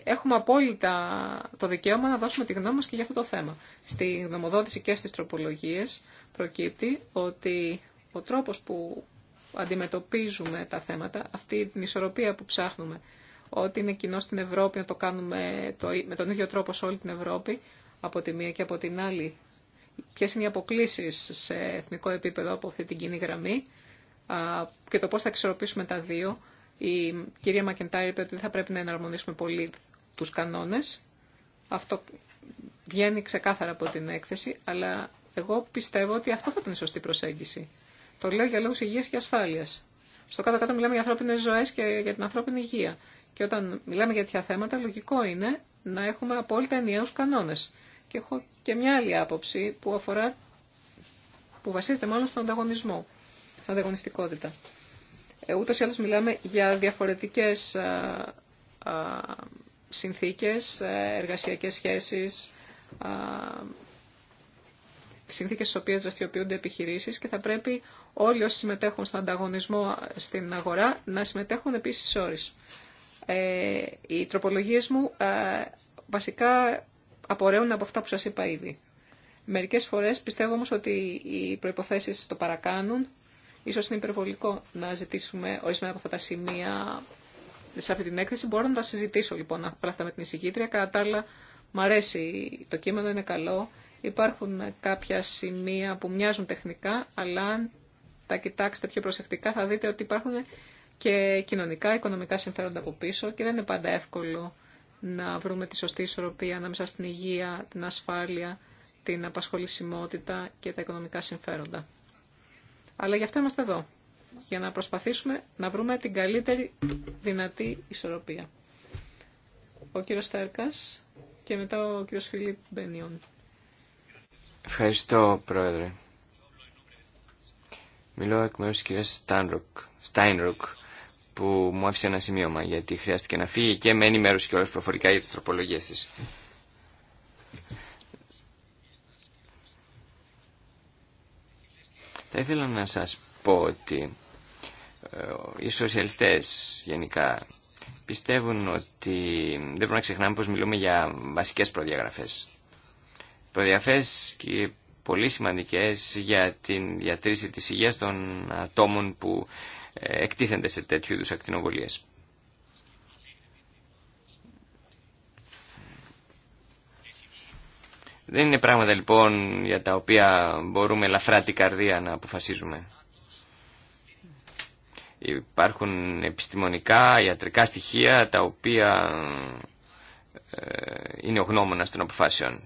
Speaker 2: έχουμε απόλυτα το δικαίωμα να δώσουμε τη γνώμη μας και για αυτό το θέμα. Στη γνωμοδότηση και στις τροπολογίες προκύπτει ότι ο τρόπος που αντιμετωπίζουμε τα θέματα, αυτή την ισορροπία που ψάχνουμε, ότι είναι κοινό στην Ευρώπη, να το κάνουμε με τον ίδιο τρόπο σε όλη την Ευρώπη, από τη μία και από την άλλη, ποιε είναι οι αποκλήσει σε εθνικό επίπεδο από αυτή την κοινή γραμμή, και το πώς θα εξορροπήσουμε τα δύο. Η κυρία Μακεντάρη είπε ότι θα πρέπει να εναρμονίσουμε πολύ τους κανόνες. Αυτό βγαίνει ξεκάθαρα από την έκθεση, αλλά εγώ πιστεύω ότι αυτό θα ήταν η σωστή προσέγγιση. Το λέω για λόγους υγείας και ασφάλειας. Στο κάτω-κάτω μιλάμε για ανθρώπινες ζωές και για την ανθρώπινη υγεία. Και όταν μιλάμε για τέτοια θέματα, λογικό είναι να έχουμε απόλυτα ενιαίους κανόνες. Και έχω και μια άλλη άποψη που αφορά, που βασίζεται μάλλον στον ανταγωνισμό ανταγωνιστικότητα. Ε, ούτως ή άλλως μιλάμε για διαφορετικές συνθήκες, ε, εργασιακές σχέσεις, συνθήκε στι οποίε δραστηριοποιούνται επιχειρήσει, και θα πρέπει όλοι όσοι συμμετέχουν στον ανταγωνισμό στην αγορά να συμμετέχουν επίσης όρει. Ε, οι τροπολογίες μου ε, βασικά απορρέουν από αυτά που σας είπα ήδη. Μερικές φορές πιστεύω όμως ότι οι προϋποθέσεις το παρακάνουν Ίσως είναι υπερβολικό να ζητήσουμε ορισμένα από αυτά τα σημεία σε αυτή την έκθεση. Μπορώ να τα συζητήσω λοιπόν απλά αυτά με την εισηγήτρια. Κατά τα άλλα, μ' αρέσει το κείμενο, είναι καλό. Υπάρχουν κάποια σημεία που μοιάζουν τεχνικά, αλλά αν τα κοιτάξετε πιο προσεκτικά θα δείτε ότι υπάρχουν και κοινωνικά, οικονομικά συμφέροντα από πίσω και δεν είναι πάντα εύκολο να βρούμε τη σωστή ισορροπία ανάμεσα στην υγεία, την ασφάλεια, την απασχολησιμότητα και τα οικονομικά συμφέροντα. Αλλά γι' αυτό είμαστε εδώ, για να προσπαθήσουμε να βρούμε την καλύτερη δυνατή ισορροπία. Ο κύριος Στέρκας και μετά ο κύριος Φιλίπ Μπενιόν.
Speaker 1: Ευχαριστώ, Πρόεδρε. Μιλώ εκ μέρους της κυρίας Στάινρουκ, που μου άφησε ένα σημείωμα γιατί χρειάστηκε να φύγει και με ενημέρωση και όλες προφορικά για τις τροπολογίες της. Θα ήθελα να σας πω ότι ε, οι σοσιαλιστές γενικά πιστεύουν ότι δεν πρέπει να ξεχνάμε πως μιλούμε για βασικές προδιαγραφές. Προδιαγραφές και πολύ σημαντικές για την διατήρηση της υγείας των ατόμων που ε, εκτίθενται σε τέτοιου είδους ακτινοβολίες. Δεν είναι πράγματα λοιπόν για τα οποία μπορούμε ελαφρά την καρδία να αποφασίζουμε. Υπάρχουν επιστημονικά, ιατρικά στοιχεία τα οποία ε, είναι ο γνώμονας των αποφάσεων.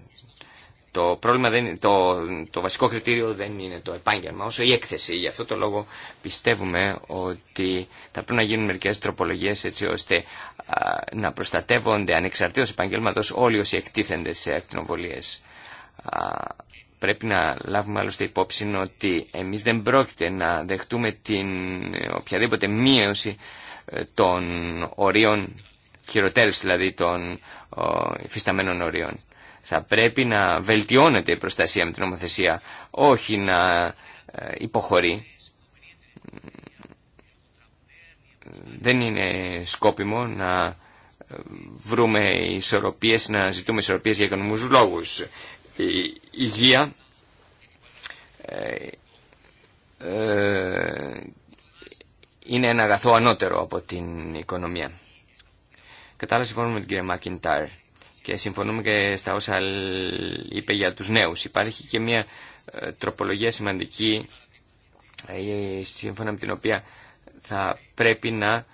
Speaker 1: Το, πρόβλημα δεν το, το βασικό κριτήριο δεν είναι το επάγγελμα, όσο η έκθεση. Γι' αυτό το λόγο πιστεύουμε ότι θα πρέπει να γίνουν μερικέ τροπολογίε έτσι ώστε να προστατεύονται ανεξαρτήτως επαγγέλματο όλοι όσοι εκτίθενται σε ακτινοβολίε πρέπει να λάβουμε άλλωστε υπόψη ότι εμείς δεν πρόκειται να δεχτούμε την οποιαδήποτε μείωση ε, των ορίων χειροτέρευση δηλαδή των υφισταμένων ορίων. Θα πρέπει να βελτιώνεται η προστασία με την νομοθεσία, όχι να ε, υποχωρεί. Δεν είναι σκόπιμο να ε, βρούμε ισορροπίες, να ζητούμε ισορροπίες για οικονομικούς λόγους. Η υγεία ε, ε, είναι ένα αγαθό ανώτερο από την οικονομία. Κατάλληλα συμφωνούμε με την κυρία Μακιντάρ και συμφωνούμε και στα όσα είπε για τους νέους. Υπάρχει και μια ε, τροπολογία σημαντική σύμφωνα με την οποία θα πρέπει να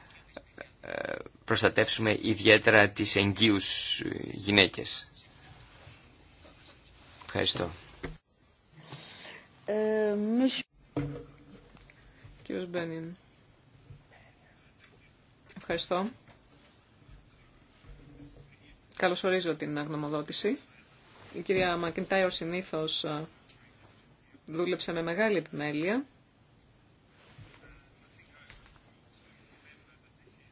Speaker 1: προστατεύσουμε ιδιαίτερα τις εγγύους γυναίκες. Ευχαριστώ.
Speaker 2: Ε, Κύριος Μπένιν. Ευχαριστώ. Καλωσορίζω την αγνομοδότηση. Η κυρία Μακιντάιρ συνήθως ε, δούλεψε με μεγάλη επιμέλεια.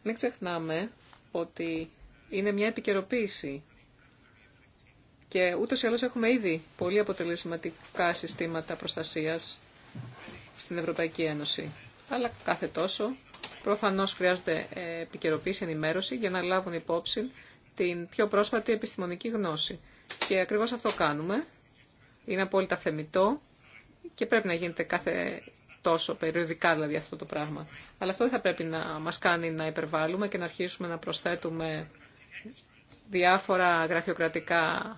Speaker 2: Μην ξεχνάμε ότι είναι μια επικαιροποίηση και ούτω ή άλλως έχουμε ήδη πολύ αποτελεσματικά συστήματα προστασίας στην Ευρωπαϊκή Ένωση. Αλλά κάθε τόσο προφανώς χρειάζονται ε, επικαιροποίηση, ενημέρωση για να λάβουν υπόψη την πιο πρόσφατη επιστημονική γνώση. Και ακριβώς αυτό κάνουμε. Είναι απόλυτα θεμητό και πρέπει να γίνεται κάθε τόσο περιοδικά δηλαδή αυτό το πράγμα. Αλλά αυτό δεν θα πρέπει να μας κάνει να υπερβάλλουμε και να αρχίσουμε να προσθέτουμε διάφορα γραφειοκρατικά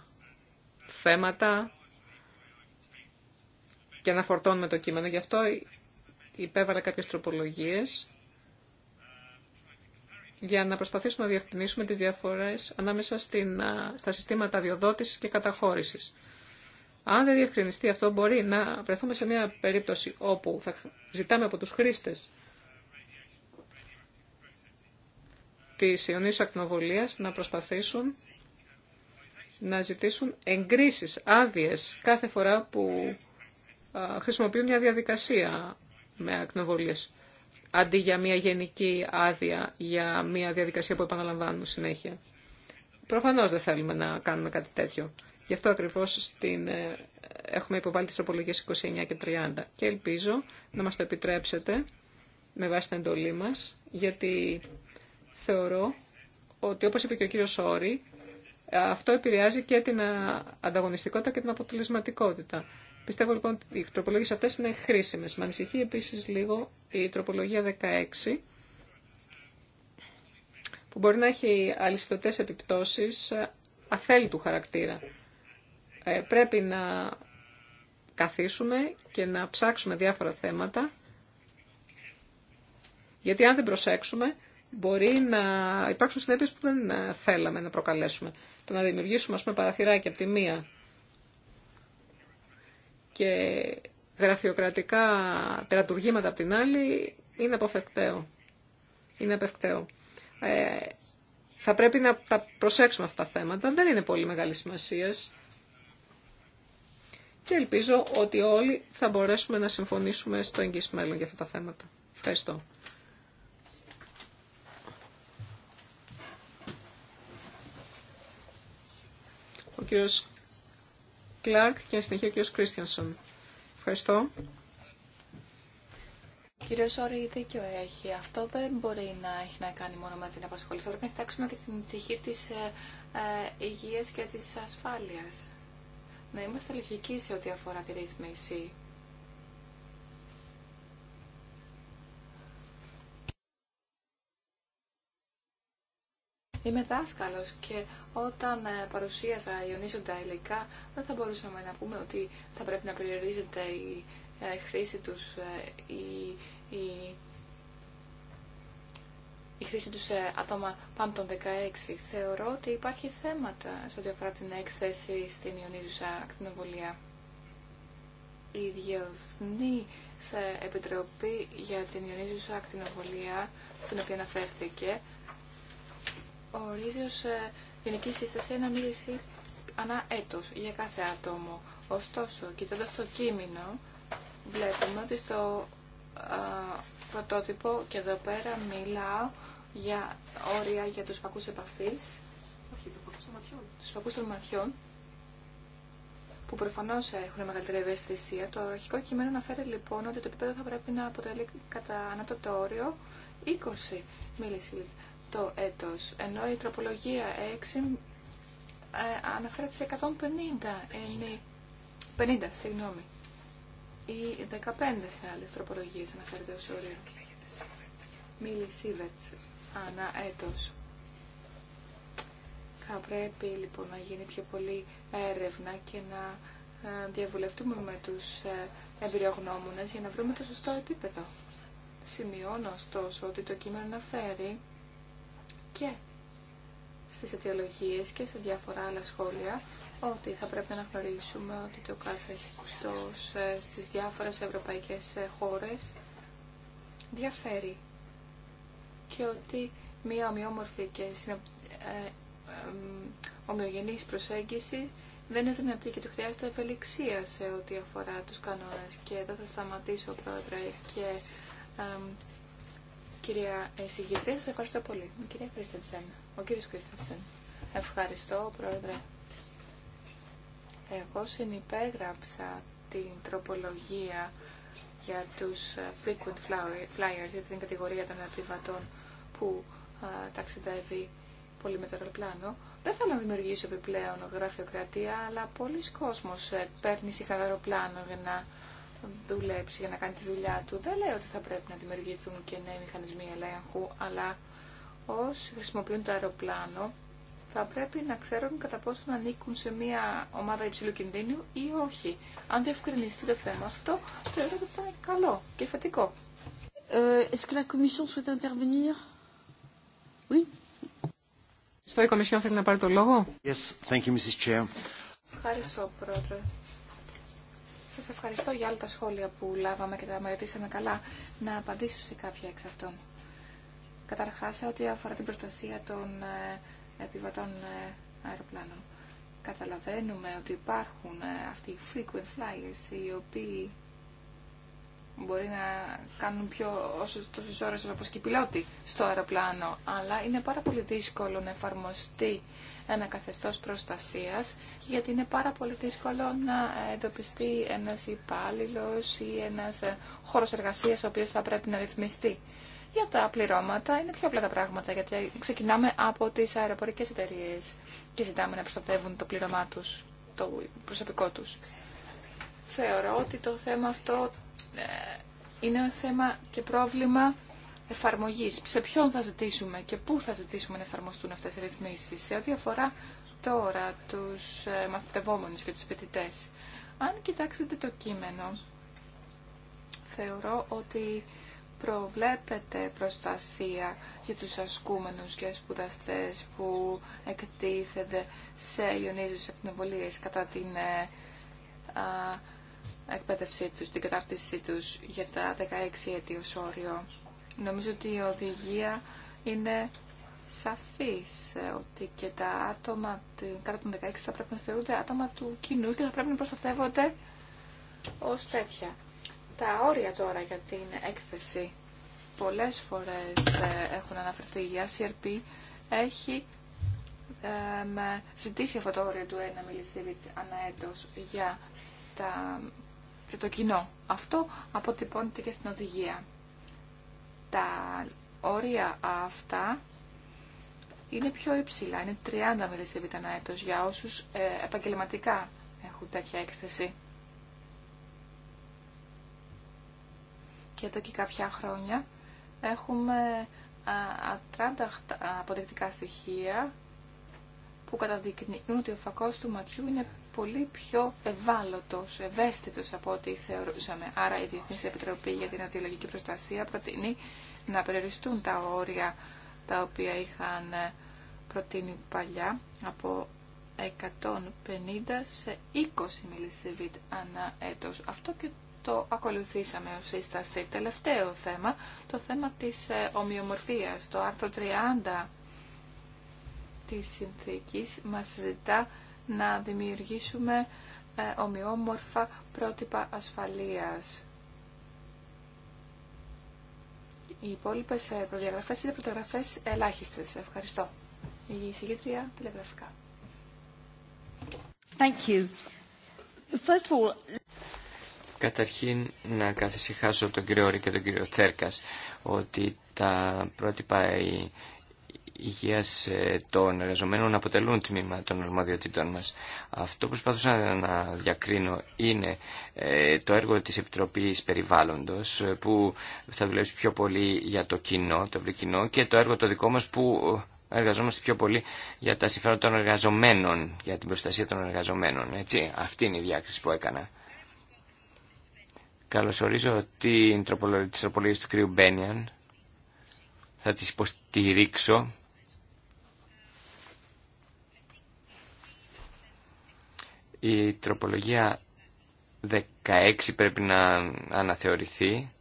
Speaker 2: θέματα και να φορτώνουμε το κείμενο. Γι' αυτό υπέβαλα κάποιες τροπολογίες για να προσπαθήσουμε να διευκρινίσουμε τις διαφορές ανάμεσα στην, στα συστήματα διοδότησης και καταχώρησης. Αν δεν διευκρινιστεί αυτό, μπορεί να βρεθούμε σε μια περίπτωση όπου θα ζητάμε από τους χρήστες της Ιωνίου ακτινοβολίας να προσπαθήσουν να ζητήσουν εγκρίσεις, άδειες, κάθε φορά που χρησιμοποιούν μια διαδικασία με ακνοβολίες, αντί για μια γενική άδεια, για μια διαδικασία που επαναλαμβάνουν συνέχεια. Προφανώς δεν θέλουμε να κάνουμε κάτι τέτοιο. Γι' αυτό ακριβώς στην, ε, έχουμε υποβάλει τις τροπολογίες 29 και 30 και ελπίζω να μας το επιτρέψετε με βάση την εντολή μας, γιατί θεωρώ ότι όπως είπε και ο κύριος αυτό επηρεάζει και την ε, ανταγωνιστικότητα και την αποτελεσματικότητα. Πιστεύω λοιπόν ότι οι τροπολογίε αυτέ είναι χρήσιμε. Με ανησυχεί επίση λίγο η τροπολογία 16 που μπορεί να έχει αλυσιδωτές επιπτώσεις ε, αθέλητου χαρακτήρα. Ε, πρέπει να καθίσουμε και να ψάξουμε διάφορα θέματα, γιατί αν δεν προσέξουμε μπορεί να υπάρξουν συνέπειες που δεν ε, θέλαμε να προκαλέσουμε. Το να δημιουργήσουμε, ας πούμε, παραθυράκια από τη μία και γραφειοκρατικά τερατουργήματα από την άλλη είναι αποφεκταίο. Είναι απευκταίο. Ε, θα πρέπει να τα προσέξουμε αυτά τα θέματα. Δεν είναι πολύ μεγάλη σημασία. Και ελπίζω ότι όλοι θα μπορέσουμε να συμφωνήσουμε στο εγγύς μέλλον για αυτά τα θέματα. Ευχαριστώ. ο κύριος Κλάρκ και στην συνεχεία ο κύριος Κρίστιανσον. Ευχαριστώ.
Speaker 3: Ο κύριος δίκιο έχει. Αυτό δεν μπορεί να έχει να κάνει μόνο με την απασχόληση. Θα πρέπει να κοιτάξουμε και την πτυχή τη ε, ε, υγείας και τη ασφάλεια. Να είμαστε λογικοί σε ό,τι αφορά τη ρύθμιση Είμαι δάσκαλο και όταν ε, παρουσίασα ιονίζοντα υλικά δεν θα μπορούσαμε να πούμε ότι θα πρέπει να περιορίζεται η ε, χρήση τους, ε, η, η, χρήση τους σε άτομα πάνω των 16. Θεωρώ ότι υπάρχει θέματα σε ό,τι αφορά την έκθεση στην ιονίζουσα ακτινοβολία. Η Διεθνή σε Επιτροπή για την Ιονίζουσα Ακτινοβολία, στην οποία αναφέρθηκε, ορίζει ως ε, γενική σύσταση ένα μίληση ανά έτος για κάθε άτομο. Ωστόσο, κοιτώντα το κείμενο, βλέπουμε ότι στο ε, πρωτότυπο και εδώ πέρα μιλάω για όρια για τους φακούς επαφής, Όχι, το φακούς των ματιών. τους φακούς των ματιών, που προφανώς έχουν μεγαλύτερη ευαισθησία. Το αρχικό κείμενο αναφέρει λοιπόν ότι το επίπεδο θα πρέπει να αποτελεί κατά ανατοτόριο όριο 20 μίλησης το έτος, ενώ η τροπολογία 6 ε, αναφέρεται σε 150, είναι 50, συγγνώμη, ή 15 σε άλλες τροπολογίες αναφέρεται ως όριο. Μίλη Σίβερτς, ανά έτος. Θα πρέπει λοιπόν να γίνει πιο πολύ έρευνα και να ε, διαβουλευτούμε με τους ε, εμπειρογνώμονες για να βρούμε το σωστό επίπεδο. Σημειώνω ωστόσο ότι το κείμενο αναφέρει και στις αιτιολογίες και σε διάφορα άλλα σχόλια ότι θα πρέπει να γνωρίσουμε ότι το καθεστώς ε, στις διάφορες ευρωπαϊκές ε, χώρες διαφέρει και ότι μία ομοιόμορφη και ε, ομοιογενής προσέγγιση δεν είναι δυνατή και του χρειάζεται ευελιξία σε ό,τι αφορά τους κανόνες και εδώ θα σταματήσω πρόεδρε και κυρία εισηγητρία. Σας ευχαριστώ πολύ. Η κυρία Κρίστενσεν. Ο κύριος Κρίστενσεν. Ευχαριστώ, Πρόεδρε. Εγώ συνυπέγραψα την τροπολογία για τους frequent flyers, για την κατηγορία των επιβατών που ταξιδεύει πολύ με το αεροπλάνο. Δεν θέλω να δημιουργήσω επιπλέον γραφειοκρατία, αλλά πολλοί κόσμος ε, παίρνει συχνά αεροπλάνο για να δουλέψει για να κάνει τη δουλειά του. Δεν λέω ότι θα πρέπει να δημιουργηθούν και νέοι μηχανισμοί ελέγχου, αλλά όσοι χρησιμοποιούν το αεροπλάνο θα πρέπει να ξέρουν κατά πόσο να ανήκουν σε μια ομάδα υψηλού κινδύνου ή όχι. Αν διευκρινιστεί το θέμα αυτό, θεωρώ ότι θα είναι καλό και φετικό. Ε,
Speaker 2: Στο η θέλει να πάρει το λόγο.
Speaker 3: Ευχαριστώ, Πρόεδρε σας ευχαριστώ για όλα τα σχόλια που λάβαμε και τα μελετήσαμε καλά. Να απαντήσω σε κάποια εξ αυτών. Καταρχάς, ό,τι αφορά την προστασία των ε, επιβατών ε, αεροπλάνων. Καταλαβαίνουμε ότι υπάρχουν ε, αυτοί οι frequent flyers, οι οποίοι μπορεί να κάνουν πιο όσες τόσες ώρες όπως και οι πιλότοι στο αεροπλάνο, αλλά είναι πάρα πολύ δύσκολο να εφαρμοστεί ένα καθεστώς προστασίας, γιατί είναι πάρα πολύ δύσκολο να εντοπιστεί ένας υπάλληλο ή ένας ε, χώρος εργασίας ο οποίος θα πρέπει να ρυθμιστεί. Για τα πληρώματα είναι πιο απλά τα πράγματα, γιατί ξεκινάμε από τις αεροπορικές εταιρείε και ζητάμε να προστατεύουν το πλήρωμά τους, το προσωπικό τους. Θεωρώ ότι το θέμα αυτό ε, είναι ένα θέμα και πρόβλημα εφαρμογής, σε ποιον θα ζητήσουμε και πού θα ζητήσουμε να εφαρμοστούν αυτέ οι ρυθμίσει. σε ό,τι αφορά τώρα τους ε, μαθητευόμενους και τους φοιτητέ. Αν κοιτάξετε το κείμενο, θεωρώ ότι προβλέπεται προστασία για τους ασκούμενους και σπουδαστές που εκτίθενται σε ιονίζους εκνευολίες κατά την ε, εκπαίδευσή τους, την κατάρτισή τους για τα 16 έτη όριο. Νομίζω ότι η οδηγία είναι σαφής ε, ότι και τα άτομα κάτω τον 16 θα πρέπει να θεωρούνται άτομα του κοινού και θα πρέπει να προστατεύονται ως τέτοια. Τα όρια τώρα για την έκθεση πολλές φορές ε, έχουν αναφερθεί. Η ACRP έχει ε, ζητήσει αυτό το όριο του 1 μιλισίβιτ αναέτος για, τα, για το κοινό. Αυτό αποτυπώνεται και στην οδηγία τα όρια αυτά είναι πιο υψηλά, είναι 30 μιλισιεβίτα ένα έτος για όσους ε, επαγγελματικά έχουν τέτοια έκθεση. Και εδώ και κάποια χρόνια έχουμε 30 αποδεκτικά στοιχεία που καταδεικνύουν ότι ο φακός του ματιού είναι πολύ πιο ευάλωτος, ευαίσθητος από ό,τι θεωρούσαμε. Άρα η Διεθνής Επιτροπή για την Αντιολογική Προστασία προτείνει να περιοριστούν τα όρια τα οποία είχαν ε, προτείνει παλιά από 150 σε 20 μιλισιβίτ ανά έτος. Αυτό και το ακολουθήσαμε ως σύσταση. Τελευταίο θέμα, το θέμα της ε, ομοιομορφίας. Το άρθρο 30 της συνθήκης μας ζητά να δημιουργήσουμε ε, ομοιόμορφα πρότυπα ασφαλείας. Οι υπόλοιπε προδιαγραφέ είναι προδιαγραφέ ελάχιστε. Ευχαριστώ. Η συγκέντρια τηλεγραφικά. Thank you. First of all...
Speaker 1: Καταρχήν να καθησυχάσω τον κύριο και τον κύριο Θέρκας ότι τα πρότυπα υγείας ε, των εργαζομένων αποτελούν τμήμα των αρμοδιοτήτων μας. Αυτό που προσπαθούσα να διακρίνω είναι ε, το έργο της Επιτροπής Περιβάλλοντος ε, που θα δουλέψει πιο πολύ για το κοινό, το ευρύ και το έργο το δικό μας που εργαζόμαστε πιο πολύ για τα συμφέροντα των εργαζομένων, για την προστασία των εργαζομένων. Έτσι, αυτή είναι η διάκριση που έκανα. Καλωσορίζω την τροπολογία του κ. Μπένιαν. Θα τις υποστηρίξω Η τροπολογία 16 πρέπει να αναθεωρηθεί.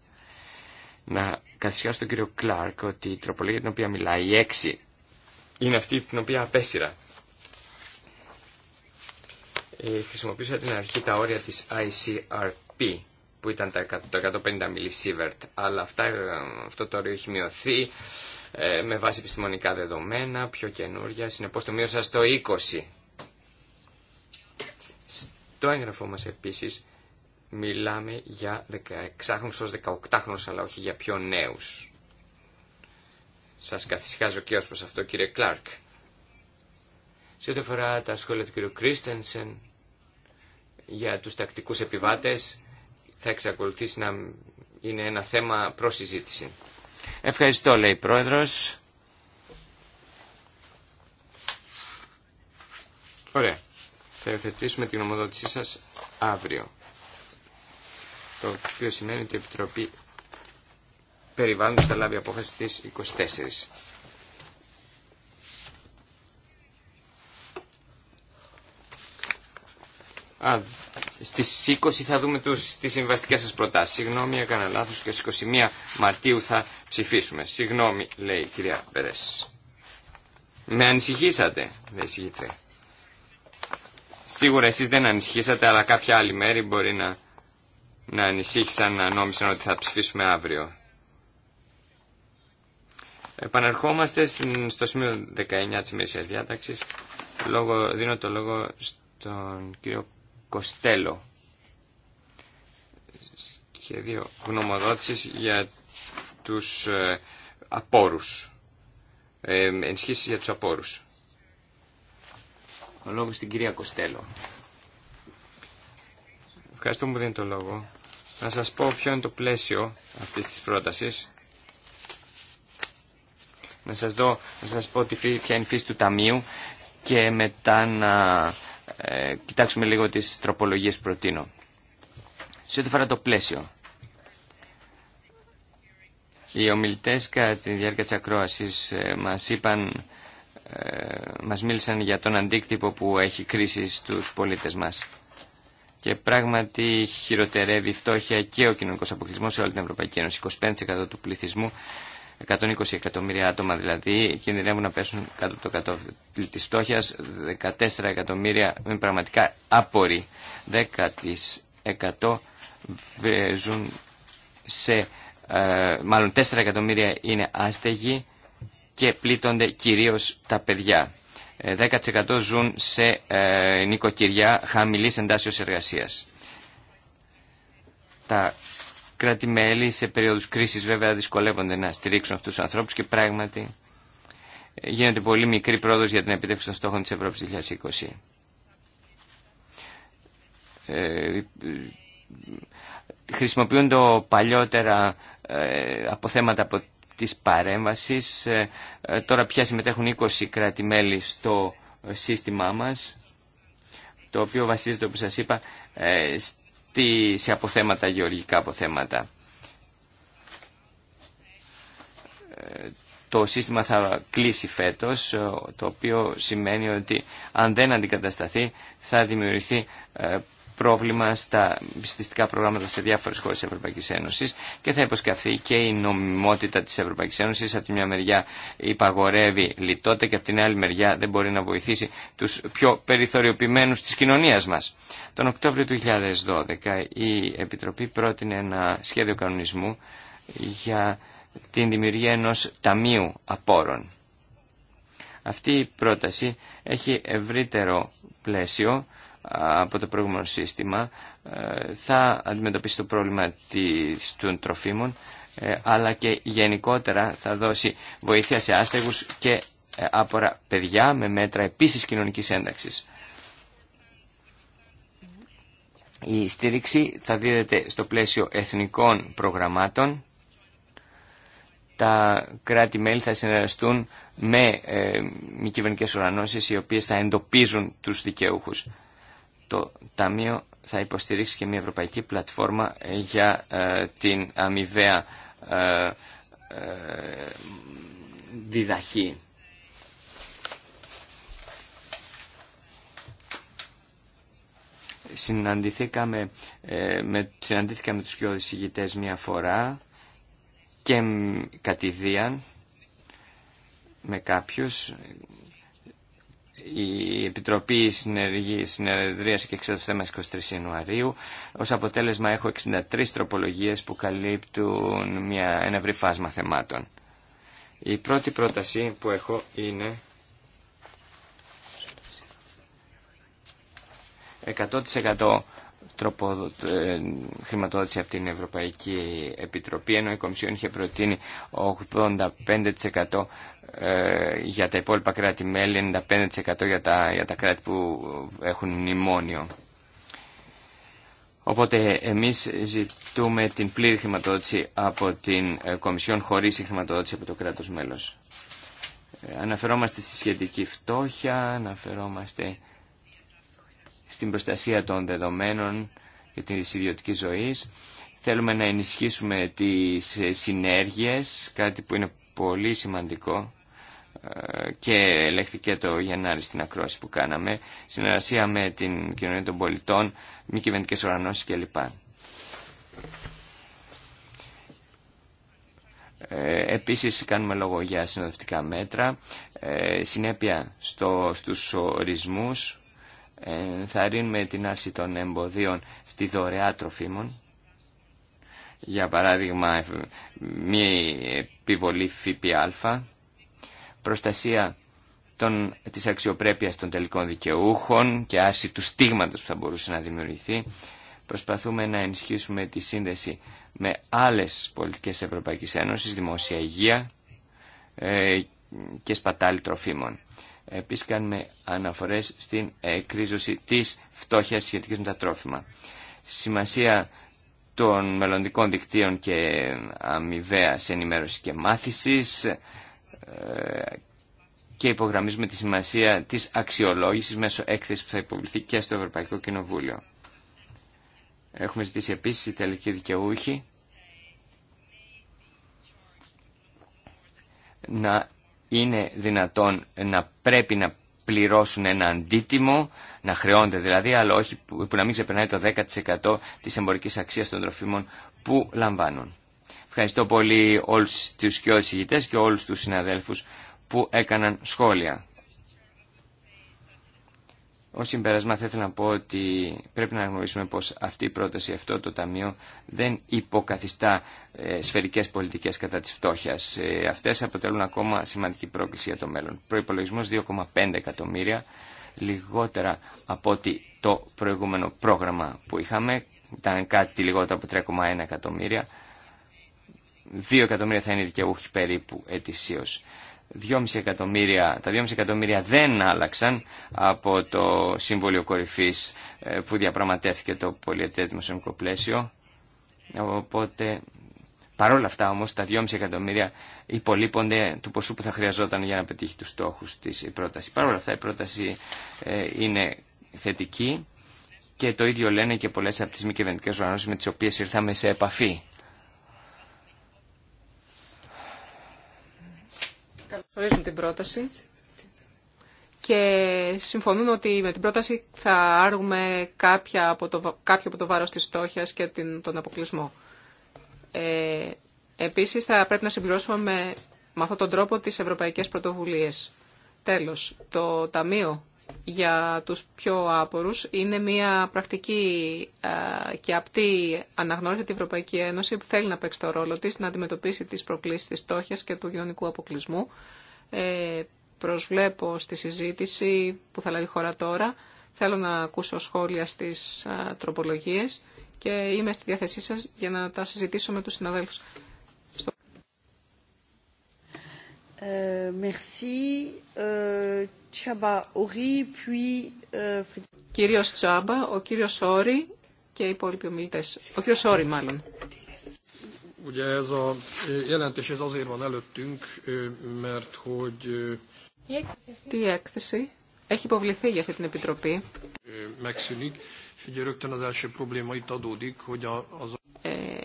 Speaker 1: Να καθισιάσω τον κύριο Κλάρκ ότι η τροπολογία την οποία μιλάει, η 6, είναι αυτή την οποία απέσυρα. Ε, χρησιμοποίησα την αρχή τα όρια της ICRP που ήταν τα 150 μιλισίβερτ, αλλά αυτά, ε, αυτό το όριο έχει μειωθεί ε, με βάση επιστημονικά δεδομένα, πιο καινούρια, συνεπώς το μείωσα στο 20 το έγγραφό μας επίσης μιλάμε για 16χρονους ως 18χρονους αλλά όχι για πιο νέους. Σας καθησυχάζω και ως προς αυτό κύριε Κλάρκ. Σε ό,τι αφορά τα σχόλια του κύριου Κρίστενσεν για τους τακτικούς επιβάτες θα εξακολουθήσει να είναι ένα θέμα προς συζήτηση. Ευχαριστώ λέει Πρόεδρος. Ωραία θα υιοθετήσουμε την γνωμοδότησή σας αύριο. Το οποίο σημαίνει ότι η Επιτροπή Περιβάλλοντος θα λάβει απόφαση στις 24. Α, στις 20 θα δούμε τους, τις σα σας προτάσεις. Συγγνώμη, έκανα λάθος και στις 21 Μαρτίου θα ψηφίσουμε. Συγγνώμη, λέει η κυρία Περές. Με ανησυχήσατε, δεν Σίγουρα εσείς δεν ανησυχήσατε, αλλά κάποια άλλη μέρη μπορεί να, να ανησύχησαν, να νόμισαν ότι θα ψηφίσουμε αύριο. Επαναρχόμαστε στην, στο σημείο 19 της ημερησίας διάταξης. Λόγω, δίνω το λόγο στον κύριο Κοστέλο. Σχέδιο γνωμοδότησης για τους ε, απόρους. Ε, για τους απόρους. Ο λόγος στην κυρία Κοστέλο. Ευχαριστώ που δίνει το λόγο. Να σας πω ποιο είναι το πλαίσιο αυτής της πρότασης. Να σας, δω, να σας πω τη ποια είναι η φύση του Ταμείου και μετά να ε, κοιτάξουμε λίγο τις τροπολογίες που προτείνω. Σε ό,τι φορά το πλαίσιο. Οι ομιλητές κατά τη διάρκεια της ακρόασης ε, μας είπαν ε, μας μίλησαν για τον αντίκτυπο που έχει κρίση στους πολίτες μας. Και πράγματι χειροτερεύει η φτώχεια και ο κοινωνικό αποκλεισμό σε όλη την Ευρωπαϊκή Ένωση. 25% του πληθυσμού, 120 εκατομμύρια άτομα δηλαδή, κινδυνεύουν να πέσουν κάτω από το 100% τη φτώχεια. 14 εκατομμύρια είναι πραγματικά άποροι. 10% ζουν σε. Ε, μάλλον 4 εκατομμύρια είναι άστεγοι και πλήττονται κυρίως τα παιδιά. 10% ε, ζουν σε ε, νοικοκυριά χαμηλής εντάσσεως εργασίας. Τα κράτη-μέλη σε περίοδους κρίσης βέβαια δυσκολεύονται να στηρίξουν αυτούς τους ανθρώπους και πράγματι ε, γίνεται πολύ μικρή πρόοδος για την επιτεύξη των στόχων της Ευρώπης 2020. Ε, χρησιμοποιούν το παλιότερα αποθέματα από της παρέμβασης. Ε, ε, τώρα πια συμμετέχουν 20 κράτη-μέλη στο ε, σύστημά μας, το οποίο βασίζεται, όπως σας είπα, σε αποθέματα, γεωργικά αποθέματα. Το σύστημα θα κλείσει φέτος, το οποίο σημαίνει ότι αν δεν αντικατασταθεί θα δημιουργηθεί πρόβλημα στα πιστιστικά προγράμματα σε διάφορες χώρες της Ευρωπαϊκής Ένωσης και θα υποσκαφθεί και η νομιμότητα της Ευρωπαϊκής Ένωσης. Από τη μια μεριά υπαγορεύει λιτότητα και από την άλλη μεριά δεν μπορεί να βοηθήσει τους πιο περιθωριοποιημένους της κοινωνίας μας. Τον Οκτώβριο του 2012 η Επιτροπή πρότεινε ένα σχέδιο κανονισμού για την δημιουργία ενός ταμείου απόρων. Αυτή η πρόταση έχει ευρύτερο πλαίσιο από το προηγούμενο σύστημα ε, θα αντιμετωπίσει το πρόβλημα των τροφίμων ε, αλλά και γενικότερα θα δώσει βοήθεια σε άστεγους και ε, άπορα παιδιά με μέτρα επίσης κοινωνικής ένταξης. Η στήριξη θα δίδεται στο πλαίσιο εθνικών προγραμμάτων. Τα κράτη-μέλη θα συνεργαστούν με ε, μη κυβερνικές οι οποίες θα εντοπίζουν τους δικαιούχους το Ταμείο θα υποστηρίξει και μια ευρωπαϊκή πλατφόρμα ε, για ε, την αμοιβαία ε, ε διδαχή. Συναντηθήκαμε, με, συναντήθηκα με τους πιο εισηγητές μία φορά και κατηδίαν με κάποιους η Επιτροπή Συνεδρίας και Εξέταση θέμα 23 Ιανουαρίου. Ως αποτέλεσμα έχω 63 τροπολογίες που καλύπτουν μια, ένα ευρύ φάσμα θεμάτων. Η πρώτη πρόταση που έχω είναι 100% τρόπο ε, χρηματοδότηση από την Ευρωπαϊκή Επιτροπή, ενώ η Κομισιόν είχε προτείνει 85% ε, για τα υπόλοιπα κράτη-μέλη, 95% για τα, για τα κράτη που έχουν μνημόνιο. Οπότε εμείς ζητούμε την πλήρη χρηματοδότηση από την ε, Κομισιόν χωρίς η χρηματοδότηση από το κράτος μέλος. Αναφερόμαστε στη σχετική φτώχεια, αναφερόμαστε στην προστασία των δεδομένων και της ιδιωτική ζωής. Θέλουμε να ενισχύσουμε τις συνέργειες, κάτι που είναι πολύ σημαντικό ε, και ελέγχθηκε το Γενάρη στην ακρόαση που κάναμε, συνεργασία με την κοινωνία των πολιτών, μη κυβερνητικέ οργανώσει κλπ. Ε, επίσης κάνουμε λόγο για συνοδευτικά μέτρα, ε, συνέπεια στο, στους ορισμούς, ενθαρρύνουμε την άρση των εμποδίων στη δωρεά τροφίμων. Για παράδειγμα, μη επιβολή ΦΠΑ, προστασία των, της αξιοπρέπειας των τελικών δικαιούχων και άρση του στίγματος που θα μπορούσε να δημιουργηθεί. Προσπαθούμε να ενισχύσουμε τη σύνδεση με άλλες πολιτικές Ευρωπαϊκής Ένωσης, δημόσια υγεία ε, και σπατάλη τροφίμων. Επίσης κάνουμε αναφορές στην εκρίζωση της φτώχειας σχετικής με τα τρόφιμα. Σημασία των μελλοντικών δικτύων και αμοιβαία ενημέρωση και μάθησης ε, και υπογραμμίζουμε τη σημασία της αξιολόγησης μέσω έκθεσης που θα υποβληθεί και στο Ευρωπαϊκό Κοινοβούλιο. Έχουμε ζητήσει επίσης οι τελικοί δικαιούχοι να είναι δυνατόν να πρέπει να πληρώσουν ένα αντίτιμο, να χρεώνται δηλαδή, αλλά όχι που να μην ξεπερνάει το 10% της εμπορικής αξίας των τροφίμων που λαμβάνουν. Ευχαριστώ πολύ όλους τους και και όλους τους συναδέλφους που έκαναν σχόλια. Ω συμπέρασμα θα ήθελα να πω ότι πρέπει να γνωρίσουμε πως αυτή η πρόταση, αυτό το Ταμείο δεν υποκαθιστά ε, σφαιρικές πολιτικές κατά της φτώχειας. Ε, αυτές αποτελούν ακόμα σημαντική πρόκληση για το μέλλον. Προϋπολογισμός 2,5 εκατομμύρια, λιγότερα από ότι το προηγούμενο πρόγραμμα που είχαμε, ήταν κάτι λιγότερο από 3,1 εκατομμύρια. 2 εκατομμύρια θα είναι δικαιούχοι περίπου ετησίως. 2,5 εκατομμύρια, τα 2,5 εκατομμύρια δεν άλλαξαν από το Σύμβολο Κορυφής ε, που διαπραγματεύθηκε το πολιετές δημοσιονομικό πλαίσιο. Οπότε, παρόλα αυτά όμως, τα 2,5 εκατομμύρια υπολείπονται του ποσού που θα χρειαζόταν για να πετύχει τους στόχους της πρότασης. πρόταση. Παρόλα αυτά η πρόταση ε, είναι θετική και το ίδιο λένε και πολλές από τις μη κυβερνητικές οργανώσεις με τις οποίες ήρθαμε σε επαφή.
Speaker 2: Ορίζουμε την πρόταση και συμφωνούμε ότι με την πρόταση θα άρουμε κάποια από το, κάποιο από το βάρος της φτώχειας και την, τον αποκλεισμό. Ε, επίσης θα πρέπει να συμπληρώσουμε με, με αυτόν τον τρόπο τις ευρωπαϊκές πρωτοβουλίες. Τέλος, το Ταμείο για τους πιο άπορους είναι μια πρακτική και απτή αναγνώριση ότι η Ευρωπαϊκή Ένωση που θέλει να παίξει το ρόλο της να αντιμετωπίσει τις προκλήσεις της στόχιας και του κοινωνικού αποκλεισμού ε, προσβλέπω στη συζήτηση που θα λάβει χώρα τώρα. Θέλω να ακούσω σχόλια στις τροπολογίες και είμαι στη διάθεσή σας για να τα συζητήσω με τους συναδέλφους.
Speaker 3: Ε, merci.
Speaker 2: Chaba, ε, ε, Κύριος Τσάμπα, ο κύριος Όρη και οι υπόλοιποι ομιλητές. Ο κύριος Όρη μάλλον.
Speaker 3: Ugye ez a jelentés ez azért van előttünk, mert hogy...
Speaker 2: Τι έκθεση έχει υποβληθεί για αυτή την Επιτροπή.
Speaker 3: Megszűnik, és ugye rögtön az első probléma itt adódik, hogy a, az...
Speaker 2: Ε,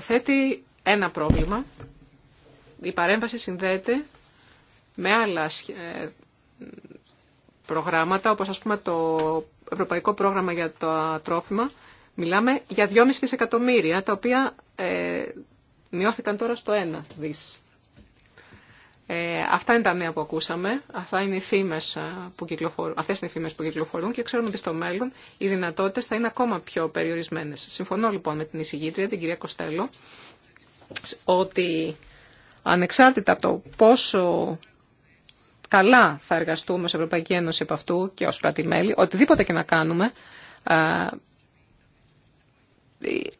Speaker 2: θέτει ένα πρόβλημα. Η παρέμβαση συνδέεται με άλλα προγράμματα, όπως ας πούμε το Ευρωπαϊκό Πρόγραμμα για τα Τρόφιμα, Μιλάμε για 2,5 δισεκατομμύρια, τα οποία ε, μειώθηκαν τώρα στο 1 δις. Ε, αυτά είναι τα νέα που ακούσαμε, αυτά είναι οι φήμες ε, που κυκλοφορούν, αυτές είναι οι φήμες που κυκλοφορούν και ξέρουμε ότι στο μέλλον οι δυνατότητες θα είναι ακόμα πιο περιορισμένες. Συμφωνώ λοιπόν με την εισηγήτρια, την κυρία Κοστέλο, ότι ανεξάρτητα από το πόσο καλά θα εργαστούμε ως Ευρωπαϊκή Ένωση από αυτού και ως κράτη-μέλη, οτιδήποτε και να κάνουμε, ε,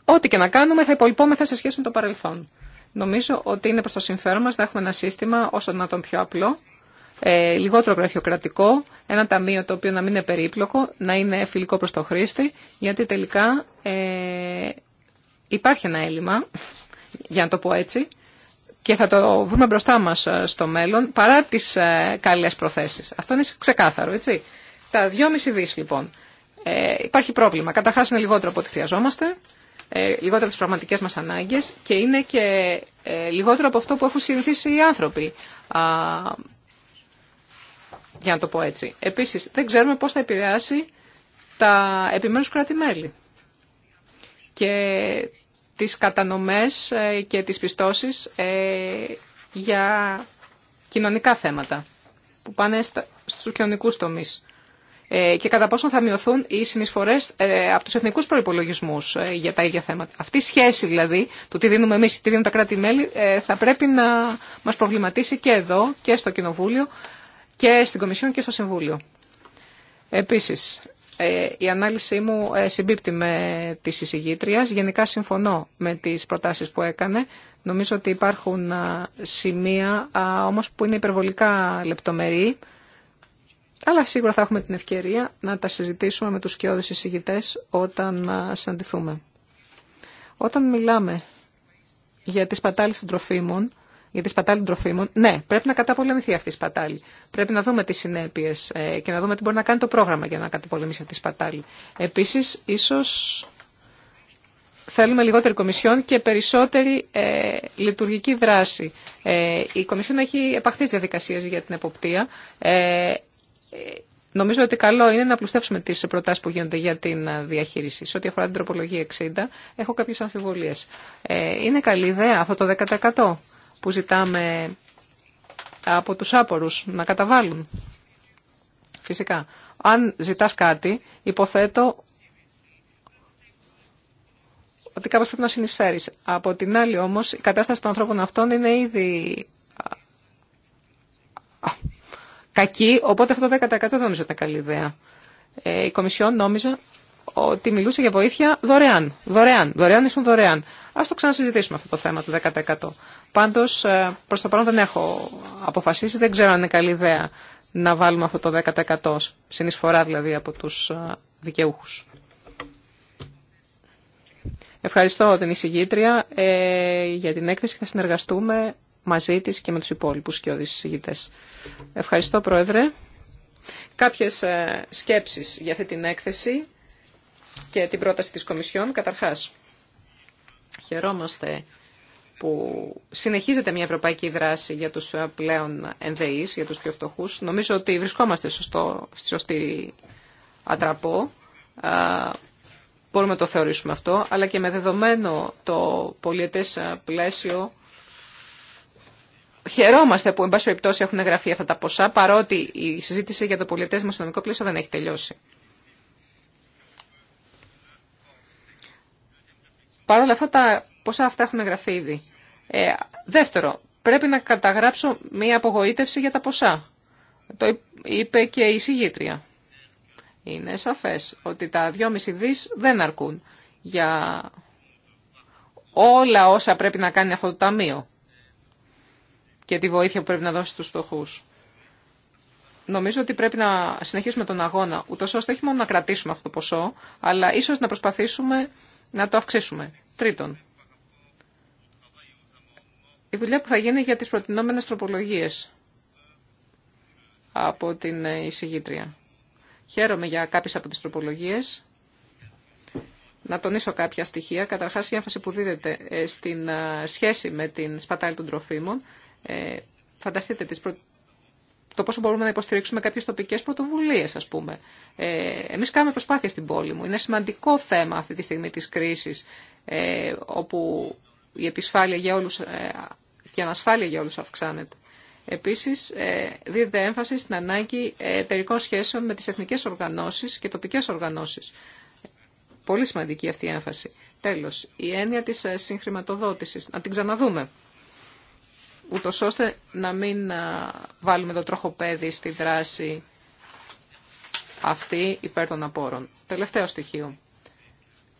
Speaker 2: ό,τι και να κάνουμε θα υπολοιπόμεθα σε σχέση με το παρελθόν. Νομίζω ότι είναι προς το συμφέρον μας να έχουμε ένα σύστημα όσο να τον πιο απλό, ε, λιγότερο γραφειοκρατικό, ένα ταμείο το οποίο να μην είναι περίπλοκο, να είναι φιλικό προς το χρήστη, γιατί τελικά ε, υπάρχει ένα έλλειμμα, για να το πω έτσι, και θα το βρούμε μπροστά μας ε, στο μέλλον, παρά τις ε, καλές προθέσεις. Αυτό είναι ξεκάθαρο, έτσι. Τα 2,5 δις λοιπόν ε, υπάρχει πρόβλημα. Καταρχά είναι λιγότερο από ό,τι χρειαζόμαστε, ε, λιγότερο από τι πραγματικέ μα ανάγκε και είναι και ε, λιγότερο από αυτό που έχουν συνηθίσει οι άνθρωποι. για να το πω έτσι. Επίση, δεν ξέρουμε πώ θα επηρεάσει τα επιμέρους κράτη-μέλη και τις κατανομές ε, και τις πιστώσεις ε, για κοινωνικά θέματα που πάνε στους κοινωνικούς τομείς. Ε, και κατά πόσο θα μειωθούν οι συνεισφορές ε, από τους εθνικούς προϋπολογισμούς ε, για τα ίδια θέματα. Αυτή η σχέση δηλαδή του τι δίνουμε εμεί, και τι δίνουν τα κράτη-μέλη θα πρέπει να μας προβληματίσει και εδώ και στο Κοινοβούλιο και στην Κομισιόν και στο Συμβούλιο. Επίσης, η ανάλυση μου συμπίπτει με τη συζητήτρια. Γενικά συμφωνώ με τις προτάσει που έκανε. Νομίζω ότι υπάρχουν σημεία όμως που είναι υπερβολικά λεπτομερή αλλά σίγουρα θα έχουμε την ευκαιρία να τα συζητήσουμε με τους σκιώδους εισηγητές όταν συναντηθούμε. Όταν μιλάμε για τη σπατάλη των τροφίμων, για τη σπατάλη των τροφίμων, ναι, πρέπει να καταπολεμηθεί αυτή η σπατάλη. Πρέπει να δούμε τι συνέπειε ε, και να δούμε τι μπορεί να κάνει το πρόγραμμα για να καταπολεμήσει αυτή η σπατάλη. Επίση, ίσω θέλουμε λιγότερη κομισιόν και περισσότερη ε, λειτουργική δράση. Ε, η κομισιόν έχει επαχθεί διαδικασίες για την εποπτεία. Ε, νομίζω ότι καλό είναι να πλουστεύσουμε τι προτάσει που γίνονται για την ε, διαχείριση. Σε ό,τι αφορά την τροπολογία 60, έχω κάποιε αμφιβολίε. Ε, είναι καλή ιδέα αυτό το 10% που ζητάμε από τους άπορους να καταβάλουν. Φυσικά. Αν ζητάς κάτι, υποθέτω ότι κάπως πρέπει να συνεισφέρεις. Από την άλλη όμως, η κατάσταση των ανθρώπων αυτών είναι ήδη κακή, οπότε αυτό το 10% δεν νομίζω ήταν καλή ιδέα. Ε, η Κομισιόν νόμιζε ότι μιλούσε για βοήθεια δωρεάν. Δωρεάν, δωρεάν ήσουν δωρεάν. Α το ξανασυζητήσουμε αυτό το θέμα του 10%. Πάντω, προ το παρόν δεν έχω αποφασίσει, δεν ξέρω αν είναι καλή ιδέα να βάλουμε αυτό το 10% συνεισφορά δηλαδή από του ε, δικαιούχου. Ευχαριστώ την εισηγήτρια ε, για την έκθεση. Θα συνεργαστούμε μαζί της και με τους υπόλοιπους και οδησυγητές. Ευχαριστώ Πρόεδρε. Κάποιες ε, σκέψεις για αυτή την έκθεση και την πρόταση της Κομισιόν. Καταρχάς, χαιρόμαστε που συνεχίζεται μια ευρωπαϊκή δράση για τους ε, πλέον ενδεείς, για τους πιο φτωχούς. Νομίζω ότι βρισκόμαστε σωστό, στη σωστή ατραπό. Μπορούμε να το θεωρήσουμε αυτό, αλλά και με δεδομένο το πολιετές ε, πλαίσιο χαιρόμαστε που, εν πάση περιπτώσει, έχουν γραφεί αυτά τα ποσά, παρότι η συζήτηση για το πολιτές νομικό πλαίσιο δεν έχει τελειώσει. Παρ' όλα αυτά, τα ποσά αυτά έχουν γραφεί ήδη. Ε, δεύτερο, πρέπει να καταγράψω μία απογοήτευση για τα ποσά. Το είπε και η συγγήτρια. Είναι σαφές ότι τα 2,5 δις δεν αρκούν για όλα όσα πρέπει να κάνει αυτό το ταμείο και τη βοήθεια που πρέπει να δώσει στους φτωχούς. Νομίζω ότι πρέπει να συνεχίσουμε τον αγώνα, ούτως ώστε όχι μόνο να κρατήσουμε αυτό το ποσό, αλλά ίσως να προσπαθήσουμε να το αυξήσουμε. Τρίτον, η δουλειά που θα γίνει για τις προτινόμενες τροπολογίες από την εισηγήτρια. Χαίρομαι για κάποιες από τις τροπολογίες. Να τονίσω κάποια στοιχεία. Καταρχάς, η έμφαση που δίδεται ε, στην ε, σχέση με την σπατάλη των τροφίμων ε, φανταστείτε τις το πόσο μπορούμε να υποστηρίξουμε κάποιες τοπικές πρωτοβουλίες, ας πούμε. Ε, εμείς κάνουμε προσπάθεια στην πόλη μου. Είναι σημαντικό θέμα αυτή τη στιγμή της κρίσης, ε, όπου η επισφάλεια για ε, και η ανασφάλεια για όλους αυξάνεται. Επίσης, ε, δίδεται έμφαση στην ανάγκη εταιρικών σχέσεων με τις εθνικές οργανώσεις και τοπικές οργανώσεις. Πολύ σημαντική αυτή η έμφαση. Τέλος, η έννοια της ε, συγχρηματοδότησης. Να την ξαναδούμε ούτω ώστε να μην βάλουμε το τροχοπέδι στη δράση αυτή υπέρ των απόρων. Τελευταίο στοιχείο.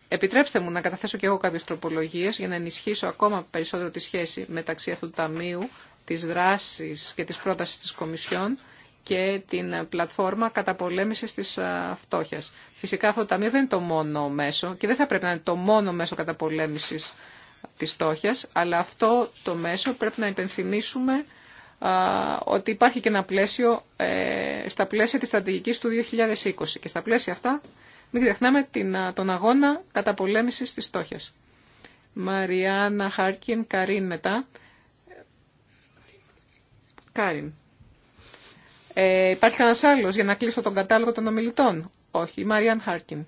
Speaker 2: Επιτρέψτε μου να καταθέσω και εγώ κάποιες τροπολογίες για να ενισχύσω ακόμα περισσότερο τη σχέση μεταξύ αυτού του Ταμείου, της δράσης και της πρότασης της Κομισιόν και την πλατφόρμα καταπολέμησης της φτώχειας. Φυσικά αυτό το Ταμείο δεν είναι το μόνο μέσο και δεν θα πρέπει να είναι το μόνο μέσο καταπολέμησης της στόχες, αλλά αυτό το μέσο πρέπει να υπενθυμίσουμε ότι υπάρχει και ένα πλαίσιο ε, στα πλαίσια της στρατηγικής του 2020 και στα πλαίσια αυτά μην ξεχνάμε τον αγώνα καταπολέμησης της στόχες. Μαριάννα Χάρκιν, Καρίν μετά. Κάριν. Ε, υπάρχει κανένα άλλος για να κλείσω τον κατάλογο των ομιλητών. Όχι, Μαριάν Χάρκιν.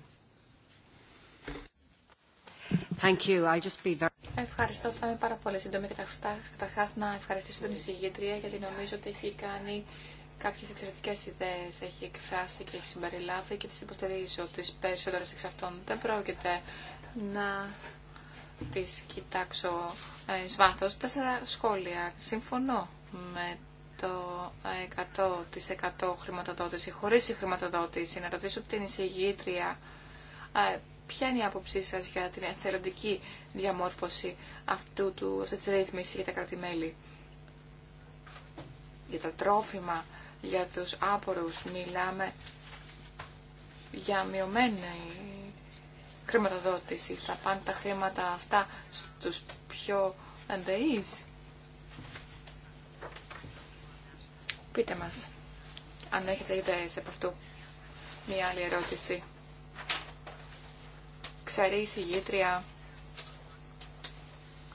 Speaker 3: Ευχαριστώ. Θα είμαι πάρα πολύ σύντομη. Καταρχά, να ευχαριστήσω την εισηγήτρια γιατί νομίζω ότι έχει κάνει κάποιε εξαιρετικέ ιδέε. Έχει εκφράσει και έχει συμπεριλάβει και τι υποστηρίζω. Τι περισσότερε εξ αυτών δεν πρόκειται να τι κοιτάξω ε, ει βάθο. Τέσσερα σχόλια. Συμφωνώ με το 100% χρηματοδότηση, χωρί η χρηματοδότηση, να ρωτήσω την εισηγήτρια ε, Ποια είναι η άποψή σας για την εθελοντική διαμόρφωση αυτού του, αυτή τη ρύθμιση για τα κρατημέλη, για τα τρόφιμα, για τους άπορους, μιλάμε για μειωμένη χρηματοδότηση. Θα πάνε τα χρήματα αυτά στους πιο ενδεεί. Πείτε μας, αν έχετε ιδέες από αυτού. Μία άλλη ερώτηση ξέρει η συγγήτρια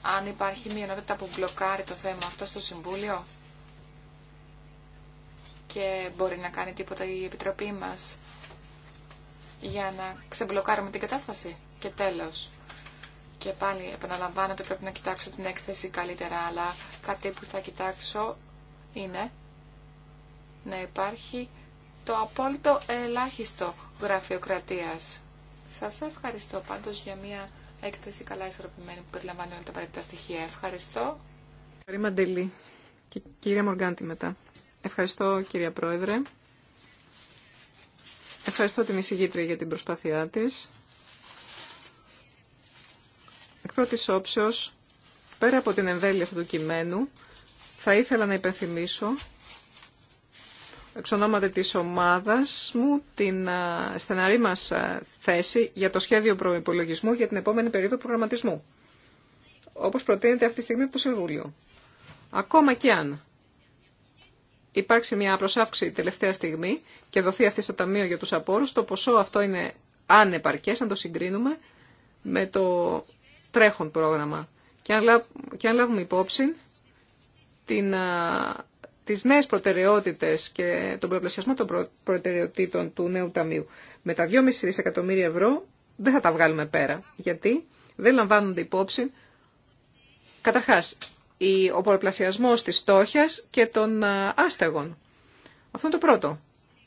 Speaker 3: αν υπάρχει μια ενότητα που μπλοκάρει το θέμα αυτό στο Συμβούλιο και μπορεί να κάνει τίποτα η Επιτροπή μας για να ξεμπλοκάρουμε την κατάσταση. Και τέλος. Και πάλι επαναλαμβάνω ότι πρέπει να κοιτάξω την έκθεση καλύτερα, αλλά κάτι που θα κοιτάξω είναι να υπάρχει το απόλυτο ελάχιστο γραφειοκρατίας σας ευχαριστώ πάντως για μια έκθεση καλά ισορροπημένη που περιλαμβάνει όλα τα απαραίτητα στοιχεία. Ευχαριστώ.
Speaker 2: Κύριε Μαντελή και κυρία Μοργκάντη μετά. Ευχαριστώ κυρία Πρόεδρε. Ευχαριστώ την εισηγήτρια για την προσπάθειά της. Εκ πρώτη όψεως, πέρα από την εμβέλεια αυτού του κειμένου, θα ήθελα να υπενθυμίσω εξ ονόματι της ομάδας μου την στεναρή μας θέση για το σχέδιο προϋπολογισμού για την επόμενη περίοδο προγραμματισμού, όπως προτείνεται αυτή τη στιγμή από το Συμβούλιο. Ακόμα και αν υπάρξει μια προσάυξη τελευταία στιγμή και δοθεί αυτή στο Ταμείο για τους απόρους, το ποσό αυτό είναι ανεπαρκές, αν το συγκρίνουμε, με το τρέχον πρόγραμμα. Και αν, λάβουμε υπόψη την τις νέες προτεραιότητες και τον προεπλασιασμό των προτεραιοτήτων του νέου ταμείου με τα 2,5 δισεκατομμύρια ευρώ δεν θα τα βγάλουμε πέρα. Γιατί δεν λαμβάνονται υπόψη καταρχάς ο προεπλασιασμός της στόχιας και των άστεγων. Αυτό είναι το πρώτο.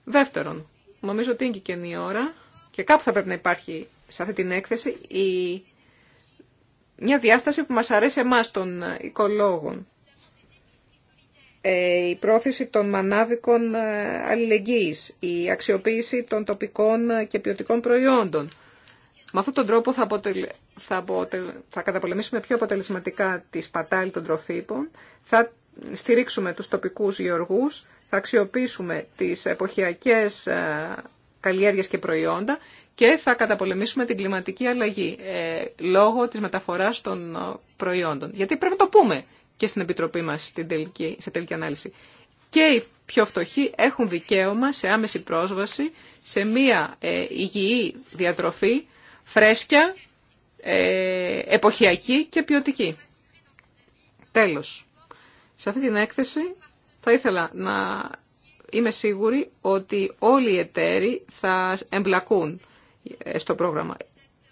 Speaker 2: Δεύτερον, νομίζω ότι είναι και καινή ώρα και κάπου θα πρέπει να υπάρχει σε αυτή την έκθεση μια διάσταση που μας αρέσει εμάς των οικολόγων ε, η πρόθεση των μανάβικων ε, αλληλεγγύης, η αξιοποίηση των τοπικών ε, και ποιοτικών προϊόντων. Με αυτόν τον τρόπο θα, θα, θα καταπολεμήσουμε πιο αποτελεσματικά τη σπατάλη των τροφίπων, θα στηρίξουμε τους τοπικούς γεωργούς, θα αξιοποιήσουμε τις εποχιακές καλλιέργειες και προϊόντα και θα καταπολεμήσουμε την κλιματική αλλαγή λόγω της μεταφοράς των προϊόντων. Γιατί πρέπει να το πούμε και στην Επιτροπή μας στην σε τελική ανάλυση. Και οι πιο φτωχοί έχουν δικαίωμα σε άμεση πρόσβαση σε μια ε, υγιή διατροφή φρέσκια, ε, εποχιακή και ποιοτική. Τέλος. Σε αυτή την έκθεση θα ήθελα να είμαι σίγουρη ότι όλοι οι εταίροι θα εμπλακούν ε, στο πρόγραμμα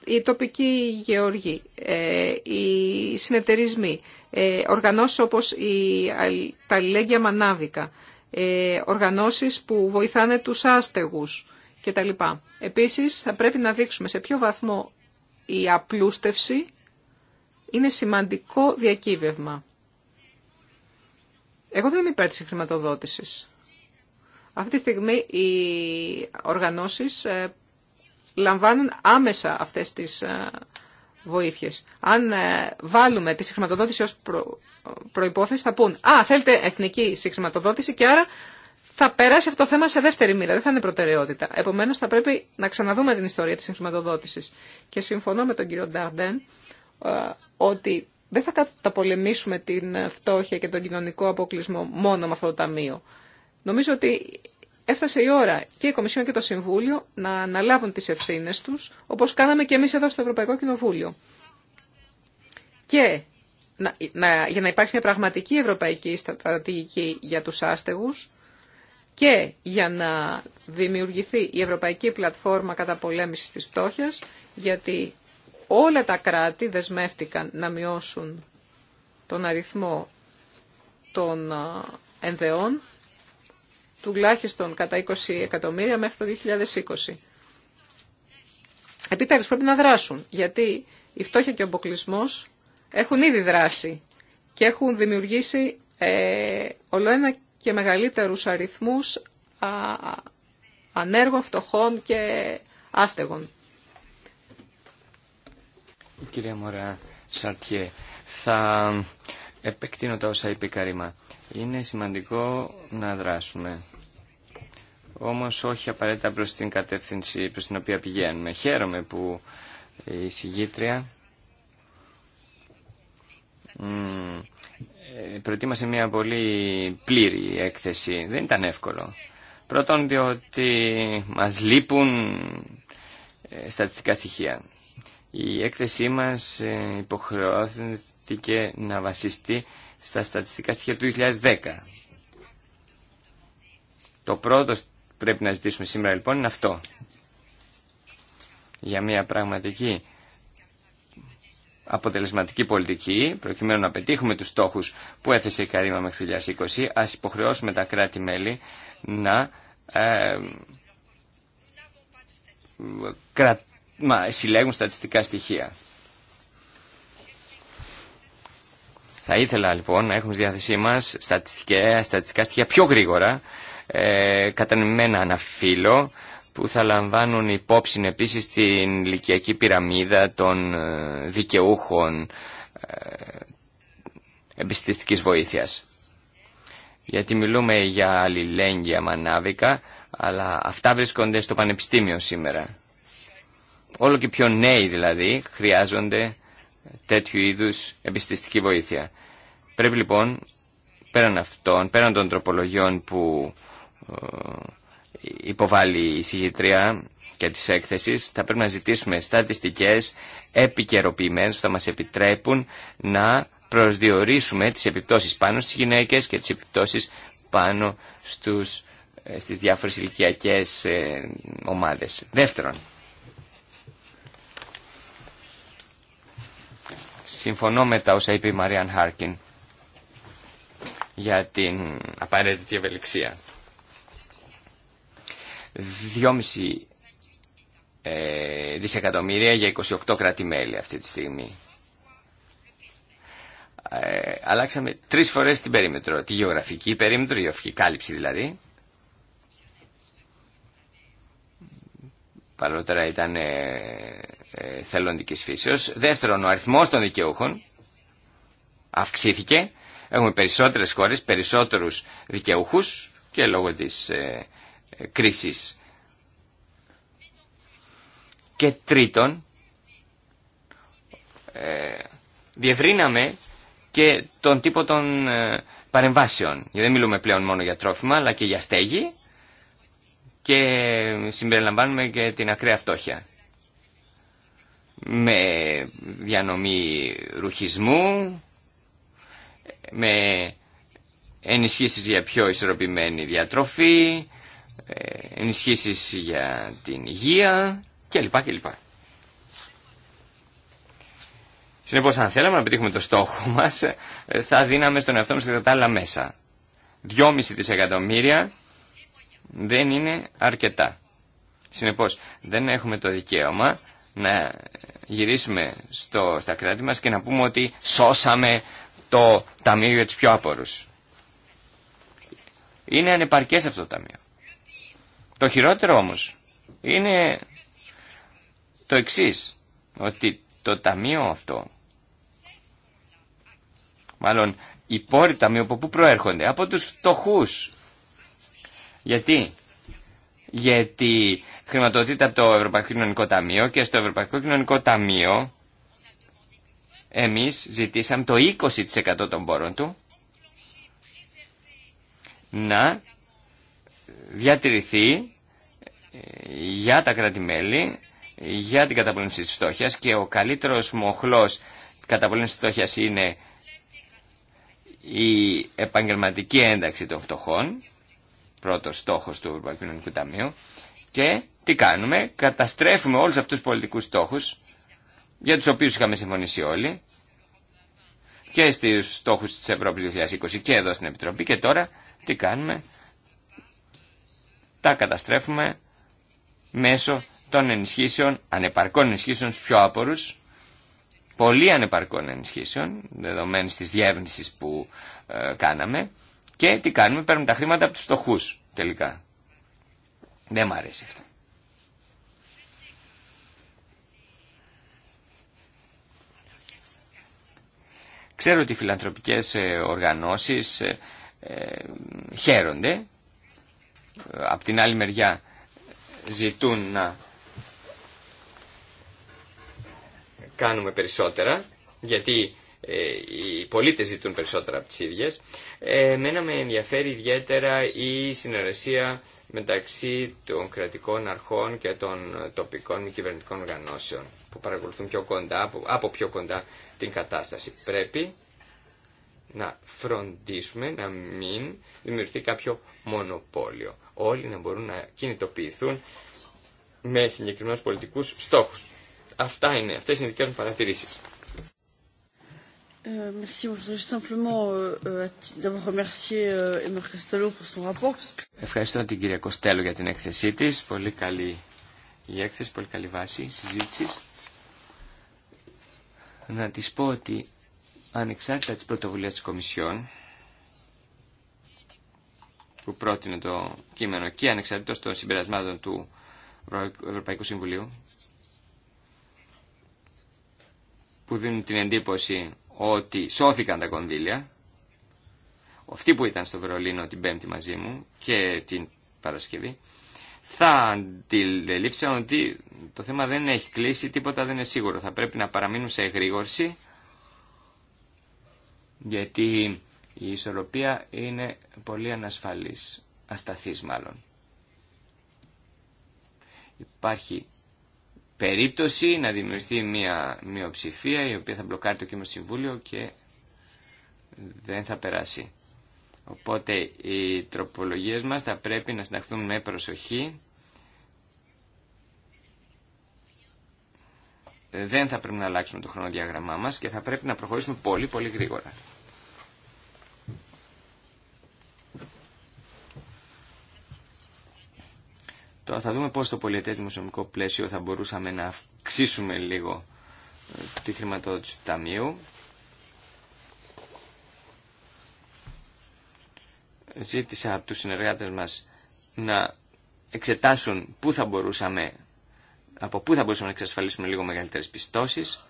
Speaker 2: οι τοπικοί γεωργοί, ε, οι συνεταιρισμοί, ε, οργανώσεις όπως η, τα αλληλέγγυα μανάβικα, ε, οργανώσεις που βοηθάνε τους άστεγους κτλ. Επίσης θα πρέπει να δείξουμε σε ποιο βαθμό η απλούστευση είναι σημαντικό διακύβευμα. Εγώ δεν είμαι υπέρ της χρηματοδότησης. Αυτή τη στιγμή οι οργανώσεις λαμβάνουν άμεσα αυτές τις ε, βοήθειες. Αν ε, βάλουμε τη συγχρηματοδότηση ως προ... προϋπόθεση θα πούν «Α, θέλετε εθνική συγχρηματοδότηση και άρα θα περάσει αυτό το θέμα σε δεύτερη μοίρα, δεν θα είναι προτεραιότητα. Επομένως, θα πρέπει να ξαναδούμε την ιστορία της συγχρηματοδότησης. Και συμφωνώ με τον κύριο Νταρντέν ε, ότι δεν θα καταπολεμήσουμε την φτώχεια και τον κοινωνικό αποκλεισμό μόνο με αυτό το ταμείο. Νομίζω ότι Έφτασε η ώρα και η Κομισιόν και το Συμβούλιο να αναλάβουν τις ευθύνες τους, όπως κάναμε και εμείς εδώ στο Ευρωπαϊκό Κοινοβούλιο. Και να, για να υπάρχει μια πραγματική ευρωπαϊκή στρατηγική για τους άστεγους και για να δημιουργηθεί η Ευρωπαϊκή Πλατφόρμα Καταπολέμησης της Πτώχειας, γιατί όλα τα κράτη δεσμεύτηκαν να μειώσουν τον αριθμό των ενδεών τουλάχιστον κατά 20 εκατομμύρια μέχρι το 2020. Επιτέλους πρέπει να δράσουν, γιατί η φτώχεια και ο αποκλεισμό έχουν ήδη δράσει και έχουν δημιουργήσει ε, ολοένα και μεγαλύτερους αριθμούς ανέργων, φτωχών και άστεγων.
Speaker 1: Κυρία Μωρά Σαρτιέ, θα επεκτείνω τα όσα είπε η Καρήμα. Είναι σημαντικό να δράσουμε όμως όχι απαραίτητα προς την κατεύθυνση προς την οποία πηγαίνουμε. Χαίρομαι που η συγγήτρια ε, προετοίμασε μια πολύ πλήρη έκθεση. Δεν ήταν εύκολο. Πρώτον διότι μας λείπουν ε, στατιστικά στοιχεία. Η έκθεσή μας ε, υποχρεώθηκε να βασιστεί στα στατιστικά στοιχεία του 2010. Το πρώτο πρέπει να ζητήσουμε σήμερα λοιπόν είναι αυτό. Για μια πραγματική αποτελεσματική πολιτική, προκειμένου να πετύχουμε τους στόχους που έθεσε η Καρύμα μέχρι το 2020, ας υποχρεώσουμε τα κράτη-μέλη να ε, κρα, μα, συλλέγουν στατιστικά στοιχεία. Θα ήθελα λοιπόν να έχουμε στη διάθεσή μας στατιστικά στοιχεία πιο γρήγορα, ε, κατανεμένα αναφύλλω που θα λαμβάνουν υπόψη επίσης την ηλικιακή πυραμίδα των ε, δικαιούχων ε, εμπιστηστικής βοήθειας. Γιατί μιλούμε για αλληλέγγυα μανάβικα, αλλά αυτά βρίσκονται στο πανεπιστήμιο σήμερα. Όλο και πιο νέοι δηλαδή χρειάζονται τέτοιου είδους εμπιστηστική βοήθεια. Πρέπει λοιπόν, πέραν αυτών, πέραν των τροπολογιών που ε, υποβάλει η συγγητρία και της έκθεσης θα πρέπει να ζητήσουμε στατιστικές επικαιροποιημένες που θα μας επιτρέπουν να προσδιορίσουμε τις επιπτώσεις πάνω στις γυναίκες και τις επιπτώσεις πάνω στους, ε, στις διάφορες ηλικιακέ ε, ομάδες. Δεύτερον, συμφωνώ με τα όσα είπε η Μαριάν Χάρκιν για την απαραίτητη ευελιξία. 2,5 ε, δισεκατομμύρια για 28 κράτη-μέλη αυτή τη στιγμή. Ε, αλλάξαμε τρεις φορές την περίμετρο, τη γεωγραφική περίμετρο, η γεωγραφική κάλυψη δηλαδή. Παλότερα ήταν ε, ε, θελοντικής φύσεως. Δεύτερον, ο αριθμός των δικαιούχων αυξήθηκε. Έχουμε περισσότερες χώρες, περισσότερους δικαιούχους και λόγω της ε, κρίσης. Και τρίτον, ε, διευρύναμε και τον τύπο των ε, παρεμβάσεων. Γιατί δεν μιλούμε πλέον μόνο για τρόφιμα, αλλά και για στέγη και συμπεριλαμβάνουμε και την ακραία φτώχεια. Με διανομή ρουχισμού, με ενισχύσεις για πιο ισορροπημένη διατροφή, ε, ενισχύσεις για την υγεία κλπ. κλπ. Συνεπώς αν θέλαμε να πετύχουμε το στόχο μας ε, θα δίναμε στον εαυτό μας και τα άλλα μέσα. 2,5 δισεκατομμύρια δεν είναι αρκετά. Συνεπώς δεν έχουμε το δικαίωμα να γυρίσουμε στο, στα κράτη μας και να πούμε ότι σώσαμε το ταμείο για τους πιο άπορους. Είναι ανεπαρκές αυτό το ταμείο. Το χειρότερο όμως είναι το εξής, ότι το ταμείο αυτό, μάλλον οι πόροι ταμείου από πού προέρχονται, από τους φτωχούς. Γιατί, γιατί χρηματοδοτείται από το Ευρωπαϊκό Κοινωνικό Ταμείο και στο Ευρωπαϊκό Κοινωνικό Ταμείο εμείς ζητήσαμε το 20% των πόρων του να διατηρηθεί ε, για τα κράτη-μέλη, για την καταπολέμηση της φτώχειας και ο καλύτερος μοχλός καταπολέμησης της φτώχειας είναι η επαγγελματική ένταξη των φτωχών, πρώτος στόχος του Ευρωπαϊκού Ταμείου, και τι κάνουμε, καταστρέφουμε όλους αυτούς τους πολιτικούς στόχους, για τους οποίους είχαμε συμφωνήσει όλοι, και στους στόχους της Ευρώπης 2020 και εδώ στην Επιτροπή, και τώρα τι κάνουμε, τα καταστρέφουμε μέσω των ενισχύσεων, ανεπαρκών ενισχύσεων στους πιο άπορους, πολύ ανεπαρκών ενισχύσεων, δεδομένης της διεύνησης που ε, κάναμε, και τι κάνουμε, παίρνουμε τα χρήματα από τους φτωχού τελικά. Δεν μου αρέσει αυτό. Ξέρω ότι οι φιλανθρωπικές ε, οργανώσεις ε, χαίρονται από την άλλη μεριά ζητούν να κάνουμε περισσότερα, γιατί ε, οι πολίτες ζητούν περισσότερα από τις ίδιες. Ε, εμένα με ενδιαφέρει ιδιαίτερα η συνεργασία μεταξύ των κρατικών αρχών και των τοπικών μη κυβερνητικών οργανώσεων που παρακολουθούν πιο κοντά, από πιο κοντά την κατάσταση. Πρέπει να φροντίσουμε να μην δημιουργηθεί κάποιο μονοπόλιο όλοι να μπορούν να κινητοποιηθούν με συγκεκριμένους πολιτικούς στόχους. Αυτά είναι, αυτές είναι οι δικές μου παρατηρήσεις. Ευχαριστώ την κυρία Κοστέλο για την έκθεσή της. Πολύ καλή η έκθεση, πολύ καλή βάση συζήτησης. Να της πω ότι ανεξάρτητα της πρωτοβουλίας της Κομισιόν, που πρότεινε το κείμενο και ανεξαρτήτως των συμπερασμάτων του Ευρωπαϊκού Συμβουλίου που δίνουν την εντύπωση ότι σώθηκαν τα κονδύλια αυτοί που ήταν στο Βερολίνο την Πέμπτη μαζί μου και την Παρασκευή θα αντιλήψαν ότι το θέμα δεν έχει κλείσει, τίποτα δεν είναι σίγουρο. Θα πρέπει να παραμείνουν σε εγρήγορση γιατί η ισορροπία είναι πολύ ανασφαλής, ασταθής μάλλον. Υπάρχει περίπτωση να δημιουργηθεί μια μειοψηφία η οποία θα μπλοκάρει το κοινό συμβούλιο και δεν θα περάσει. Οπότε οι τροπολογίες μας θα πρέπει να συνταχθούν με προσοχή. Δεν θα πρέπει να αλλάξουμε το χρονοδιάγραμμά μας και θα πρέπει να προχωρήσουμε πολύ πολύ γρήγορα. Τώρα θα δούμε πώ στο πολιτευσιο δημοσιονομικό πλαίσιο θα μπορούσαμε να αυξήσουμε λίγο ε, τη χρηματοδότηση του Ταμείου. Ζήτησα από τους συνεργάτες μας να εξετάσουν πού θα μπορούσαμε, από πού θα μπορούσαμε να εξασφαλίσουμε λίγο μεγαλύτερες πιστώσεις.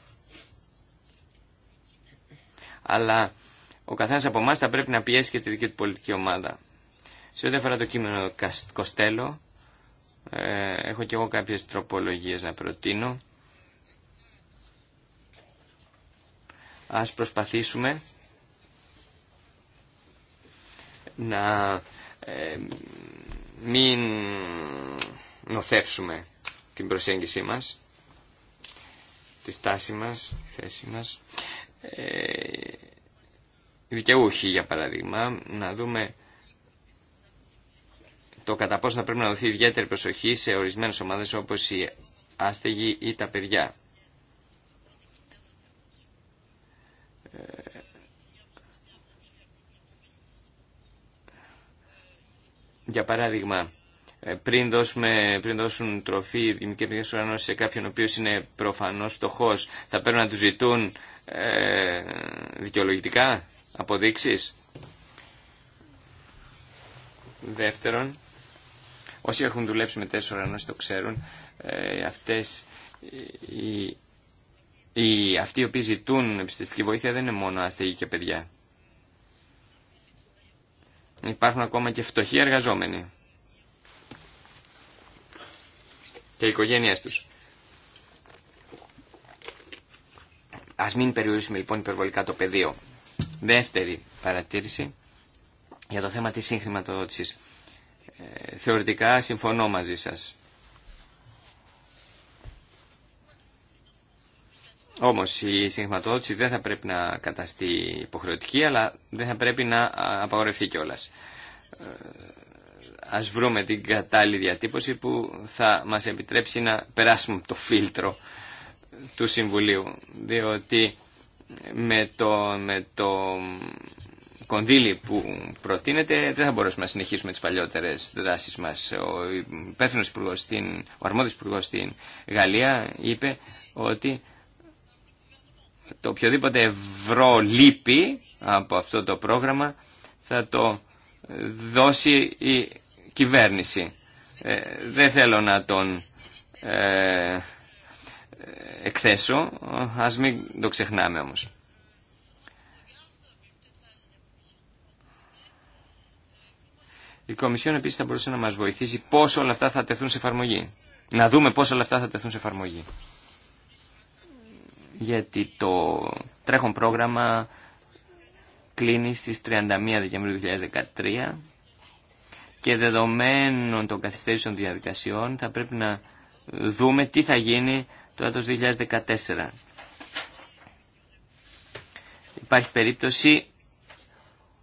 Speaker 1: Αλλά ο καθένας από εμά θα πρέπει να πιέσει και τη δική του πολιτική ομάδα. Σε ό,τι αφορά το κείμενο Κοστέλο, ε, έχω και εγώ κάποιες τροπολογίες να προτείνω. Ας προσπαθήσουμε να ε, μην νοθεύσουμε την προσέγγιση μας, τη στάση μας, τη θέση μας. Ε, δικαιούχοι, για παράδειγμα, να δούμε το κατά πόσο θα πρέπει να δοθεί ιδιαίτερη προσοχή σε ορισμένε ομάδες όπως οι άστεγοι ή τα παιδιά. Ε, για παράδειγμα, ε, πριν, δώσουν τροφή οι δημικές οργανώσεις σε κάποιον ο οποίος είναι προφανώ, φτωχό, θα πρέπει να του ζητούν ε, δικαιολογητικά αποδείξεις. Δεύτερον, Όσοι έχουν δουλέψει με τέσσερα ουρανούς το ξέρουν, ε, αυτές ε, οι, αυτοί οι οποίοι ζητούν επιστημική βοήθεια δεν είναι μόνο αστεγοί και παιδιά. Υπάρχουν ακόμα και φτωχοί εργαζόμενοι και οι οικογένειές τους. Ας μην περιορίσουμε λοιπόν υπερβολικά το πεδίο. Δεύτερη παρατήρηση για το θέμα της συγχρηματοδότησης. Ε, θεωρητικά συμφωνώ μαζί σας. Όμως η συγχρηματοδότηση δεν θα πρέπει να καταστεί υποχρεωτική, αλλά δεν θα πρέπει να απαγορευτεί κιόλα. Ε, ας βρούμε την κατάλληλη διατύπωση που θα μας επιτρέψει να περάσουμε το φίλτρο του Συμβουλίου, διότι με το, με το κονδύλι που προτείνεται δεν θα μπορέσουμε να συνεχίσουμε τις παλιότερες δράσεις μας. Ο υπεύθυνο στην, ο αρμόδιος υπουργός στην Γαλλία είπε ότι το οποιοδήποτε ευρώ λείπει από αυτό το πρόγραμμα θα το δώσει η κυβέρνηση. Ε, δεν θέλω να τον ε, εκθέσω, ας μην το ξεχνάμε όμως. Η Κομισιόν επίση θα μπορούσε να μας βοηθήσει πώ όλα αυτά θα τεθούν σε εφαρμογή. Να δούμε πώ όλα αυτά θα τεθούν σε εφαρμογή. Γιατί το τρέχον πρόγραμμα κλείνει στις 31 Δεκεμβρίου 2013 και δεδομένων των καθυστέρησεων διαδικασιών θα πρέπει να δούμε τι θα γίνει το έτος 2014. Υπάρχει περίπτωση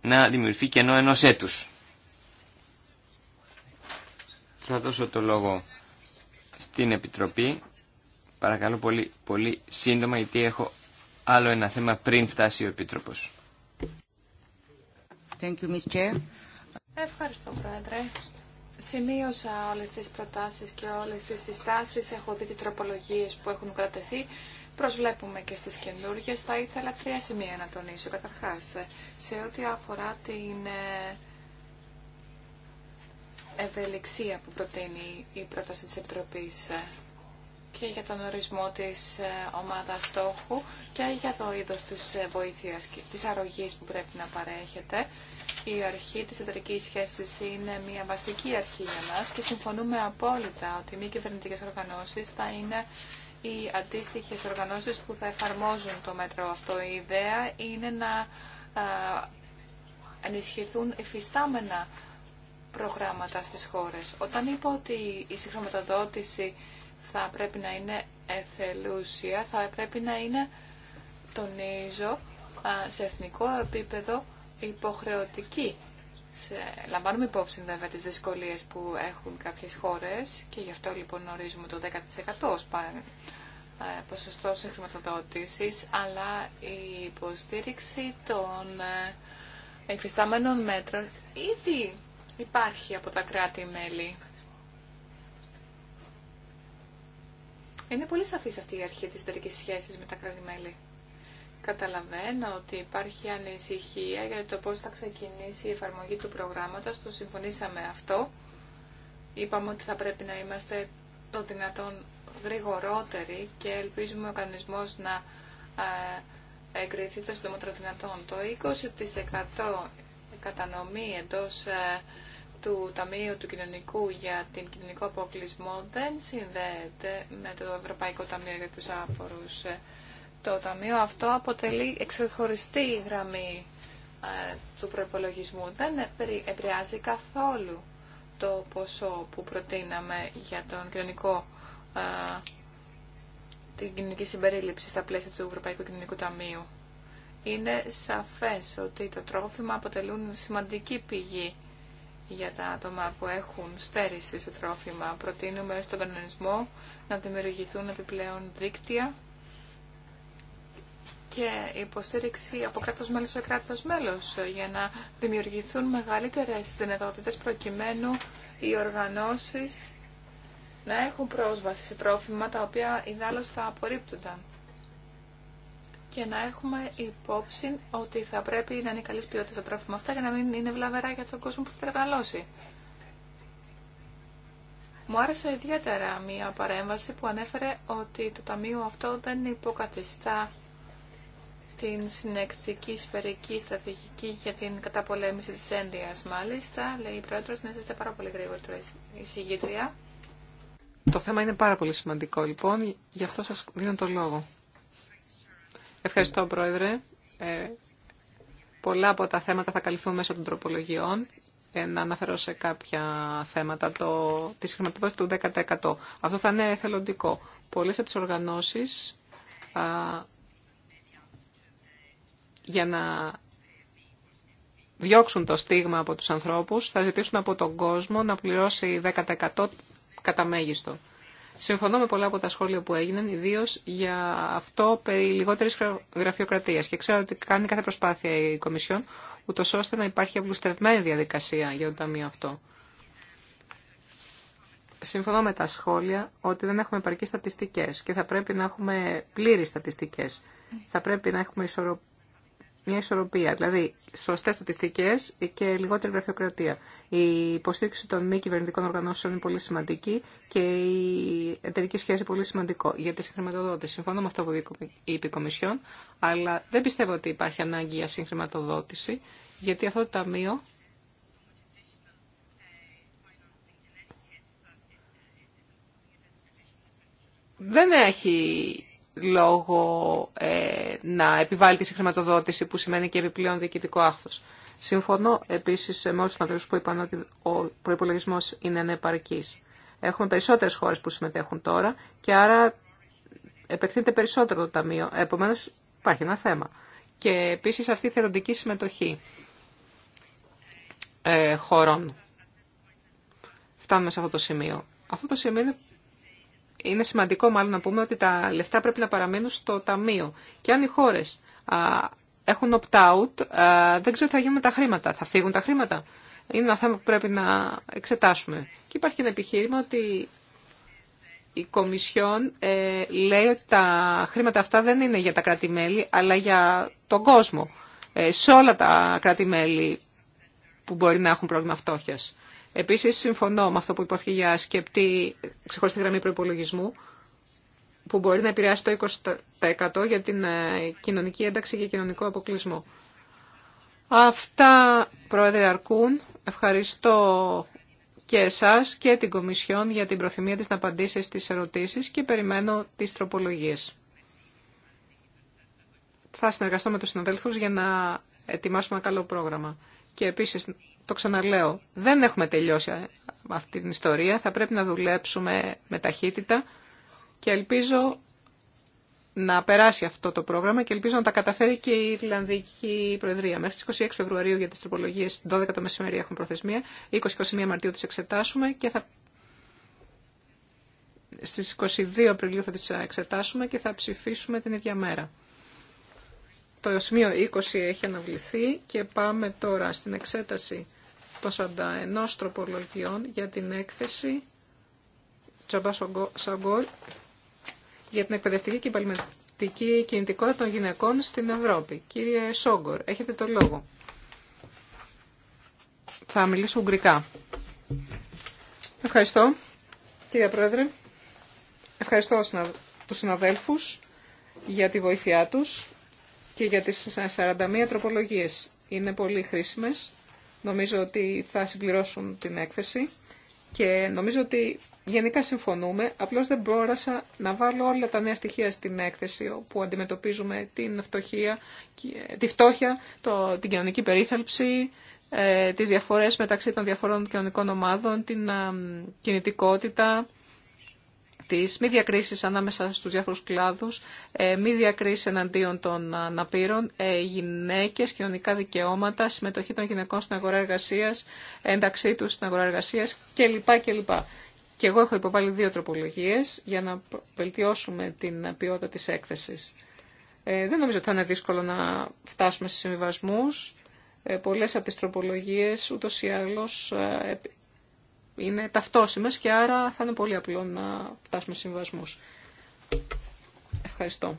Speaker 1: να δημιουργηθεί κενό ενός έτους. Θα δώσω το λόγο στην Επιτροπή. Παρακαλώ πολύ, πολύ σύντομα γιατί έχω άλλο ένα θέμα πριν φτάσει ο Επίτροπος.
Speaker 3: Thank you, Ευχαριστώ, Πρόεδρε. Σημείωσα όλες τις προτάσεις και όλες τις συστάσεις. Έχω δει τις τροπολογίες που έχουν κρατεθεί. Προσβλέπουμε και στις καινούργιες. Θα ήθελα τρία σημεία να τονίσω. Καταρχάς, σε ό,τι αφορά την ε, ευελιξία που προτείνει η πρόταση της Επιτροπής ε, και για τον ορισμό της ε, ομάδας στόχου και για το είδος της ε, βοήθειας και της αρρωγής που πρέπει να παρέχεται. Η αρχή της εταιρικής σχέσης είναι μια βασική αρχή για μας και συμφωνούμε απόλυτα ότι οι μη κυβερνητικές οργανώσεις θα είναι οι αντίστοιχες οργανώσεις που θα εφαρμόζουν το μέτρο αυτό. Η ιδέα είναι να ενισχυθούν εφιστάμενα προγράμματα στις χώρες. Όταν είπα ότι η συγχρηματοδότηση θα πρέπει να είναι εθελούσια, θα πρέπει να είναι, τονίζω, σε εθνικό επίπεδο υποχρεωτική. Σε, λαμβάνουμε υπόψη βέβαια τις δυσκολίες που έχουν κάποιες χώρες και γι' αυτό λοιπόν ορίζουμε το 10% ως ε, ποσοστό συγχρηματοδότησης, αλλά η υποστήριξη των εμφιστάμενων μέτρων ήδη υπάρχει από τα κράτη-μέλη. Είναι πολύ σαφής αυτή η αρχή της εταιρική σχέσης με τα κράτη-μέλη. Καταλαβαίνω ότι υπάρχει ανησυχία για το πώς θα ξεκινήσει η εφαρμογή του προγράμματος. Το συμφωνήσαμε αυτό. Είπαμε ότι θα πρέπει να είμαστε το δυνατόν γρηγορότεροι και ελπίζουμε ο κανονισμός να ε, εγκριθεί το συντομότερο δυνατόν. Το 20% κατανομή εντός ε, του Ταμείου του Κοινωνικού για την κοινωνικό αποκλεισμό δεν συνδέεται με το Ευρωπαϊκό Ταμείο για τους Άφορους. Ε, το Ταμείο αυτό αποτελεί εξεχωριστή γραμμή ε, του προπολογισμού. Δεν επηρεάζει καθόλου το ποσό που προτείναμε για τον κοινωνικό την κοινωνική συμπερίληψη στα πλαίσια του Ευρωπαϊκού Κοινωνικού Ταμείου είναι σαφές ότι τα τρόφιμα αποτελούν σημαντική πηγή για τα άτομα που έχουν στέρηση σε τρόφιμα. Προτείνουμε στον κανονισμό να δημιουργηθούν επιπλέον δίκτυα και υποστήριξη από κράτος μέλος σε κράτος μέλος για να δημιουργηθούν μεγαλύτερες δυνατότητες προκειμένου οι οργανώσεις να έχουν πρόσβαση σε τρόφιμα τα οποία ιδάλλως θα απορρίπτονταν και να έχουμε υπόψη ότι θα πρέπει να είναι καλή ποιότητα τα τρόφιμα αυτά για να μην είναι βλαβερά για τον κόσμο που θα τα καταναλώσει. Μου άρεσε ιδιαίτερα μία παρέμβαση που ανέφερε ότι το ταμείο αυτό δεν υποκαθιστά την συνεκτική σφαιρική στρατηγική για την καταπολέμηση της ένδυας. Μάλιστα, λέει η Πρόεδρος, να είστε πάρα πολύ γρήγορη η εισηγήτρια.
Speaker 2: Το θέμα είναι πάρα πολύ σημαντικό, λοιπόν, γι' αυτό σας δίνω το λόγο. Ευχαριστώ,
Speaker 3: Πρόεδρε. Ε,
Speaker 2: πολλά από τα θέματα θα καλυφθούν μέσω των τροπολογιών. Ε, να αναφέρω σε κάποια θέματα. Το, της χρηματοδότησης του 10%. Αυτό θα είναι εθελοντικό. Πολλές από τις οργανώσεις α, για να διώξουν το στίγμα από τους ανθρώπους θα ζητήσουν από τον κόσμο να πληρώσει 10% κατά μέγιστο. Συμφωνώ με πολλά από τα σχόλια που έγιναν, ιδίω για αυτό περί λιγότερη γραφειοκρατία. Και ξέρω ότι κάνει κάθε προσπάθεια η Κομισιόν, ούτω ώστε να υπάρχει εμπλουστευμένη διαδικασία για το Ταμείο αυτό. Συμφωνώ με τα σχόλια ότι δεν έχουμε επαρκεί στατιστικέ και θα πρέπει να έχουμε πλήρε στατιστικέ. Θα πρέπει να έχουμε ισορροπία μια ισορροπία, δηλαδή σωστέ στατιστικέ και λιγότερη γραφειοκρατία. Η υποστήριξη των μη κυβερνητικών οργανώσεων είναι πολύ σημαντική και η εταιρική σχέση πολύ σημαντικό για τη συγχρηματοδότηση. Συμφωνώ με αυτό που είπε η Κομισιόν, αλλά δεν πιστεύω ότι υπάρχει ανάγκη για συγχρηματοδότηση, γιατί αυτό το ταμείο δεν έχει λόγο ε, να επιβάλλει τη συγχρηματοδότηση που σημαίνει και επιπλέον διοικητικό άχθος. Σύμφωνο, επίσης με όλου του ανθρώπου που είπαν ότι ο προϋπολογισμός είναι ανεπαρκής. Έχουμε περισσότερες χώρε που συμμετέχουν τώρα και άρα επεκτείνεται περισσότερο το Ταμείο. Επομένως υπάρχει ένα θέμα. Και επίσης αυτή η θεροντική συμμετοχή ε, χωρών. Φτάνουμε σε αυτό το σημείο. Αυτό το σημείο είναι σημαντικό μάλλον να πούμε ότι τα λεφτά πρέπει να παραμένουν στο ταμείο. Και αν οι χώρες έχουν opt-out, δεν ξέρω τι θα γίνουν με τα χρήματα. Θα φύγουν τα χρήματα. Είναι ένα θέμα που πρέπει να εξετάσουμε. Και υπάρχει ένα επιχείρημα ότι η Κομισιόν ε, λέει ότι τα χρήματα αυτά δεν είναι για τα κράτη-μέλη, αλλά για τον κόσμο. Ε, σε όλα τα κράτη-μέλη που μπορεί να έχουν πρόβλημα φτώχειας. Επίσης, συμφωνώ με αυτό που υπόθηκε για σκεπτή ξεχωριστή γραμμή προπολογισμού που μπορεί να επηρεάσει το 20% για την ε, κοινωνική ένταξη και κοινωνικό αποκλεισμό. Αυτά, Πρόεδρε, αρκούν. Ευχαριστώ και εσάς και την Κομισιόν για την προθυμία της να απαντήσει στις ερωτήσεις και περιμένω τις τροπολογίες. Θα συνεργαστώ με τους συναδέλφους για να ετοιμάσουμε ένα καλό πρόγραμμα. Και επίσης το ξαναλέω, δεν έχουμε τελειώσει αυτή την ιστορία. Θα πρέπει να δουλέψουμε με ταχύτητα και ελπίζω να περάσει αυτό το πρόγραμμα και ελπίζω να τα καταφέρει και η Ιρλανδική Προεδρία. Μέχρι τις 26 Φεβρουαρίου για τις τροπολογίες 12 το μεσημέρι έχουν προθεσμία. 20-21 Μαρτίου τις εξετάσουμε και θα... στις 22 Απριλίου θα τις εξετάσουμε και θα ψηφίσουμε την ίδια μέρα. Το σημείο 20 έχει αναβληθεί και πάμε τώρα στην εξέταση των 41 τροπολογιών για την έκθεση Τσαμπά Σαγκόρ για την εκπαιδευτική και επαγγελματική κινητικότητα των γυναικών στην Ευρώπη. Κύριε Σόγκορ, έχετε το λόγο. Θα μιλήσω ουγγρικά. Ευχαριστώ, κύριε Πρόεδρε. Ευχαριστώ τους συναδέλφους για τη βοήθειά τους και για τις 41 τροπολογίες. Είναι πολύ χρήσιμες. Νομίζω ότι θα συμπληρώσουν την έκθεση και νομίζω ότι γενικά συμφωνούμε. Απλώς δεν μπόρεσα να βάλω όλα τα νέα στοιχεία στην έκθεση όπου αντιμετωπίζουμε την φτωχία, ε, τη φτώχεια, το, την κοινωνική περίθαλψη, ε, τις διαφορές μεταξύ των διαφορών κοινωνικών ομάδων, την ε, κινητικότητα, της μη διακρίσεις ανάμεσα στους διάφορους κλάδους, ε, μη διακρίσεις εναντίον των αναπήρων, ε, γυναίκες, κοινωνικά δικαιώματα, συμμετοχή των γυναικών στην αγορά εργασίας, ένταξή τους στην αγορά εργασίας κλπ. κλπ. Και εγώ έχω υποβάλει δύο τροπολογίες για να βελτιώσουμε την ποιότητα της έκθεσης. Ε, δεν νομίζω ότι θα είναι δύσκολο να φτάσουμε σε συμβιβασμούς. Ε, πολλές από τις τροπολογίες ούτως ή άλλως ε, είναι ταυτόσιμες και άρα θα είναι πολύ απλό να φτάσουμε συμβασμούς. Ευχαριστώ.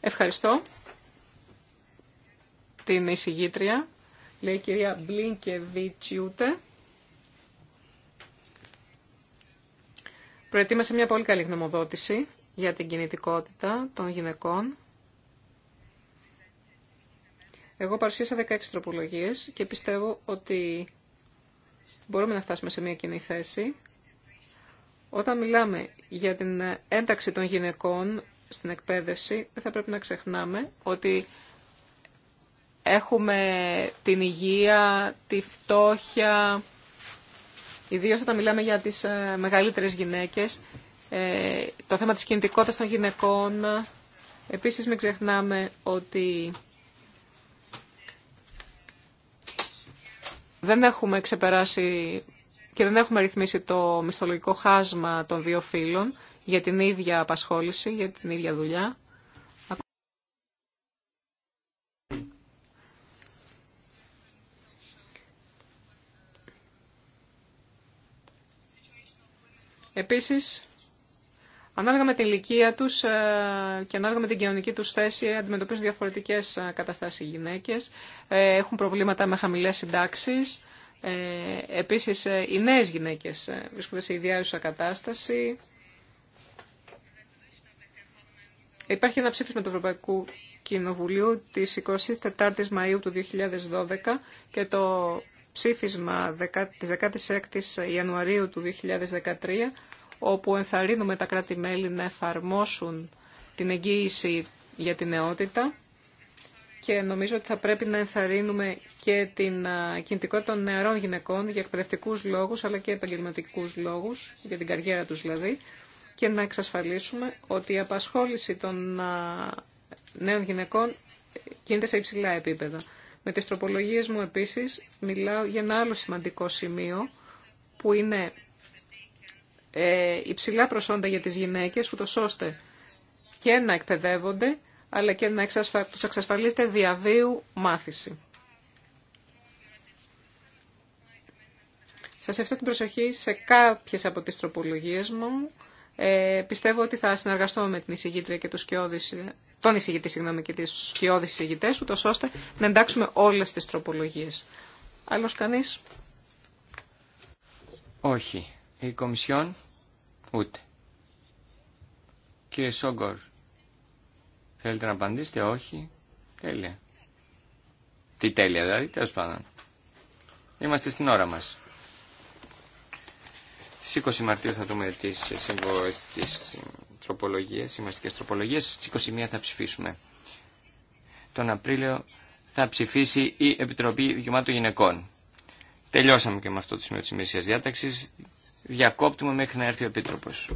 Speaker 2: Ευχαριστώ την εισηγήτρια, λέει η κυρία Μπλίνκεβιτσιούτε. Προετοίμασε μια πολύ καλή γνωμοδότηση για την κινητικότητα των γυναικών εγώ παρουσίασα 16 τροπολογίες και πιστεύω ότι μπορούμε να φτάσουμε σε μια κοινή θέση. Όταν μιλάμε για την ένταξη των γυναικών στην εκπαίδευση, δεν θα πρέπει να ξεχνάμε ότι έχουμε την υγεία, τη φτώχεια, Ιδίω όταν μιλάμε για τις ε, μεγαλύτερες γυναίκες, ε, το θέμα της κινητικότητας των γυναικών. Επίσης μην ξεχνάμε ότι δεν έχουμε ξεπεράσει και δεν έχουμε ρυθμίσει το μισθολογικό χάσμα των δύο φύλων για την ίδια απασχόληση, για την ίδια δουλειά. Επίσης, Ανάλογα με την ηλικία τους ε, και ανάλογα με την κοινωνική τους θέση αντιμετωπίζουν διαφορετικές ε, καταστάσεις οι γυναίκες. Ε, έχουν προβλήματα με χαμηλές συντάξεις. Επίσης οι νέες γυναίκες βρίσκονται σε ιδιάζουσα κατάσταση. Υπάρχει ένα ψήφισμα του Ευρωπαϊκού Κοινοβουλίου της 24 η Μαΐου του 2012 και το ψήφισμα της 16ης Ιανουαρίου του 2013 όπου ενθαρρύνουμε τα κράτη-μέλη να εφαρμόσουν την εγγύηση για την νεότητα και νομίζω ότι θα πρέπει να ενθαρρύνουμε και την κινητικότητα των νεαρών γυναικών για εκπαιδευτικού λόγους αλλά και επαγγελματικού λόγους, για την καριέρα τους δηλαδή, και να εξασφαλίσουμε ότι η απασχόληση των νέων γυναικών γίνεται σε υψηλά επίπεδα. Με τις τροπολογίες μου επίσης μιλάω για ένα άλλο σημαντικό σημείο που είναι ε, υψηλά προσόντα για τις γυναίκες, ούτως ώστε και να εκπαιδεύονται, αλλά και να εξασφα... τους εξασφαλίζεται διαβίου μάθηση. Σας ευχαριστώ την προσοχή σε κάποιες από τις τροπολογίες μου. Ε, πιστεύω ότι θα συνεργαστώ με την εισηγήτρια και τους σκιώδης, τον εισηγητή συγγνώμη, και τις σκιώδεις εισηγητές, ούτως ώστε να εντάξουμε όλες τις τροπολογίες. Άλλος κανείς?
Speaker 1: Όχι. Η Κομισιόν ούτε. Κύριε Σόγκορ, θέλετε να απαντήσετε, όχι. Τέλεια. Τι τέλεια δηλαδή, τέλο πάντων. Είμαστε στην ώρα μας. Στις 20 Μαρτίου θα δούμε τις, τις τροπολογίες, σημαστικές τροπολογίες. Στις 21 θα ψηφίσουμε. Τον Απρίλιο θα ψηφίσει η Επιτροπή Δικαιωμάτων Γυναικών. Τελειώσαμε και με αυτό το σημείο της ημερησίας διάταξης. Διακόπτουμε μέχρι να έρθει ο Επίτροπος.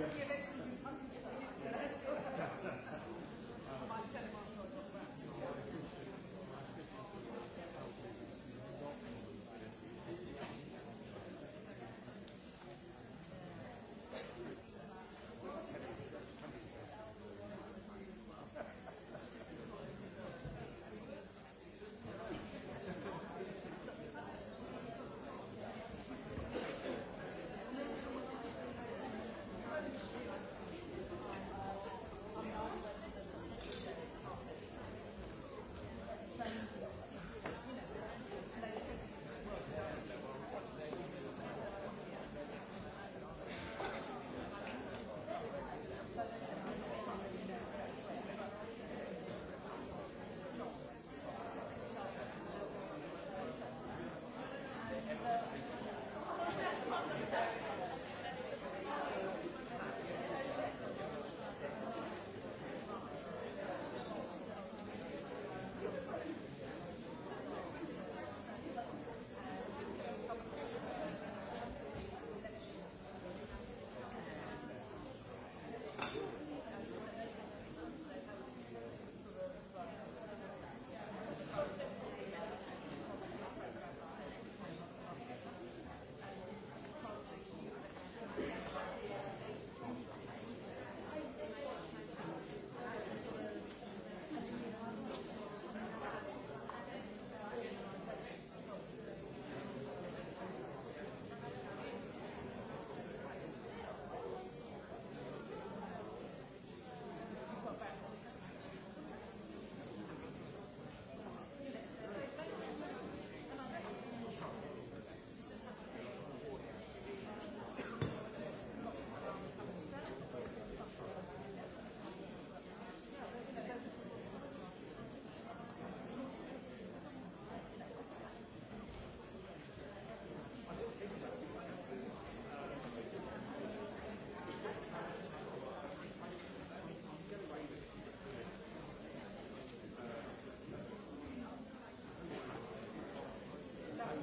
Speaker 3: Σα ευχαριστώ.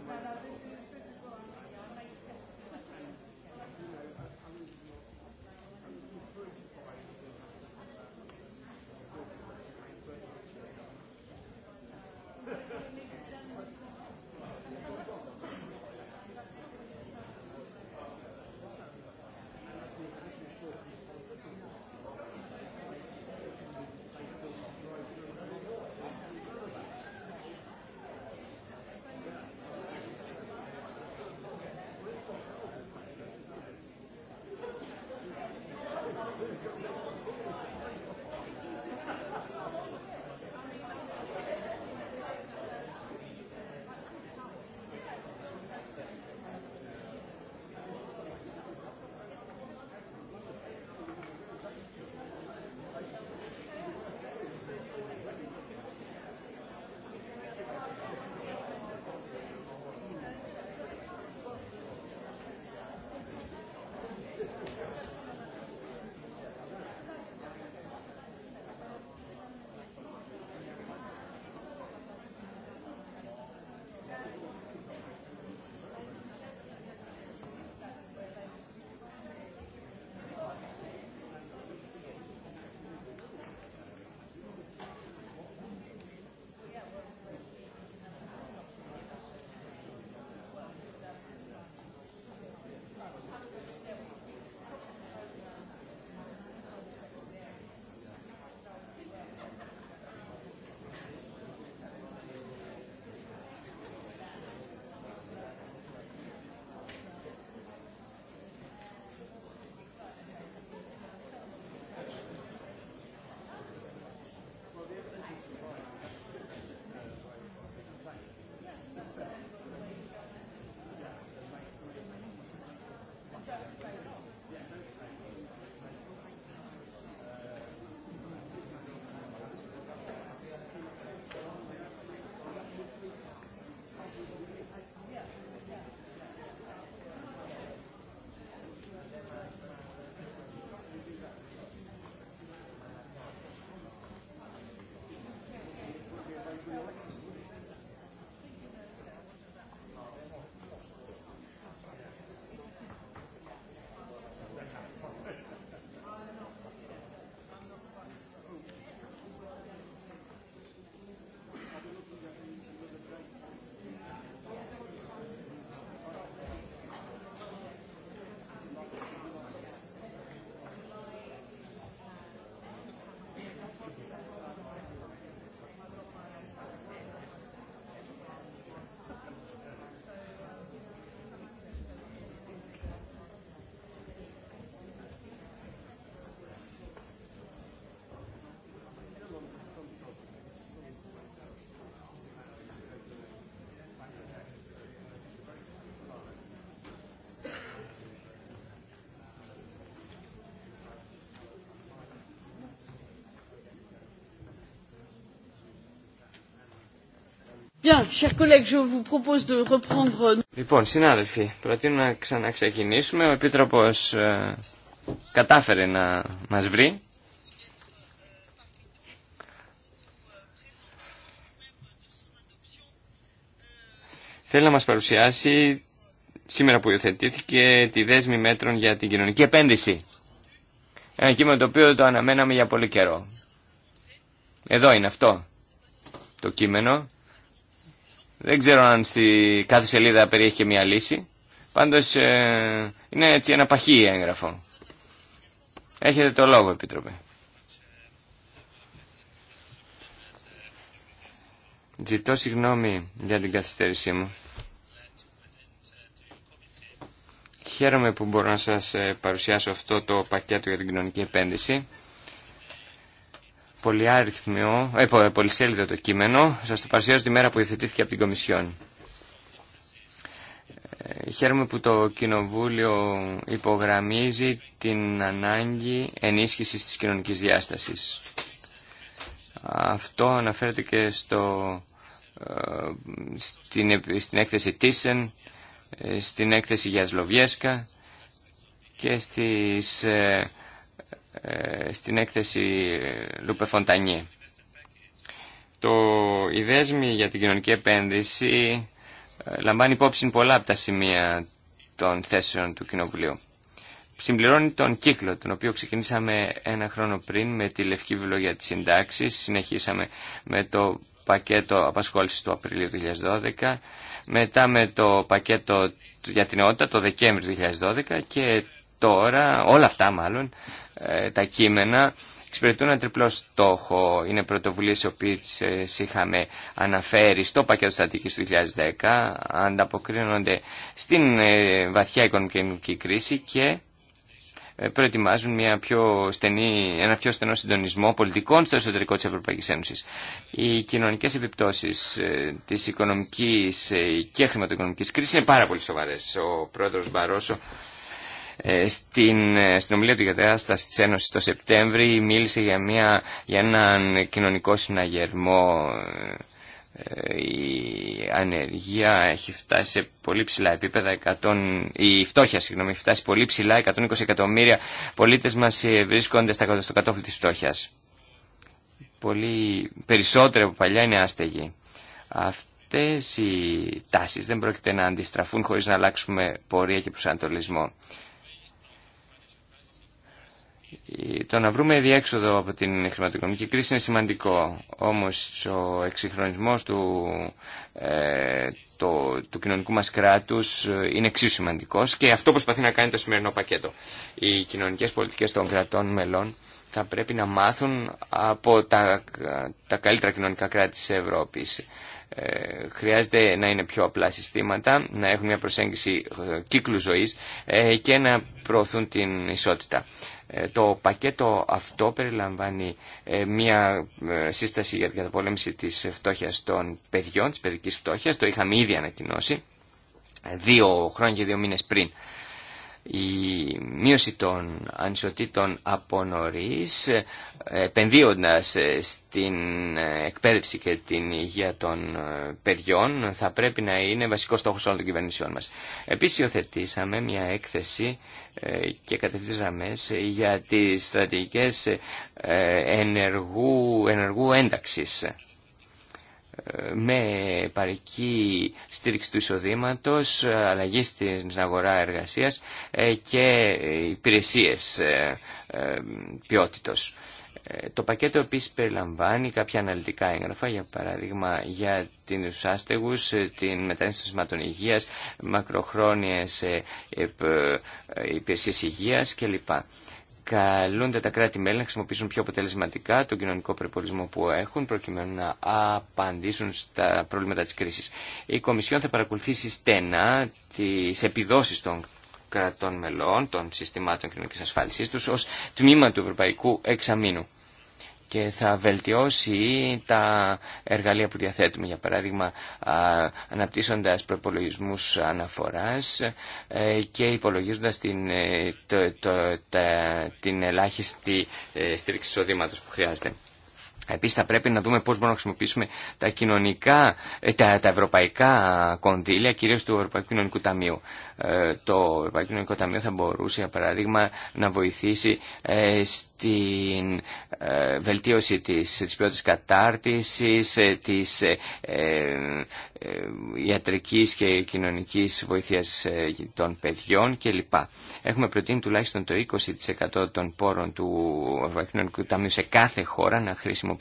Speaker 3: Υπότιτλοι
Speaker 1: Λοιπόν, συνάδελφοι, προτείνω να ξαναξεκινήσουμε. Ο Επίτροπος ε, κατάφερε να μας βρει. Θέλει να μας παρουσιάσει, σήμερα που υιοθετήθηκε, τη δέσμη μέτρων για την κοινωνική επένδυση. Ένα κείμενο το οποίο το αναμέναμε για πολύ καιρό. Εδώ είναι αυτό το κείμενο. Δεν ξέρω αν στη κάθε σελίδα περιέχει και μία λύση. Πάντως ε, είναι έτσι ένα παχύ έγγραφο. Έχετε το λόγο, Επίτροπε. Ζητώ συγγνώμη για την καθυστέρησή μου. Χαίρομαι που μπορώ να σας ε, παρουσιάσω αυτό το πακέτο για την κοινωνική επένδυση. Ε, ε, πολυσέλιδο το κείμενο. Σας το παρουσιάζω τη μέρα που υιοθετήθηκε από την Κομισιόν. Ε, χαίρομαι που το Κοινοβούλιο υπογραμμίζει την ανάγκη ενίσχυσης της κοινωνικής διάστασης. Αυτό αναφέρεται και στο, ε, στην, έκθεση Τίσεν, στην έκθεση Γιασλοβιέσκα και στις ε, στην έκθεση Λούπε Φοντανιέ. Το, ιδέσμι για την κοινωνική επένδυση ε, λαμβάνει υπόψη πολλά από τα σημεία των θέσεων του Κοινοβουλίου. Συμπληρώνει τον κύκλο, τον οποίο ξεκινήσαμε ένα χρόνο πριν με τη Λευκή Βιβλία της Συντάξης, συνεχίσαμε με το πακέτο απασχόλησης του Απριλίου 2012, μετά με το πακέτο για την νεότητα το Δεκέμβριο 2012 και τώρα, όλα αυτά μάλλον, ε, τα κείμενα εξυπηρετούν ένα τριπλό στόχο. Είναι πρωτοβουλίες οι οποίες ε, είχαμε αναφέρει στο πακέτο στατικής του 2010, ανταποκρίνονται στην ε, βαθιά οικονομική κρίση και προετοιμάζουν μια πιο στενή, ένα πιο στενό συντονισμό πολιτικών στο εσωτερικό της Ευρωπαϊκής Ένωσης. Οι κοινωνικές επιπτώσεις της οικονομικής και χρηματοοικονομικής κρίσης είναι πάρα πολύ σοβαρές. Ο πρόεδρος Μπαρόσο ε, στην, ε, στην ομιλία του για τη κατάσταση της Ένωσης το Σεπτέμβρη μίλησε για, μια, για έναν κοινωνικό συναγερμό. Ε, η ανεργία έχει φτάσει σε πολύ ψηλά επίπεδα, 100, η φτώχεια συγγνώμη, έχει φτάσει πολύ ψηλά, 120 εκατομμύρια πολίτες μας βρίσκονται στο κατόφλι της φτώχειας. Πολύ περισσότερο από παλιά είναι άστεγοι. Αυτές οι τάσεις δεν πρόκειται να αντιστραφούν χωρίς να αλλάξουμε πορεία και προσανατολισμό. Το να βρούμε διέξοδο από την χρηματοοικονομική κρίση είναι σημαντικό. Όμως ο εξυγχρονισμός του, ε, το, του κοινωνικού μας κράτους ε, είναι εξίσου σημαντικός και αυτό προσπαθεί να κάνει το σημερινό πακέτο. Οι κοινωνικές πολιτικές των κρατών μελών θα πρέπει να μάθουν από τα, τα καλύτερα κοινωνικά κράτη της Ευρώπης. Ε, χρειάζεται να είναι πιο απλά συστήματα, να έχουν μια προσέγγιση ε, κύκλου ζωής και να προωθούν την ισότητα. Ε, το πακέτο αυτό περιλαμβάνει ε, μια ε, σύσταση για την καταπολέμηση της φτώχειας των παιδιών, της παιδικής φτώχειας. Το είχαμε ήδη ανακοινώσει δύο χρόνια και δύο μήνες πριν η μείωση των ανισοτήτων από νωρίς, ε, επενδύοντας ε, στην ε, εκπαίδευση και την υγεία των παιδιών, θα πρέπει να είναι βασικό στόχος όλων των κυβερνήσεών μας. Επίσης, υιοθετήσαμε μια έκθεση και κατευθύνσαμε για τις στρατηγικές ενεργού, ενεργού ένταξης με παρική στήριξη του εισοδήματο, αλλαγή στην αγορά εργασίας ε, και υπηρεσίες ε, ε, ποιότητος. Το πακέτο επίσης περιλαμβάνει κάποια αναλυτικά έγγραφα, για παράδειγμα για την άστεγους, την μετανάστευση των σημάτων υγείας, μακροχρόνιες υπηρεσίες υγείας κλπ καλούνται τα κράτη-μέλη να χρησιμοποιήσουν πιο αποτελεσματικά τον κοινωνικό περιπολισμό που έχουν προκειμένου να απαντήσουν στα προβλήματα της κρίσης. Η Κομισιόν θα παρακολουθήσει στενά τις επιδόσεις των κρατών μελών, των συστημάτων κοινωνικής ασφάλισής τους ως τμήμα του Ευρωπαϊκού Εξαμήνου και θα βελτιώσει τα εργαλεία που διαθέτουμε, για παράδειγμα αναπτύσσοντας προπολογισμούς αναφοράς ε, και υπολογίζοντας την, ε, την ελάχιστη ε, στήριξη εισοδήματος που χρειάζεται. Επίση θα πρέπει να δούμε πώ μπορούμε να χρησιμοποιήσουμε τα, κοινωνικά, ε, τα, ευρωπαϊκά κονδύλια, κυρίω του Ευρωπαϊκού Κοινωνικού Ταμείου. Ε, το Ευρωπαϊκό Κοινωνικό Ταμείο θα μπορούσε, για παράδειγμα, να βοηθήσει ε, στην ε, βελτίωση της, τη ποιότητας κατάρτισης, της ιατρικής και κοινωνικής βοήθειας των παιδιών κλπ. Έχουμε προτείνει τουλάχιστον το 20% των πόρων του Ευρωπαϊκού Κοινωνικού Ταμείου σε κάθε χώρα να χρησιμοποιήσουμε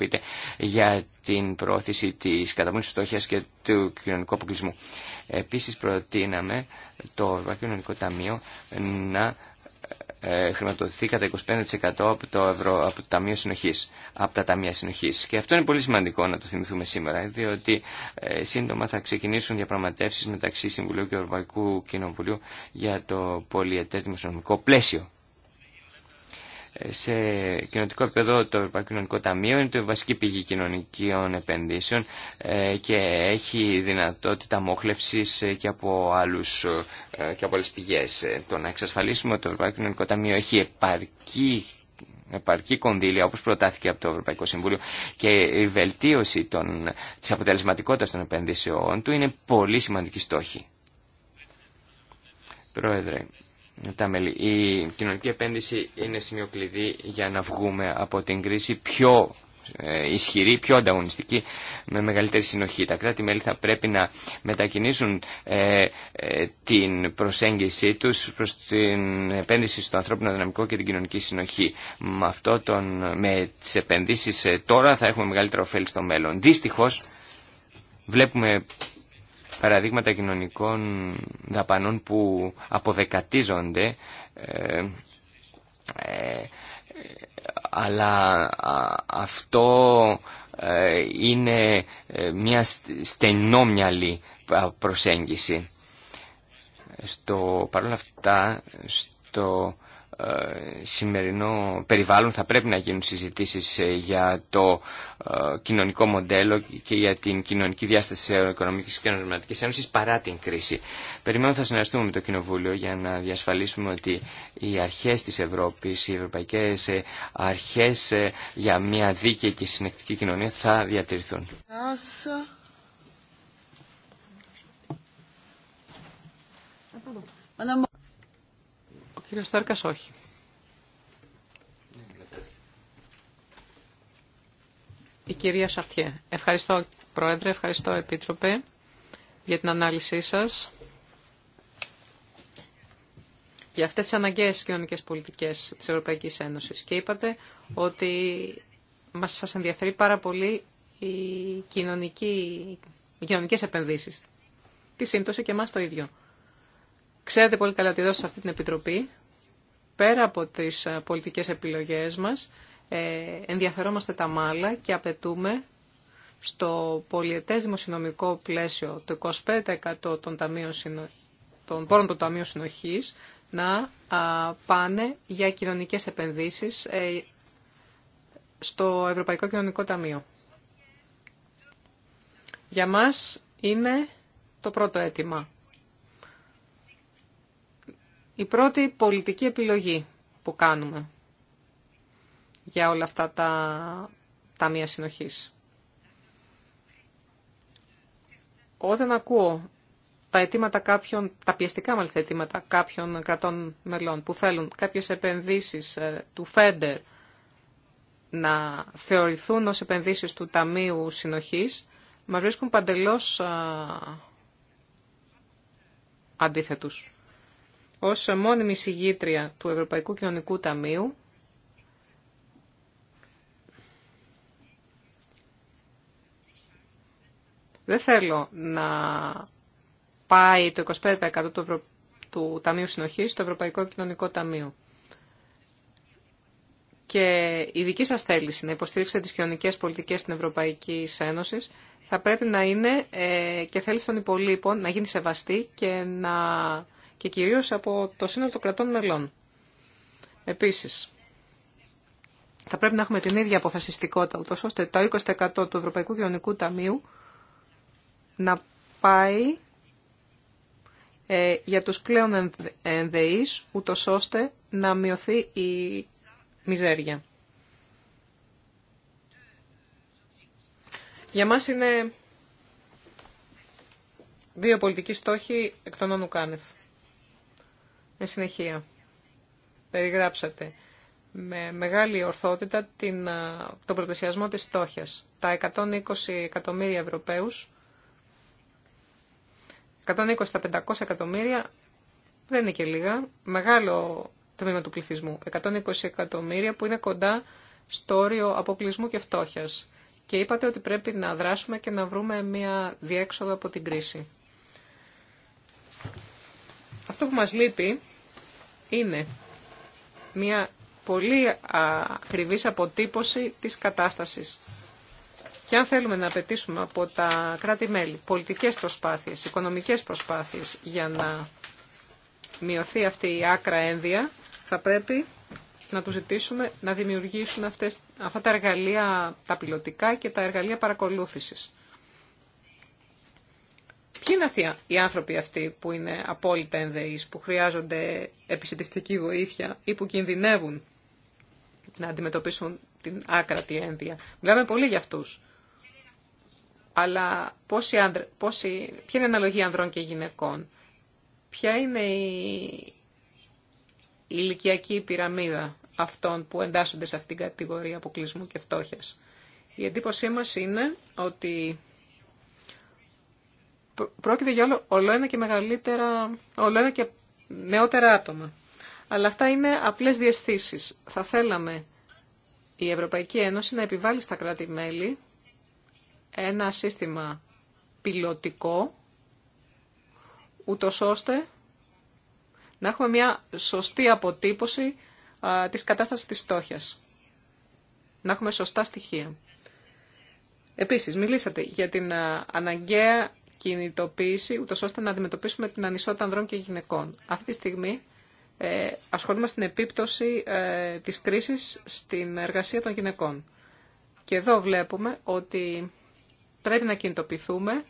Speaker 1: για την προώθηση της καταπολέμησης φτώχειας και του κοινωνικού αποκλεισμού. Επίσης προτείναμε το Ευρωπαϊκό Κοινωνικό Ταμείο να ε, χρηματοδοτηθεί κατά 25% από το, ευρώ, από το ταμείο συνοχής, από τα ταμεία συνοχής. Και αυτό είναι πολύ σημαντικό να το θυμηθούμε σήμερα, διότι ε, σύντομα θα ξεκινήσουν διαπραγματεύσεις μεταξύ Συμβουλίου και Ευρωπαϊκού Κοινοβουλίου για το πολιετές δημοσιονομικό πλαίσιο σε κοινωνικό επίπεδο το Ευρωπαϊκό Κοινωνικό Ταμείο είναι το βασική πηγή κοινωνικών επενδύσεων ε, και έχει δυνατότητα μόχλευσης ε, και από, άλλους, ε, και από άλλες πηγές. Το να εξασφαλίσουμε ότι το Ευρωπαϊκό Κοινωνικό Ταμείο έχει επαρκή επαρκή κονδύλια όπως προτάθηκε από το Ευρωπαϊκό Συμβούλιο και η βελτίωση των, της αποτελεσματικότητας των επενδύσεών του είναι πολύ σημαντική στόχη. Πρόεδρε, τα Η κοινωνική επένδυση είναι σημείο κλειδί για να βγούμε από την κρίση πιο ε, ισχυρή, πιο ανταγωνιστική, με μεγαλύτερη συνοχή. Τα κράτη-μέλη θα πρέπει να μετακινήσουν ε, ε, την προσέγγιση τους προς την επένδυση στο ανθρώπινο δυναμικό και την κοινωνική συνοχή. Με, αυτό τον, με τις επενδύσεις τώρα θα έχουμε μεγαλύτερο ωφέλη στο μέλλον. Δυστυχώς βλέπουμε παραδείγματα κοινωνικών δαπανών που αποδεκατίζονται ε, ε αλλά αυτό ε, είναι ε, μια στενόμυαλη προσέγγιση. Στο, παρόλα αυτά, στο ε, σημερινό περιβάλλον θα πρέπει να γίνουν συζητήσεις ε, για το ε, κοινωνικό μοντέλο και για την κοινωνική διάσταση της Οικονομικής και Ένωσης παρά την κρίση. Περιμένω θα συνεργαστούμε με το Κοινοβούλιο για να διασφαλίσουμε ότι οι αρχές της Ευρώπης, οι ευρωπαϊκές αρχές για μια δίκαιη και συνεκτική κοινωνία θα διατηρηθούν
Speaker 2: κύριο Στάρκας όχι. Η κυρία Σαρτιέ. Ευχαριστώ, Πρόεδρε, ευχαριστώ, Επίτροπε, για την ανάλυση σας. Για αυτές τις αναγκαίες κοινωνικές πολιτικές της Ευρωπαϊκής Ένωσης. Και είπατε ότι μας σας ενδιαφέρει πάρα πολύ οι, κοινωνική, οι κοινωνικές επενδύσεις. Τι σύμπτωση και εμάς το ίδιο. Ξέρετε πολύ καλά ότι εδώ σε αυτή την Επιτροπή, πέρα από τις ε, πολιτικές επιλογές μας, ε, ενδιαφερόμαστε τα μάλα και απαιτούμε στο πολιετές δημοσιονομικό πλαίσιο το 25% των, ταμείων, των πόρων των Ταμείων Συνοχής να πάνε για κοινωνικές επενδύσεις ε, στο Ευρωπαϊκό Κοινωνικό Ταμείο. Για μας είναι το πρώτο αίτημα η πρώτη πολιτική επιλογή που κάνουμε για όλα αυτά τα ταμεία συνοχής. Όταν ακούω τα αιτήματα κάποιων, τα πιεστικά μάλιστα αιτήματα κάποιων κρατών μελών που θέλουν κάποιες επενδύσεις ε, του ΦΕΝΤΕΡ να θεωρηθούν ως επενδύσεις του Ταμείου Συνοχής, μας βρίσκουν παντελώς α, αντίθετους ως μόνιμη συγγήτρια του Ευρωπαϊκού Κοινωνικού Ταμείου δεν θέλω να πάει το 25% του, του Ταμείου Συνοχής στο Ευρωπαϊκό Κοινωνικό Ταμείο. Και η δική σας θέληση να υποστήριξετε τις κοινωνικές πολιτικές στην Ευρωπαϊκή Ένωση θα πρέπει να είναι ε, και θέληση των υπολείπων να γίνει σεβαστή και να και κυρίως από το σύνολο των κρατών μελών. Επίσης, θα πρέπει να έχουμε την ίδια αποφασιστικότητα, ούτως ώστε το 20% του Ευρωπαϊκού Γεωνικού Ταμείου να πάει ε, για τους πλέον ενδεείς, ούτως ώστε να μειωθεί η μιζέρια. Για μας είναι δύο πολιτικοί στόχοι εκ των όνου με συνεχεία, περιγράψατε με μεγάλη ορθότητα ε, τον προτεσιασμό της φτώχειας. Τα 120 εκατομμύρια Ευρωπαίους, 120 στα 500 εκατομμύρια δεν είναι και λίγα, μεγάλο τμήμα του πληθυσμού. 120 εκατομμύρια που είναι κοντά στο όριο αποκλεισμού και φτώχειας. Και είπατε ότι πρέπει να δράσουμε και να βρούμε μια διέξοδο από την κρίση. Αυτό που μας λείπει είναι μια πολύ ακριβής αποτύπωση της κατάστασης. Και αν θέλουμε να απαιτήσουμε από τα κράτη-μέλη πολιτικές προσπάθειες, οικονομικές προσπάθειες για να μειωθεί αυτή η άκρα ένδια, θα πρέπει να τους ζητήσουμε να δημιουργήσουν αυτές, αυτά τα εργαλεία τα πιλωτικά και τα εργαλεία παρακολούθησης είναι αυτοί οι άνθρωποι αυτοί που είναι απόλυτα ενδεείς, που χρειάζονται επιστημιστική βοήθεια ή που κινδυνεύουν να αντιμετωπίσουν την άκρατη ένδυα. Μιλάμε πολύ για αυτούς. Αλλά πόσοι άντρε, πόσοι, ποια είναι η αναλογία ανδρών και ποσοι ποσοι Ποια είναι η, η ηλικιακή πυραμίδα αυτών που εντάσσονται σε αυτήν την κατηγορία αποκλεισμού και φτώχειας. Η εντύπωσή μας είναι ότι πρόκειται για όλο, ένα και μεγαλύτερα, όλο ένα και νεότερα άτομα. Αλλά αυτά είναι απλές διαστήσεις. Θα θέλαμε η Ευρωπαϊκή Ένωση να επιβάλλει στα κράτη-μέλη ένα σύστημα πιλωτικό, ούτω ώστε να έχουμε μια σωστή αποτύπωση της κατάστασης της φτώχειας. Να έχουμε σωστά στοιχεία. Επίσης, μιλήσατε για την αναγκαία κινητοποίηση, ούτω ώστε να αντιμετωπίσουμε την ανισότητα ανδρών και γυναικών. Αυτή τη στιγμή ε, ασχολούμαστε στην επίπτωση ε, της κρίσης στην εργασία των γυναικών. Και εδώ βλέπουμε ότι πρέπει να κινητοποιηθούμε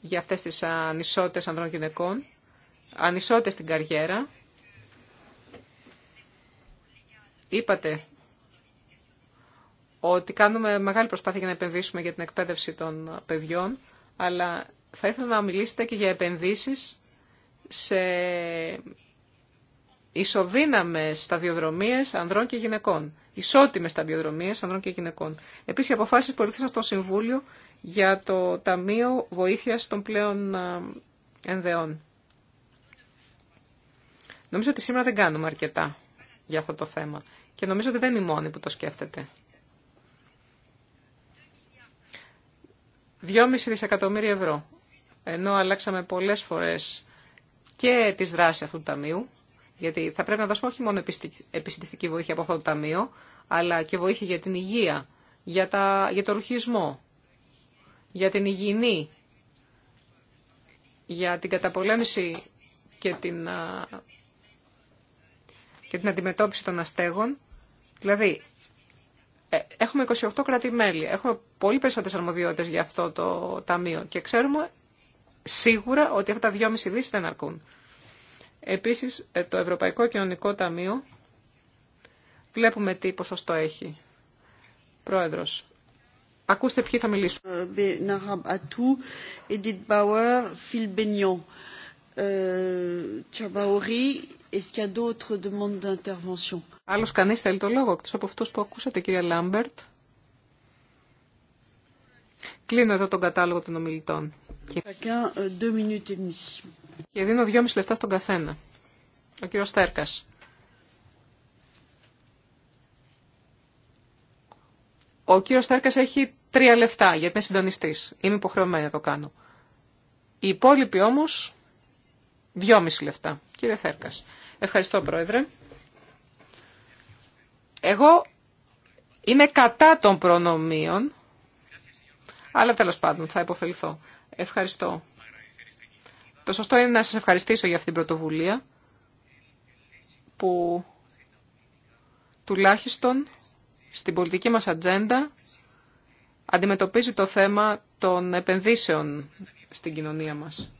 Speaker 2: για αυτές τις ανισότητες ανδρών γυναικών, ανισότητες στην καριέρα. Είπατε ότι κάνουμε μεγάλη προσπάθεια για να επενδύσουμε για την εκπαίδευση των παιδιών αλλά θα ήθελα να μιλήσετε και για επενδύσεις σε ισοδύναμες σταδιοδρομίες ανδρών και γυναικών. Ισότιμες σταδιοδρομίες ανδρών και γυναικών. Επίσης, οι αποφάσεις που το στο Συμβούλιο για το Ταμείο Βοήθειας των Πλέον Ενδεών. Νομίζω ότι σήμερα δεν κάνουμε αρκετά για αυτό το θέμα. Και νομίζω ότι δεν είναι η μόνη που το σκέφτεται. 2,5 δισεκατομμύρια ευρώ. Ενώ αλλάξαμε πολλές φορές και τις δράσεις αυτού του ταμείου, γιατί θα πρέπει να δώσουμε όχι μόνο επιστημιστική βοήθεια από αυτό το ταμείο, αλλά και βοήθεια για την υγεία, για, τα, για το ρουχισμό, για την υγιεινή, για την καταπολέμηση και την, και την αντιμετώπιση των αστέγων. Δηλαδή, ε, έχουμε 28 κράτη-μέλη, έχουμε πολύ περισσότερες αρμοδιότητες για αυτό το ταμείο και ξέρουμε σίγουρα ότι αυτά τα 2,5 δις δεν αρκούν. Επίσης, ε, το Ευρωπαϊκό Κοινωνικό Ταμείο βλέπουμε τι ποσοστό έχει. Πρόεδρος, ακούστε ποιοι θα μιλήσουν. Ε, Bauer, Άλλος κανείς θέλει το λόγο, εκτός από αυτούς που ακούσατε, κύριε Λάμπερτ. Κλείνω εδώ τον κατάλογο των ομιλητών. Euh, Και, δίνω δυόμιση λεφτά στον καθένα. Ο κύριος Στέρκας. Ο κύριος Στέρκας έχει τρία λεφτά γιατί είναι συντονιστής. Είμαι υποχρεωμένη να το κάνω. Οι υπόλοιποι όμως Δυόμιση λεφτά. Κύριε Θέρκας. Ευχαριστώ, Πρόεδρε. Εγώ είμαι κατά των προνομίων, αλλά τέλος πάντων θα υποφεληθώ. Ευχαριστώ. Το σωστό είναι να σας ευχαριστήσω για αυτή την πρωτοβουλία που τουλάχιστον στην πολιτική μας ατζέντα αντιμετωπίζει το θέμα των επενδύσεων στην κοινωνία μας.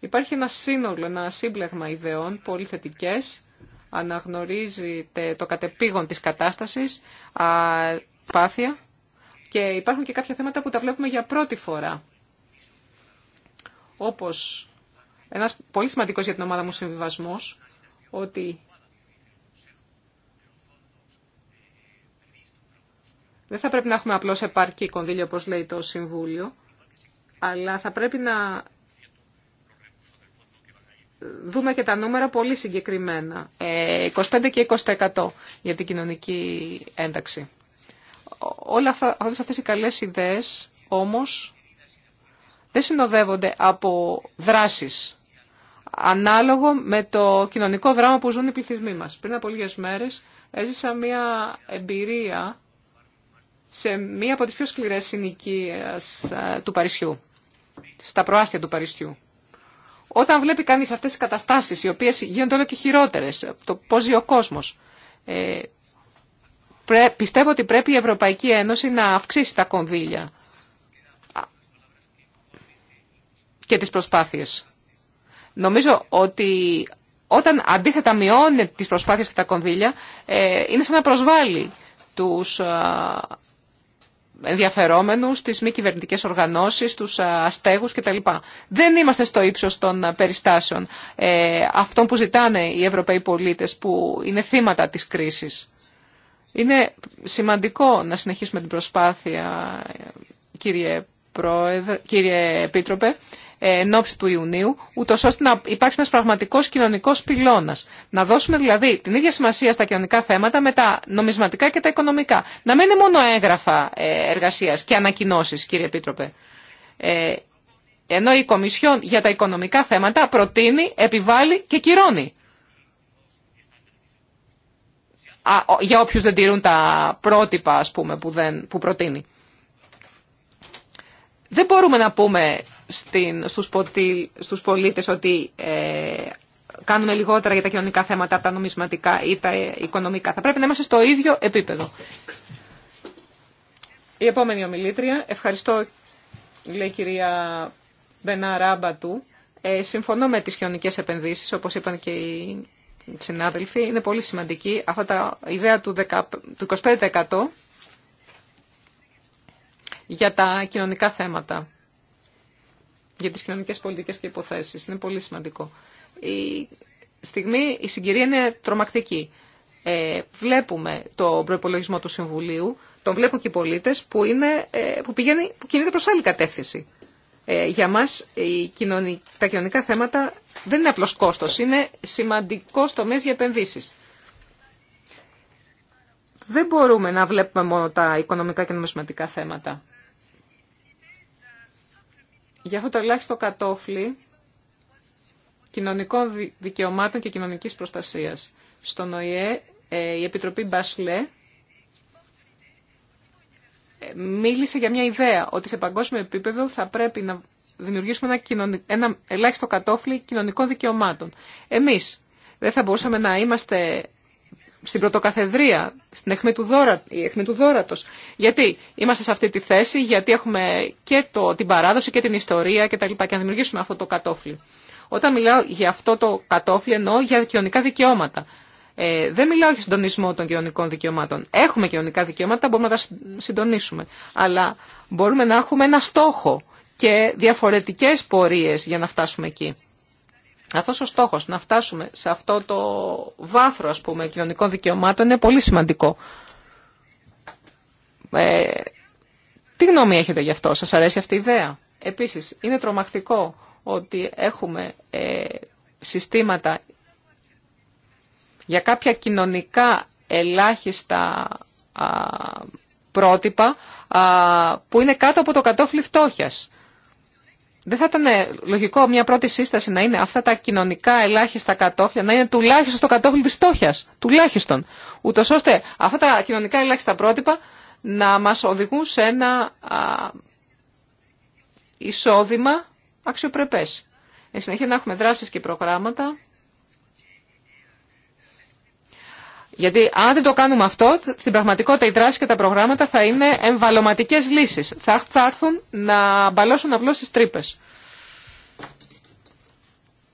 Speaker 2: Υπάρχει ένα σύνολο, ένα σύμπλεγμα ιδεών πολύ θετικέ, αναγνωρίζεται το κατεπήγον της κατάστασης, πάθεια και υπάρχουν και κάποια θέματα που τα βλέπουμε για πρώτη φορά. Όπως ένας πολύ σημαντικός για την ομάδα μου συμβιβασμός, ότι δεν θα πρέπει να έχουμε απλώς επαρκή κονδύλια όπως λέει το Συμβούλιο, αλλά θα πρέπει να δούμε και τα νούμερα πολύ συγκεκριμένα. 25 ε, και 20% για την κοινωνική ένταξη. Όλα αυτά, όλες αυτές οι καλές ιδέες όμως δεν συνοδεύονται από δράσεις ανάλογο με το κοινωνικό δράμα που ζουν οι πληθυσμοί μας. Πριν από λίγες μέρες έζησα μία εμπειρία σε μία από τις πιο σκληρές συνοικίες ε, του Παρισιού, στα προάστια του Παρισιού. Όταν βλέπει κανείς αυτές τις καταστάσεις, οι οποίες γίνονται όλο και χειρότερες, το πώς ζει ο κόσμος, ε, πιστεύω ότι πρέπει η Ευρωπαϊκή Ένωση να αυξήσει τα κονδύλια και τις προσπάθειες. Νομίζω ότι όταν αντίθετα μειώνει τις προσπάθειες και τα κονδύλια, ε, είναι σαν να προσβάλλει τους ενδιαφερόμενους, τις μη κυβερνητικέ οργανώσεις, τους αστέγους κτλ. Δεν είμαστε στο ύψος των περιστάσεων ε, αυτών που ζητάνε οι Ευρωπαίοι πολίτες που είναι θύματα της κρίσης. Είναι σημαντικό να συνεχίσουμε την προσπάθεια, ε, κύριε, Πρόεδρε, κύριε Επίτροπε, ε, εν ώψη του Ιουνίου, ούτω ώστε να υπάρξει ένα πραγματικό κοινωνικό πυλώνα. Να δώσουμε δηλαδή την ίδια σημασία στα κοινωνικά θέματα με τα νομισματικά και τα οικονομικά. Να μην είναι μόνο έγγραφα ε, εργασία και ανακοινώσει, κύριε Επίτροπε. Ε, ενώ η Κομισιόν για τα οικονομικά θέματα προτείνει, επιβάλλει και κυρώνει. για όποιους δεν τηρούν τα πρότυπα, ας πούμε, που προτείνει. Δεν μπορούμε να πούμε στην, στους, πολίτες ότι ε, κάνουμε λιγότερα για τα κοινωνικά θέματα από τα νομισματικά ή τα οικονομικά. Θα πρέπει να είμαστε στο ίδιο επίπεδο. Η επόμενη ομιλήτρια. Ευχαριστώ, λέει η κυρία Μπενά Ράμπα του. Ε, συμφωνώ με τις κοινωνικές επενδύσεις, όπως είπαν και οι συνάδελφοι. Είναι πολύ σημαντική. Αυτά τα ιδέα του, 10, του 25% για τα κοινωνικά θέματα για τις κοινωνικές πολιτικές και υποθέσεις. Είναι πολύ σημαντικό. Η στιγμή, η συγκυρία είναι τρομακτική. Ε, βλέπουμε τον προπολογισμό του Συμβουλίου, τον βλέπουν και οι πολίτες που, είναι, ε, που, πηγαίνει, που κινείται προς άλλη κατεύθυνση. Ε, για μας η τα κοινωνικά θέματα δεν είναι απλώς κόστος, είναι σημαντικός τομέας για επενδύσεις. Δεν μπορούμε να βλέπουμε μόνο τα οικονομικά και νομισματικά θέματα για αυτό το ελάχιστο κατόφλι κοινωνικών δικαιωμάτων και κοινωνικής προστασίας. Στον ΟΗΕ ε, η Επιτροπή Μπασλέ ε, μίλησε για μια ιδέα ότι σε παγκόσμιο επίπεδο θα πρέπει να δημιουργήσουμε ένα, ένα ελάχιστο κατόφλι κοινωνικών δικαιωμάτων. Εμείς δεν θα μπορούσαμε να είμαστε στην πρωτοκαθεδρία, στην αιχμή του, δώρα, η αιχμή Γιατί είμαστε σε αυτή τη θέση, γιατί έχουμε και το, την παράδοση και την ιστορία και τα λοιπά και να δημιουργήσουμε αυτό το κατόφλι. Όταν μιλάω για αυτό το κατόφλι εννοώ για κοινωνικά δικαιώματα. Ε, δεν μιλάω για συντονισμό των κοινωνικών δικαιωμάτων. Έχουμε κοινωνικά δικαιώματα, μπορούμε να τα συντονίσουμε. Αλλά μπορούμε να έχουμε ένα στόχο και διαφορετικές πορείες για να φτάσουμε εκεί. Αυτό ο στόχος να φτάσουμε σε αυτό το βάθρο ας πούμε, κοινωνικών δικαιωμάτων είναι πολύ σημαντικό. Ε, τι γνώμη έχετε γι' αυτό, σας αρέσει αυτή η ιδέα. Επίσης, είναι τρομακτικό ότι έχουμε ε, συστήματα για κάποια κοινωνικά ελάχιστα α, πρότυπα α, που είναι κάτω από το κατόφλι φτώχειας. Δεν θα ήταν λογικό μια πρώτη σύσταση να είναι αυτά τα κοινωνικά ελάχιστα κατόφλια, να είναι τουλάχιστον στο κατόφλι τη στόχιας, τουλάχιστον, ούτω ώστε αυτά τα κοινωνικά ελάχιστα πρότυπα να μας οδηγούν σε ένα εισόδημα αξιοπρεπέ. Εν συνεχεία να έχουμε δράσεις και προγράμματα Γιατί αν δεν το κάνουμε αυτό, στην πραγματικότητα οι δράσει και τα προγράμματα θα είναι εμβαλωματικέ λύσει. Θα, έρθουν να μπαλώσουν απλώ τι τρύπε.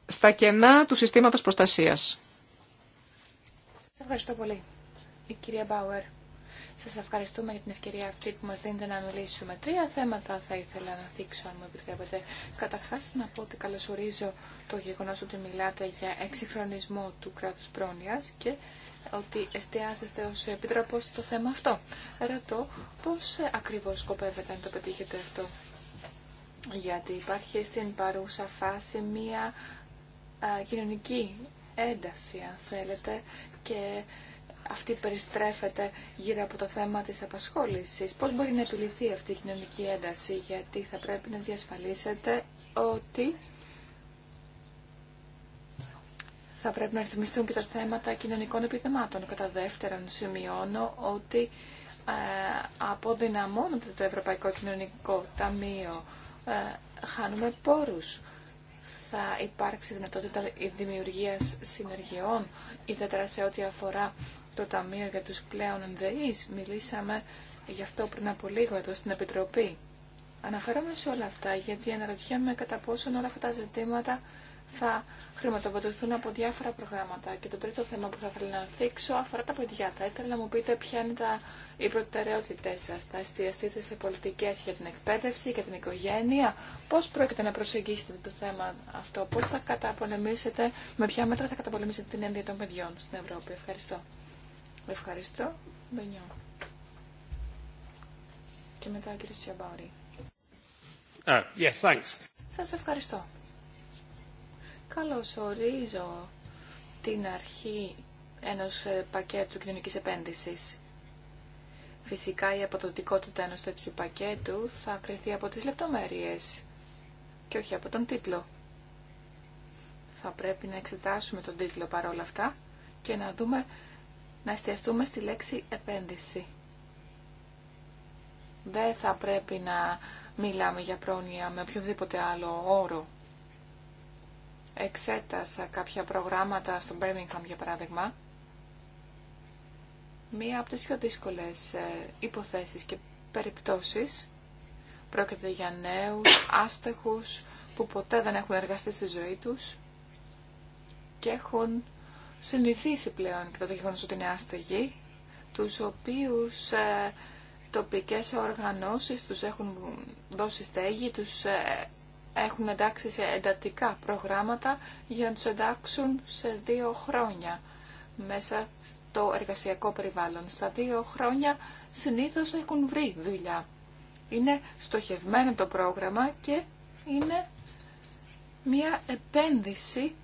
Speaker 2: Στα κενά του συστήματο προστασία. Σα
Speaker 3: ευχαριστώ πολύ, η κυρία Μπάουερ. Σα ευχαριστούμε για την ευκαιρία αυτή που μα δίνετε να μιλήσουμε. Τρία θέματα θα ήθελα να θίξω, αν μου επιτρέπετε. Καταρχά, να πω ότι καλωσορίζω το γεγονό ότι μιλάτε για εξυγχρονισμό του κράτου πρόνοια και ότι εστιάζεστε ως επίτροπο στο θέμα αυτό. Ρωτώ πώς ακριβώς σκοπεύετε να το πετύχετε αυτό. Γιατί υπάρχει στην παρούσα φάση μία κοινωνική ένταση, αν θέλετε, και αυτή περιστρέφεται γύρω από το θέμα της απασχόλησης. Πώς μπορεί να επιληθεί αυτή η κοινωνική ένταση, γιατί θα πρέπει να διασφαλίσετε ότι θα πρέπει να ρυθμιστούν και τα θέματα κοινωνικών επιδεμάτων. Κατά δεύτερον, σημειώνω ότι ε, αποδυναμώνεται το Ευρωπαϊκό Κοινωνικό Ταμείο. Ε, χάνουμε πόρους. Θα υπάρξει δυνατότητα δημιουργίας συνεργειών, ιδιαίτερα σε ό,τι αφορά το Ταμείο για τους πλέον ενδεείς. Μιλήσαμε γι' αυτό πριν από λίγο εδώ στην Επιτροπή. Αναφέρομαι σε όλα αυτά γιατί αναρωτιέμαι κατά πόσον όλα αυτά τα ζητήματα θα χρηματοδοτηθούν από διάφορα προγράμματα. Και το τρίτο θέμα που θα ήθελα να θίξω αφορά τα παιδιά. Θα ήθελα να μου πείτε ποια είναι τα, οι προτεραιότητέ σα. Θα εστιαστείτε σε πολιτικέ για την εκπαίδευση και την οικογένεια. Πώ πρόκειται να προσεγγίσετε το θέμα αυτό, πώ θα καταπολεμήσετε, με ποια μέτρα θα καταπολεμήσετε την ένδυα των παιδιών στην Ευρώπη. Ευχαριστώ. Ευχαριστώ. Μπενιό. Και μετά ο κ. Uh, yes, thanks. Σας ευχαριστώ ορίζω την αρχή ενός ε, πακέτου κοινωνικής επένδυσης. Φυσικά η αποδοτικότητα ενός τέτοιου πακέτου θα κρυθεί από τις λεπτομέρειες και όχι από τον τίτλο. Θα πρέπει να εξετάσουμε τον τίτλο παρόλα αυτά και να δούμε, να εστιαστούμε στη λέξη επένδυση. Δεν θα πρέπει να μιλάμε για πρόνοια με οποιοδήποτε άλλο όρο εξέτασα κάποια προγράμματα στο Birmingham για παράδειγμα, μία από τις πιο δύσκολες ε, υποθέσεις και περιπτώσεις πρόκειται για νέους, άστεχους, που ποτέ δεν έχουν εργαστεί στη ζωή τους και έχουν συνηθίσει πλέον και το γεγονός ότι είναι άστεγοι, τους οποίους ε, τοπικές οργανώσεις τους έχουν δώσει στέγη, τους ε, έχουν εντάξει σε εντατικά προγράμματα για να τους εντάξουν σε δύο χρόνια μέσα στο εργασιακό περιβάλλον. Στα δύο χρόνια συνήθως έχουν βρει δουλειά. Είναι στοχευμένο το πρόγραμμα και είναι μια επένδυση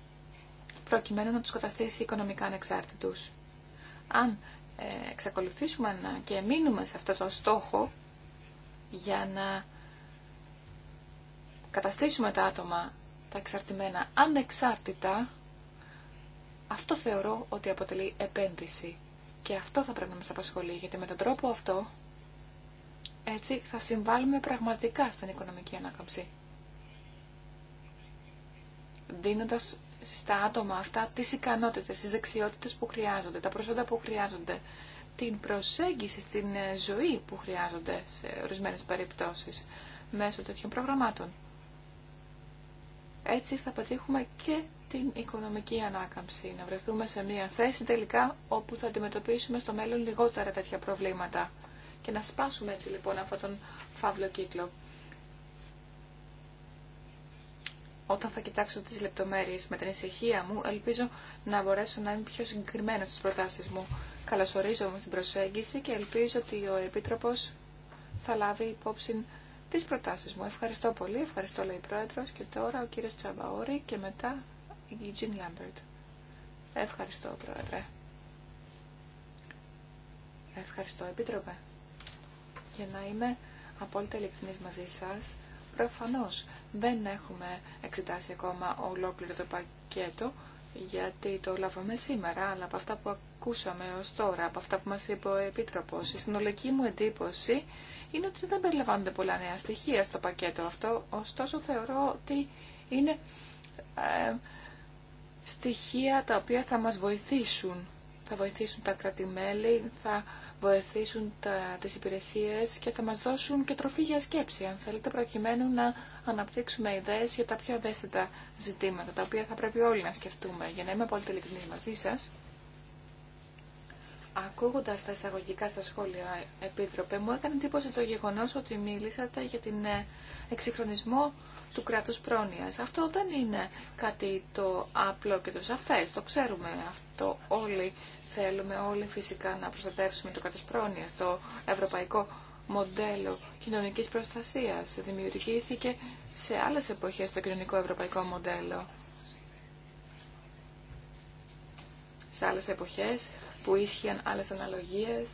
Speaker 3: προκειμένου να τους καταστήσει οικονομικά ανεξάρτητους. Αν ε, εξακολουθήσουμε να και μείνουμε σε αυτό το στόχο για να καταστήσουμε τα άτομα τα εξαρτημένα ανεξάρτητα, αυτό θεωρώ ότι αποτελεί επένδυση. Και αυτό θα πρέπει να μας απασχολεί, γιατί με τον τρόπο αυτό έτσι θα συμβάλλουμε πραγματικά στην οικονομική ανάκαμψη. Δίνοντας στα άτομα αυτά τις ικανότητες, τις δεξιότητες που χρειάζονται, τα προσόντα που χρειάζονται, την προσέγγιση στην ε, ζωή που χρειάζονται σε ορισμένες περιπτώσεις μέσω τέτοιων προγραμμάτων. Έτσι θα πετύχουμε και την οικονομική ανάκαμψη, να βρεθούμε σε μια θέση τελικά όπου θα αντιμετωπίσουμε στο μέλλον λιγότερα τέτοια προβλήματα και να σπάσουμε έτσι λοιπόν αυτόν τον φαύλο κύκλο. Όταν θα κοιτάξω τις λεπτομέρειες με την ησυχία μου, ελπίζω να μπορέσω να είμαι πιο συγκεκριμένο στις προτάσεις μου. Καλωσορίζω όμως την προσέγγιση και ελπίζω ότι ο Επίτροπος θα λάβει υπόψη τι προτάσεις μου. Ευχαριστώ πολύ, ευχαριστώ λέει η Πρόεδρος και τώρα ο κύριος Τσαμπαόρη και μετά η Γιν Λάμπερτ Ευχαριστώ Πρόεδρε. Ευχαριστώ Επίτροπε. Για να είμαι απόλυτα ειλικρινή μαζί σα. Προφανώ. δεν έχουμε εξετάσει ακόμα ολόκληρο το πακέτο, γιατί το λάβαμε σήμερα, αλλά από αυτά που ακούσαμε ως τώρα από αυτά που μας είπε ο Επίτροπος. Η συνολική μου εντύπωση είναι ότι δεν περιλαμβάνονται πολλά νέα στοιχεία στο πακέτο αυτό, ωστόσο θεωρώ ότι είναι ε, στοιχεία τα οποία θα μας βοηθήσουν. Θα βοηθήσουν τα κρατημέλη, θα βοηθήσουν τα, τις υπηρεσίες και θα μας δώσουν και τροφή για σκέψη, αν θέλετε, προκειμένου να αναπτύξουμε ιδέες για τα πιο ευαίσθητα ζητήματα, τα οποία θα πρέπει όλοι να σκεφτούμε. Για να είμαι πολύ ειλικρινής μαζί σας, Ακούγοντα τα εισαγωγικά στα σχόλια, Επίτροπε, μου έκανε εντύπωση το γεγονό ότι μίλησατε για την ε, εξυγχρονισμό του κράτου πρόνοια. Αυτό δεν είναι κάτι το απλό και το σαφέ. Το ξέρουμε αυτό όλοι. Θέλουμε όλοι φυσικά να προστατεύσουμε το κράτο πρόνοια, το ευρωπαϊκό μοντέλο κοινωνικής προστασίας. Δημιουργήθηκε σε άλλες εποχές το κοινωνικό ευρωπαϊκό μοντέλο. Σε άλλες εποχές που ίσχυαν άλλες αναλογίες.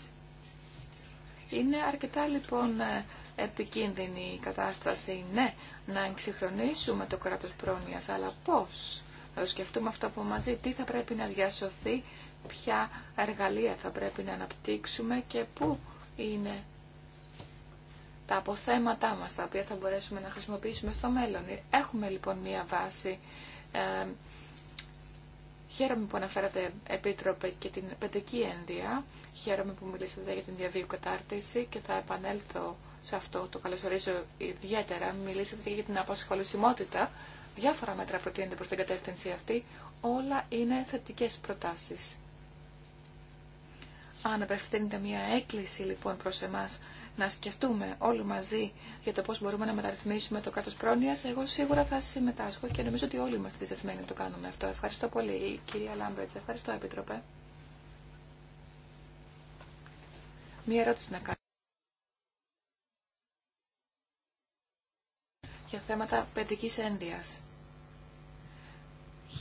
Speaker 3: Είναι αρκετά λοιπόν ε, επικίνδυνη η κατάσταση, ναι, να εξυγχρονίσουμε το κράτος πρόνοιας, αλλά πώς. Να το σκεφτούμε αυτό από μαζί, τι θα πρέπει να διασωθεί, ποια εργαλεία θα πρέπει να αναπτύξουμε και πού είναι τα αποθέματά μας, τα οποία θα μπορέσουμε να χρησιμοποιήσουμε στο μέλλον. Έχουμε λοιπόν μία βάση ε, Χαίρομαι που αναφέρατε, Επίτροπε, και την παιδική ενδία, Χαίρομαι που μιλήσατε για την διαβίου κατάρτιση και θα επανέλθω σε αυτό. Το καλωσορίζω ιδιαίτερα. Μιλήσατε και για την απασχολησιμότητα. Διάφορα μέτρα προτείνονται προς την κατεύθυνση αυτή. Όλα είναι θετικές προτάσεις. Αν απευθύνεται μια έκκληση λοιπόν προς εμάς να σκεφτούμε όλοι μαζί για το πώς μπορούμε να μεταρρυθμίσουμε το κάτω πρόνοιας, εγώ σίγουρα θα συμμετάσχω και νομίζω ότι όλοι είμαστε διευθυμένοι να το κάνουμε αυτό. Ευχαριστώ πολύ, κυρία Λάμπερτς. Ευχαριστώ, Επίτροπε. Μία ερώτηση να κάνω. Για θέματα παιδικής ένδυας.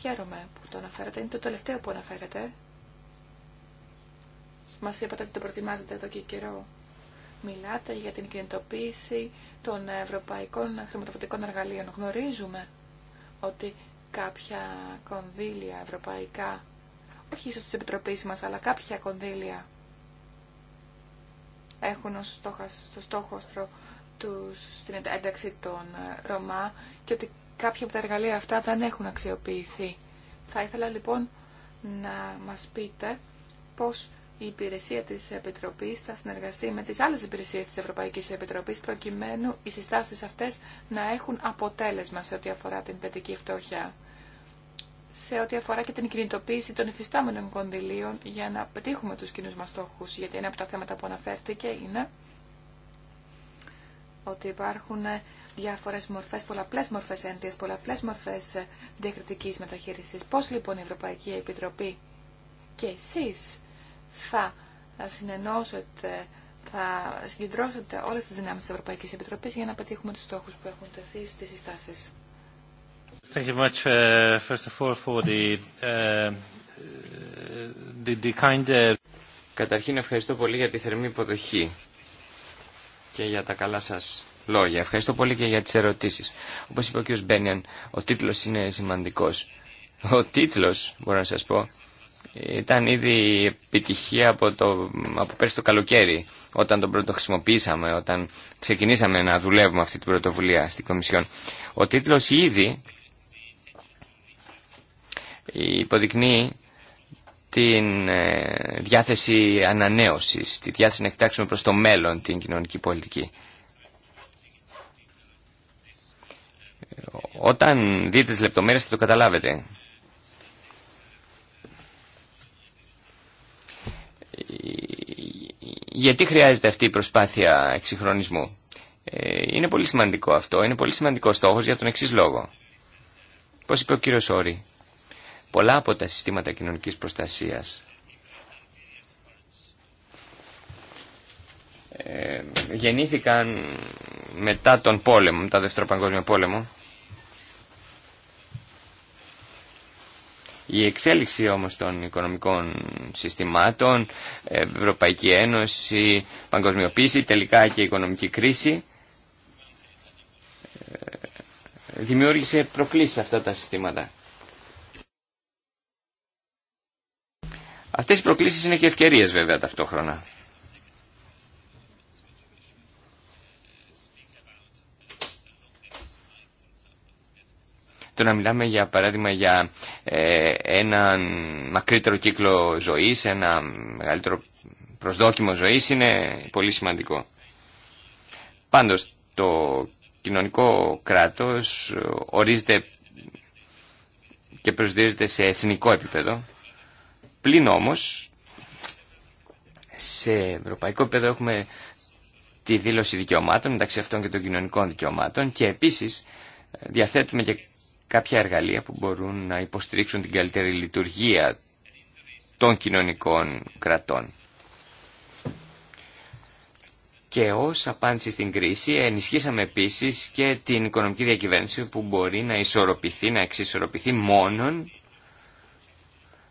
Speaker 3: Χαίρομαι που το αναφέρατε. Είναι το τελευταίο που αναφέρατε. Μας είπατε ότι το προτιμάζετε εδώ και καιρό. Μιλάτε για την κινητοποίηση των ευρωπαϊκών χρηματοδοτικών εργαλείων. Γνωρίζουμε ότι κάποια κονδύλια ευρωπαϊκά, όχι ίσως της Επιτροπής μας, αλλά κάποια κονδύλια έχουν ως στόχο, στο τους, ένταξη των ε, Ρωμά και ότι κάποια από τα εργαλεία αυτά δεν έχουν αξιοποιηθεί. Θα ήθελα λοιπόν να μας πείτε πώς η υπηρεσία τη Επιτροπή θα συνεργαστεί με τι άλλε υπηρεσίε τη Ευρωπαϊκή Επιτροπή προκειμένου οι συστάσει αυτέ να έχουν αποτέλεσμα σε ό,τι αφορά την παιδική φτώχεια σε ό,τι αφορά και την κινητοποίηση των υφιστάμενων κονδυλίων για να πετύχουμε του κοινού μα στόχου, Γιατί ένα από τα θέματα που αναφέρθηκε είναι ότι υπάρχουν διάφορε μορφέ, πολλαπλέ μορφέ ένδυα, πολλαπλέ μορφέ διακριτική μεταχείριση. Πώ λοιπόν η Ευρωπαϊκή Επιτροπή και εσεί θα συνενώσετε, θα συγκεντρώσετε όλες τις δυνάμεις της Ευρωπαϊκής Επιτροπής για να πετύχουμε τους στόχους που έχουν τεθεί στις συστάσεις.
Speaker 1: Thank you much, uh, first of all, for the, uh, the, the kind... Uh, Καταρχήν ευχαριστώ πολύ για τη θερμή υποδοχή και για τα καλά σας λόγια. Ευχαριστώ πολύ και για τις ερωτήσεις. Όπως είπε ο κ. Μπένιαν, ο τίτλος είναι σημαντικός. Ο τίτλος, μπορώ να σας πω, ήταν ήδη επιτυχία από, το, από πέρσι το καλοκαίρι, όταν τον πρώτο χρησιμοποίησαμε, όταν ξεκινήσαμε να δουλεύουμε αυτή την πρωτοβουλία στην Κομισιόν. Ο τίτλος ήδη υποδεικνύει την ε, διάθεση ανανέωσης, τη διάθεση να κοιτάξουμε προς το μέλλον την κοινωνική πολιτική. Όταν δείτε τις λεπτομέρειες θα το καταλάβετε. γιατί χρειάζεται αυτή η προσπάθεια εξυγχρονισμού. Ε, είναι πολύ σημαντικό αυτό, είναι πολύ σημαντικό στόχος για τον εξής λόγο. Πώς είπε ο κύριος Όρη, πολλά από τα συστήματα κοινωνικής προστασίας ε, γεννήθηκαν μετά τον πόλεμο, μετά τον Δεύτερο Παγκόσμιο Πόλεμο Η εξέλιξη όμως των οικονομικών συστημάτων, Ευρωπαϊκή Ένωση, παγκοσμιοποίηση, τελικά και η οικονομική κρίση ε, δημιούργησε προκλήσεις σε αυτά τα συστήματα. Αυτές οι προκλήσεις είναι και ευκαιρίες βέβαια ταυτόχρονα. το να μιλάμε για παράδειγμα για ε, έναν μακρύτερο κύκλο ζωής, ένα μεγαλύτερο προσδόκιμο ζωής είναι πολύ σημαντικό. Πάντως το κοινωνικό κράτος ορίζεται και προσδιορίζεται σε εθνικό επίπεδο. Πλην όμως σε ευρωπαϊκό επίπεδο έχουμε τη δήλωση δικαιωμάτων μεταξύ αυτών και των κοινωνικών δικαιωμάτων και επίσης ε, διαθέτουμε και κάποια εργαλεία που μπορούν να υποστηρίξουν την καλύτερη λειτουργία των κοινωνικών κρατών. Και ως απάντηση στην κρίση ενισχύσαμε επίσης και την οικονομική διακυβέρνηση που μπορεί να ισορροπηθεί, να εξισορροπηθεί μόνον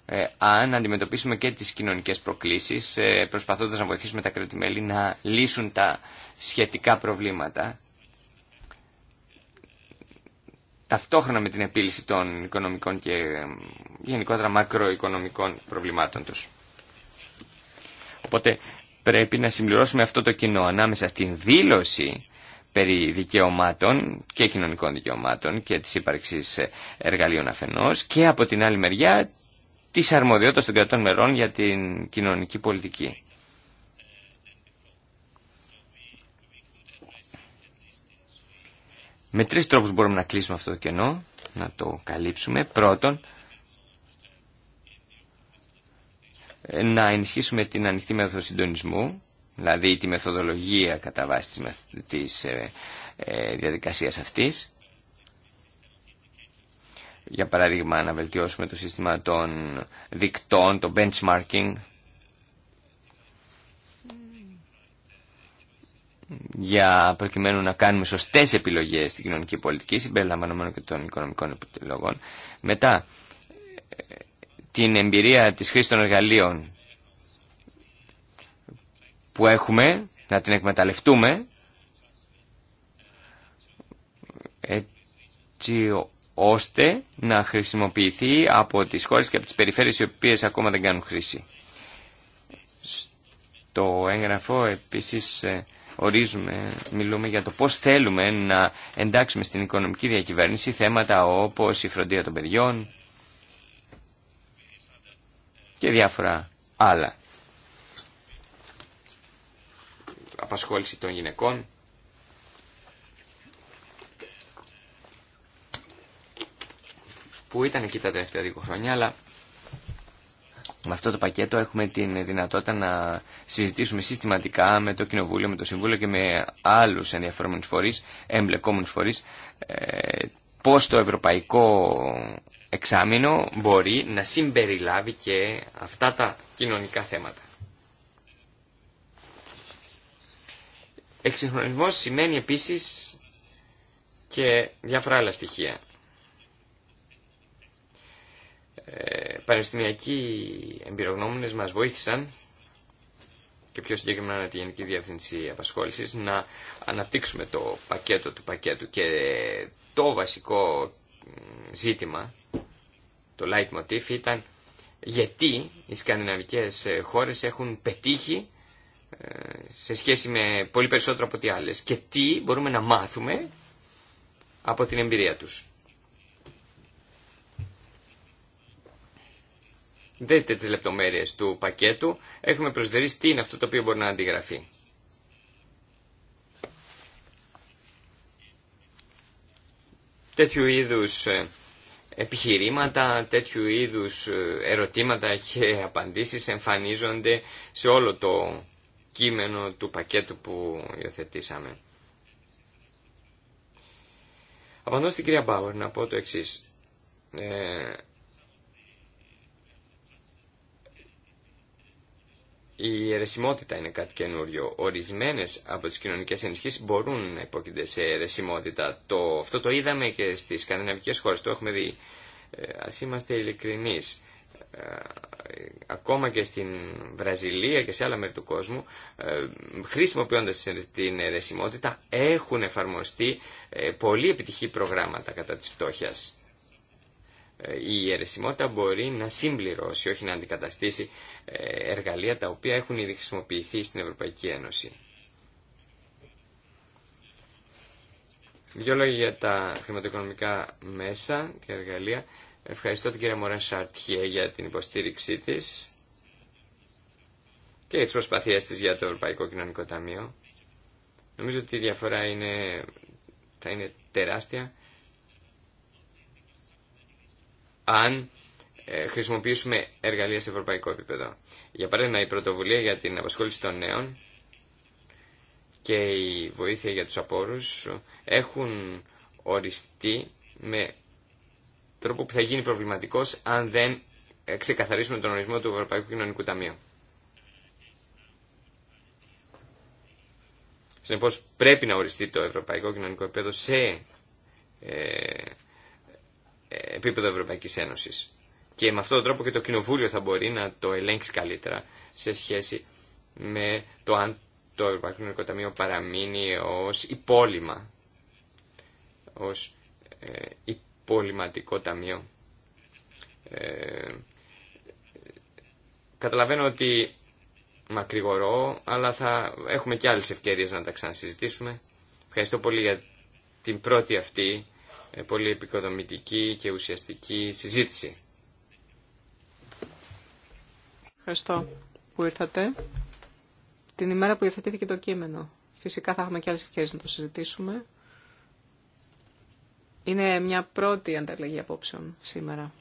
Speaker 1: ε, αν αντιμετωπίσουμε και τις κοινωνικές προκλήσεις ε, προσπαθώντας να βοηθήσουμε τα κρατημέλη να λύσουν τα σχετικά προβλήματα ταυτόχρονα με την επίλυση των οικονομικών και γενικότερα μακροοικονομικών προβλημάτων τους. Οπότε πρέπει να συμπληρώσουμε αυτό το κοινό ανάμεσα στην δήλωση περί δικαιωμάτων και κοινωνικών δικαιωμάτων και της ύπαρξης εργαλείων αφενός και από την άλλη μεριά της αρμοδιότητας των κρατών μερών για την κοινωνική πολιτική. Με τρεις τρόπους μπορούμε να κλείσουμε αυτό το κενό, να το καλύψουμε. Πρώτον, να ενισχύσουμε την ανοιχτή μέθοδο συντονισμού, δηλαδή τη μεθοδολογία κατά βάση της ε, ε, διαδικασίας αυτής. Για παράδειγμα, να βελτιώσουμε το σύστημα των δικτών, το benchmarking, για προκειμένου να κάνουμε σωστές επιλογές στην κοινωνική πολιτική συμπεριλαμβανομένων και των οικονομικών επιλογών μετά την εμπειρία της χρήσης των εργαλείων που έχουμε να την εκμεταλλευτούμε έτσι ώστε να χρησιμοποιηθεί από τις χώρες και από τις περιφέρειες οι οποίες ακόμα δεν κάνουν χρήση. Το έγγραφο επίσης ε, ορίζουμε, μιλούμε για το πώς θέλουμε να εντάξουμε στην οικονομική διακυβέρνηση θέματα όπως η φροντίδα των παιδιών και διάφορα άλλα. Απασχόληση των γυναικών. που ήταν εκεί τα τελευταία δύο χρόνια, αλλά με αυτό το πακέτο έχουμε τη δυνατότητα να συζητήσουμε συστηματικά με το Κοινοβούλιο, με το Συμβούλιο και με άλλους ενδιαφερόμενους φορείς, εμπλεκόμενους φορείς, ε, πώς το ευρωπαϊκό εξάμεινο μπορεί να συμπεριλάβει και αυτά τα κοινωνικά θέματα. Εξυγχρονισμός σημαίνει επίσης και διάφορα άλλα στοιχεία. πανεπιστημιακοί εμπειρογνώμονες μας βοήθησαν και πιο συγκεκριμένα τη Γενική Διεύθυνση Απασχόλησης να αναπτύξουμε το πακέτο του πακέτου και το βασικό ζήτημα, το light motif ήταν γιατί οι σκανδιναβικές ε, χώρες έχουν πετύχει ε, σε σχέση με πολύ περισσότερο από τι άλλες και τι μπορούμε να μάθουμε από την εμπειρία τους. δεν δείτε τις λεπτομέρειες του πακέτου, έχουμε προσδερήσει τι είναι αυτό το οποίο μπορεί να αντιγραφεί. Τέτοιου είδους ε, επιχειρήματα, τέτοιου είδους ε, ερωτήματα και απαντήσεις εμφανίζονται σε όλο το κείμενο του πακέτου που υιοθετήσαμε. Απαντώ στην κυρία Μπάουερ να πω το εξής. Ε, Η αιρεσιμότητα είναι κάτι καινούριο. Ορισμένες από τις κοινωνικές ενισχύσεις μπορούν να υπόκεινται σε αιρεσιμότητα. Το, αυτό το είδαμε και στις σκανδιναβικές χώρες, το έχουμε δει. Ε, ας είμαστε ειλικρινεί. Ε, ακόμα και στην Βραζιλία και σε άλλα μέρη του κόσμου, ε, χρησιμοποιώντας την αιρεσιμότητα, έχουν εφαρμοστεί ε, πολύ επιτυχή προγράμματα κατά της φτώχειας. Ε, η αιρεσιμότητα μπορεί να συμπληρώσει, όχι να αντικαταστήσει ε, εργαλεία τα οποία έχουν ήδη χρησιμοποιηθεί στην Ευρωπαϊκή Ένωση. Δυο λόγια για τα χρηματοοικονομικά μέσα και εργαλεία. Ευχαριστώ την κυρία Μωρέν Σαρτιέ για την υποστήριξή της και τις προσπαθίες της για το Ευρωπαϊκό Κοινωνικό Ταμείο. Νομίζω ότι η διαφορά είναι, θα είναι τεράστια αν ε, χρησιμοποιήσουμε εργαλεία σε ευρωπαϊκό επίπεδο. Για παράδειγμα, η πρωτοβουλία για την απασχόληση των νέων και η βοήθεια για τους απόρους έχουν οριστεί με τρόπο που θα γίνει προβληματικός αν δεν ε, ξεκαθαρίσουμε τον ορισμό του Ευρωπαϊκού Κοινωνικού Ταμείου. Συνεπώς, πρέπει να οριστεί το Ευρωπαϊκό Κοινωνικό Επίπεδο σε ε, επίπεδο ευρωπαϊκή Ένωση. Και με αυτόν τον τρόπο και το Κοινοβούλιο θα μπορεί να το ελέγξει καλύτερα σε σχέση με το αν το Ευρωπαϊκό Ταμείο παραμείνει ως υπόλοιμα, ως ε, υπόλοιματικό ταμείο. Ε, καταλαβαίνω ότι μακρηγορώ, αλλά θα έχουμε και άλλες ευκαιρίες να τα ξανασυζητήσουμε. Ευχαριστώ πολύ για την πρώτη αυτή ε, πολύ επικοδομητική και ουσιαστική συζήτηση.
Speaker 2: Ευχαριστώ που ήρθατε. Την ημέρα που υιοθετήθηκε το κείμενο. Φυσικά θα έχουμε και άλλες ευκαιρίες να το συζητήσουμε. Είναι μια πρώτη ανταλλαγή απόψεων σήμερα.